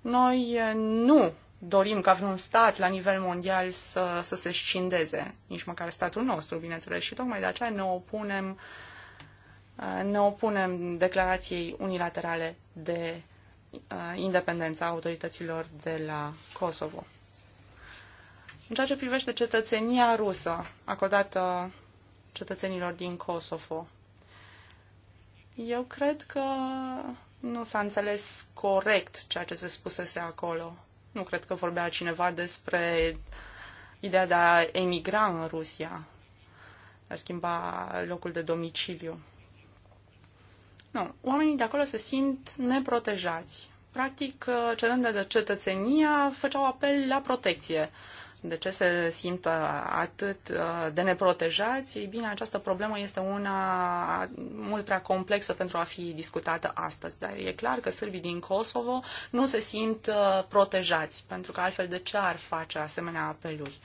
Noi uh, nu dorim ca vreun stat la nivel mondial să, să se scindeze, nici măcar statul nostru, bineînțeles, și tocmai de aceea ne opunem uh, ne opunem declarației unilaterale de uh, independența autorităților de la Kosovo. În ceea ce privește cetățenia rusă acordată cetățenilor din Kosovo, eu cred că nu s-a înțeles corect ceea ce se spusese acolo. Nu cred că vorbea cineva despre ideea de a emigra în Rusia, de a schimba locul de domiciliu. Nu, oamenii de acolo se simt neprotejați. Practic, uh, cerând de cetățenia, făceau apel la protecție. De ce se simt atât uh, de neprotejați? Ei bine, această problemă este una mult prea complexă pentru a fi discutată astăzi, dar e clar că sârbii din Kosovo nu se simt uh, protejați, pentru că altfel de ce ar face asemenea apeluri?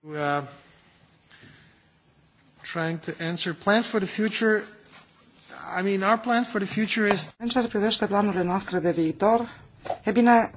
Uh trying to answer. Plans for the future. I mean, our plans for the future is... În ce privește planurile noastre de viitor, e bine,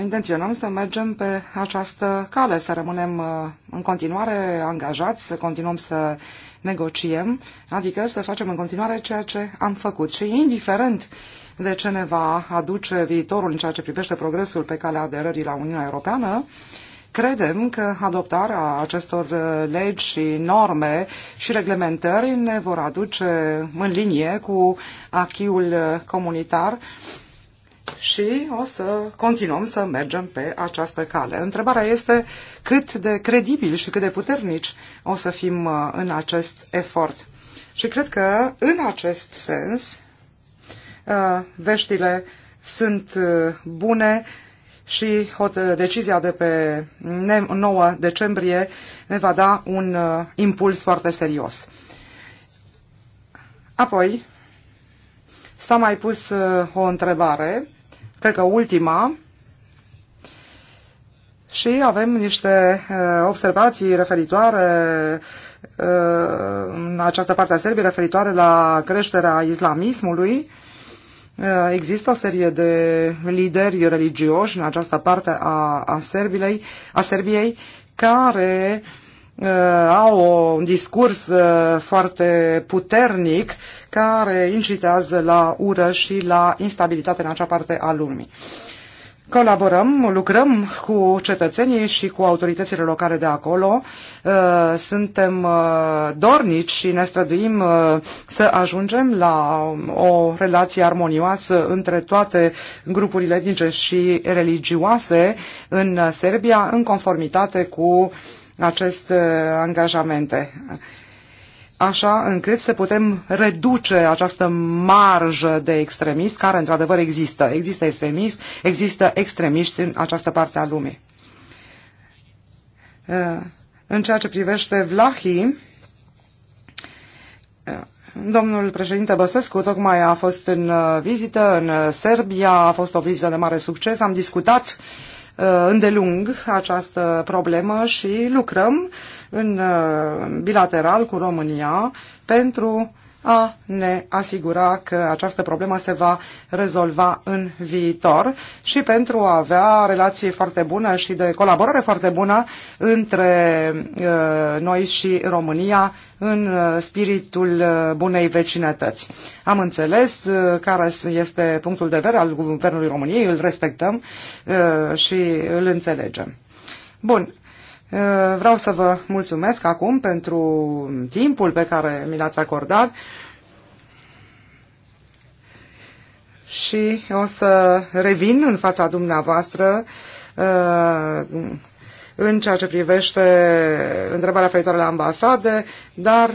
intenționăm să mergem pe această cale, să rămânem uh, în continuare angajați, să continuăm să negociem, adică să facem în continuare ceea ce am făcut. Și indiferent de ce ne va aduce viitorul în ceea ce privește progresul pe calea aderării la Uniunea Europeană, uh, Credem că adoptarea acestor uh, legi și norme și reglementări ne vor aduce în linie cu achiul uh, comunitar și o să continuăm să mergem pe această cale. Întrebarea este cât de credibili și cât de puternici o să fim uh, în acest efort. Și cred că în acest sens veștile sunt bune și uh, decizia de pe 9 decembrie ne va da un uh, impuls foarte serios. Apoi, s-a mai pus uh, o întrebare, cred că ultima, și avem niște observații referitoare în această parte a Serbiei, referitoare la creșterea islamismului, Eh, există o serie de lideri religioși în această parte a, a, Serbilei, a Serbiei care uh, au un discurs uh, foarte puternic care incitează la ură și la instabilitate în acea parte a lumii. Uh, Colaborăm, lucrăm cu cetățenii și cu autoritățile locale de acolo. Uh, suntem uh, dornici și ne străduim uh, să ajungem la um, o relație armonioasă între toate grupurile etnice și religioase în Serbia, în conformitate cu aceste angajamente așa încât să putem reduce această marjă de extremism care într-adevăr există. Există extremism, există extremiști în această parte a lumii. Uh, în ceea ce privește Vlahii, uh, Domnul președinte Băsescu tocmai a fost în uh, vizită în Serbia, a fost o vizită de mare succes. Am discutat îndelung această problemă și lucrăm Uh, în bilateral cu România pentru a ne asigura că această problemă se va rezolva în viitor și pentru a avea relații foarte bune și de colaborare foarte bună între uh, noi și România în uh, spiritul bunei vecinătăți. Am înțeles care este punctul de vedere al Guvernului României, îl respectăm și îl înțelegem. Bun, Uh, vreau să vă mulțumesc acum pentru timpul pe care mi l-ați acordat și o să revin în fața dumneavoastră uh, în ceea ce privește întrebarea feitoare la ambasade, dar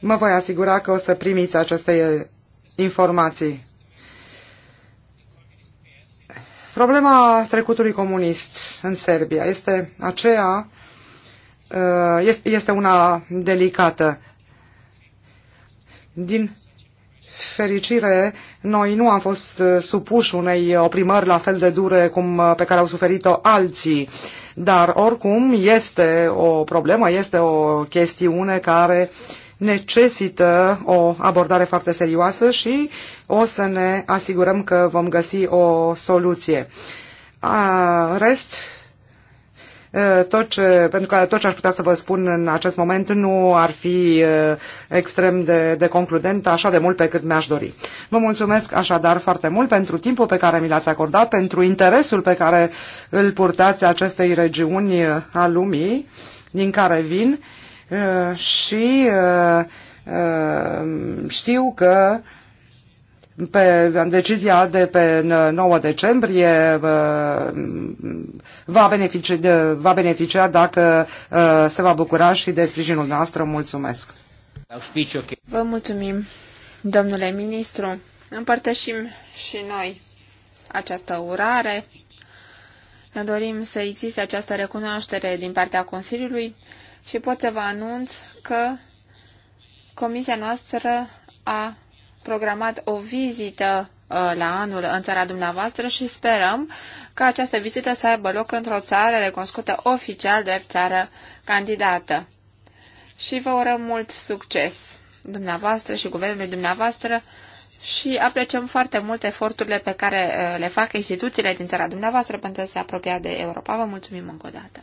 mă voi asigura că o să primiți aceste informații. Problema trecutului comunist în Serbia este aceea, uh, este una delicată. Din fericire, noi nu am fost uh, supuși unei oprimări la fel de dure cum uh, pe care au suferit-o alții, dar oricum este o problemă, este o chestiune care uh, necesită o abordare foarte serioasă și o să ne asigurăm că vom găsi o soluție. A, rest, tot ce, pentru că tot ce aș putea să vă spun în acest moment nu ar fi extrem de, de concludent așa de mult pe cât mi-aș dori. Vă mulțumesc așadar foarte mult pentru timpul pe care mi l-ați acordat, pentru interesul pe care îl purtați acestei regiuni a lumii din care vin Uh, și uh, uh, știu că pe decizia de pe 9 decembrie va beneficia, va beneficia dacă se va bucura și de sprijinul noastră. Mulțumesc! Vă mulțumim, domnule ministru. Împărtășim și noi această urare. Ne dorim să existe această recunoaștere din partea Consiliului și pot să vă anunț că comisia noastră a programat o vizită uh, la anul în țara dumneavoastră și sperăm că această vizită să aibă loc într-o țară recunoscută oficial de țară candidată. Și vă urăm mult succes dumneavoastră și guvernului dumneavoastră și apreciem foarte mult eforturile pe care uh, le fac instituțiile din țara dumneavoastră pentru a se apropia de Europa. Vă mulțumim încă o dată!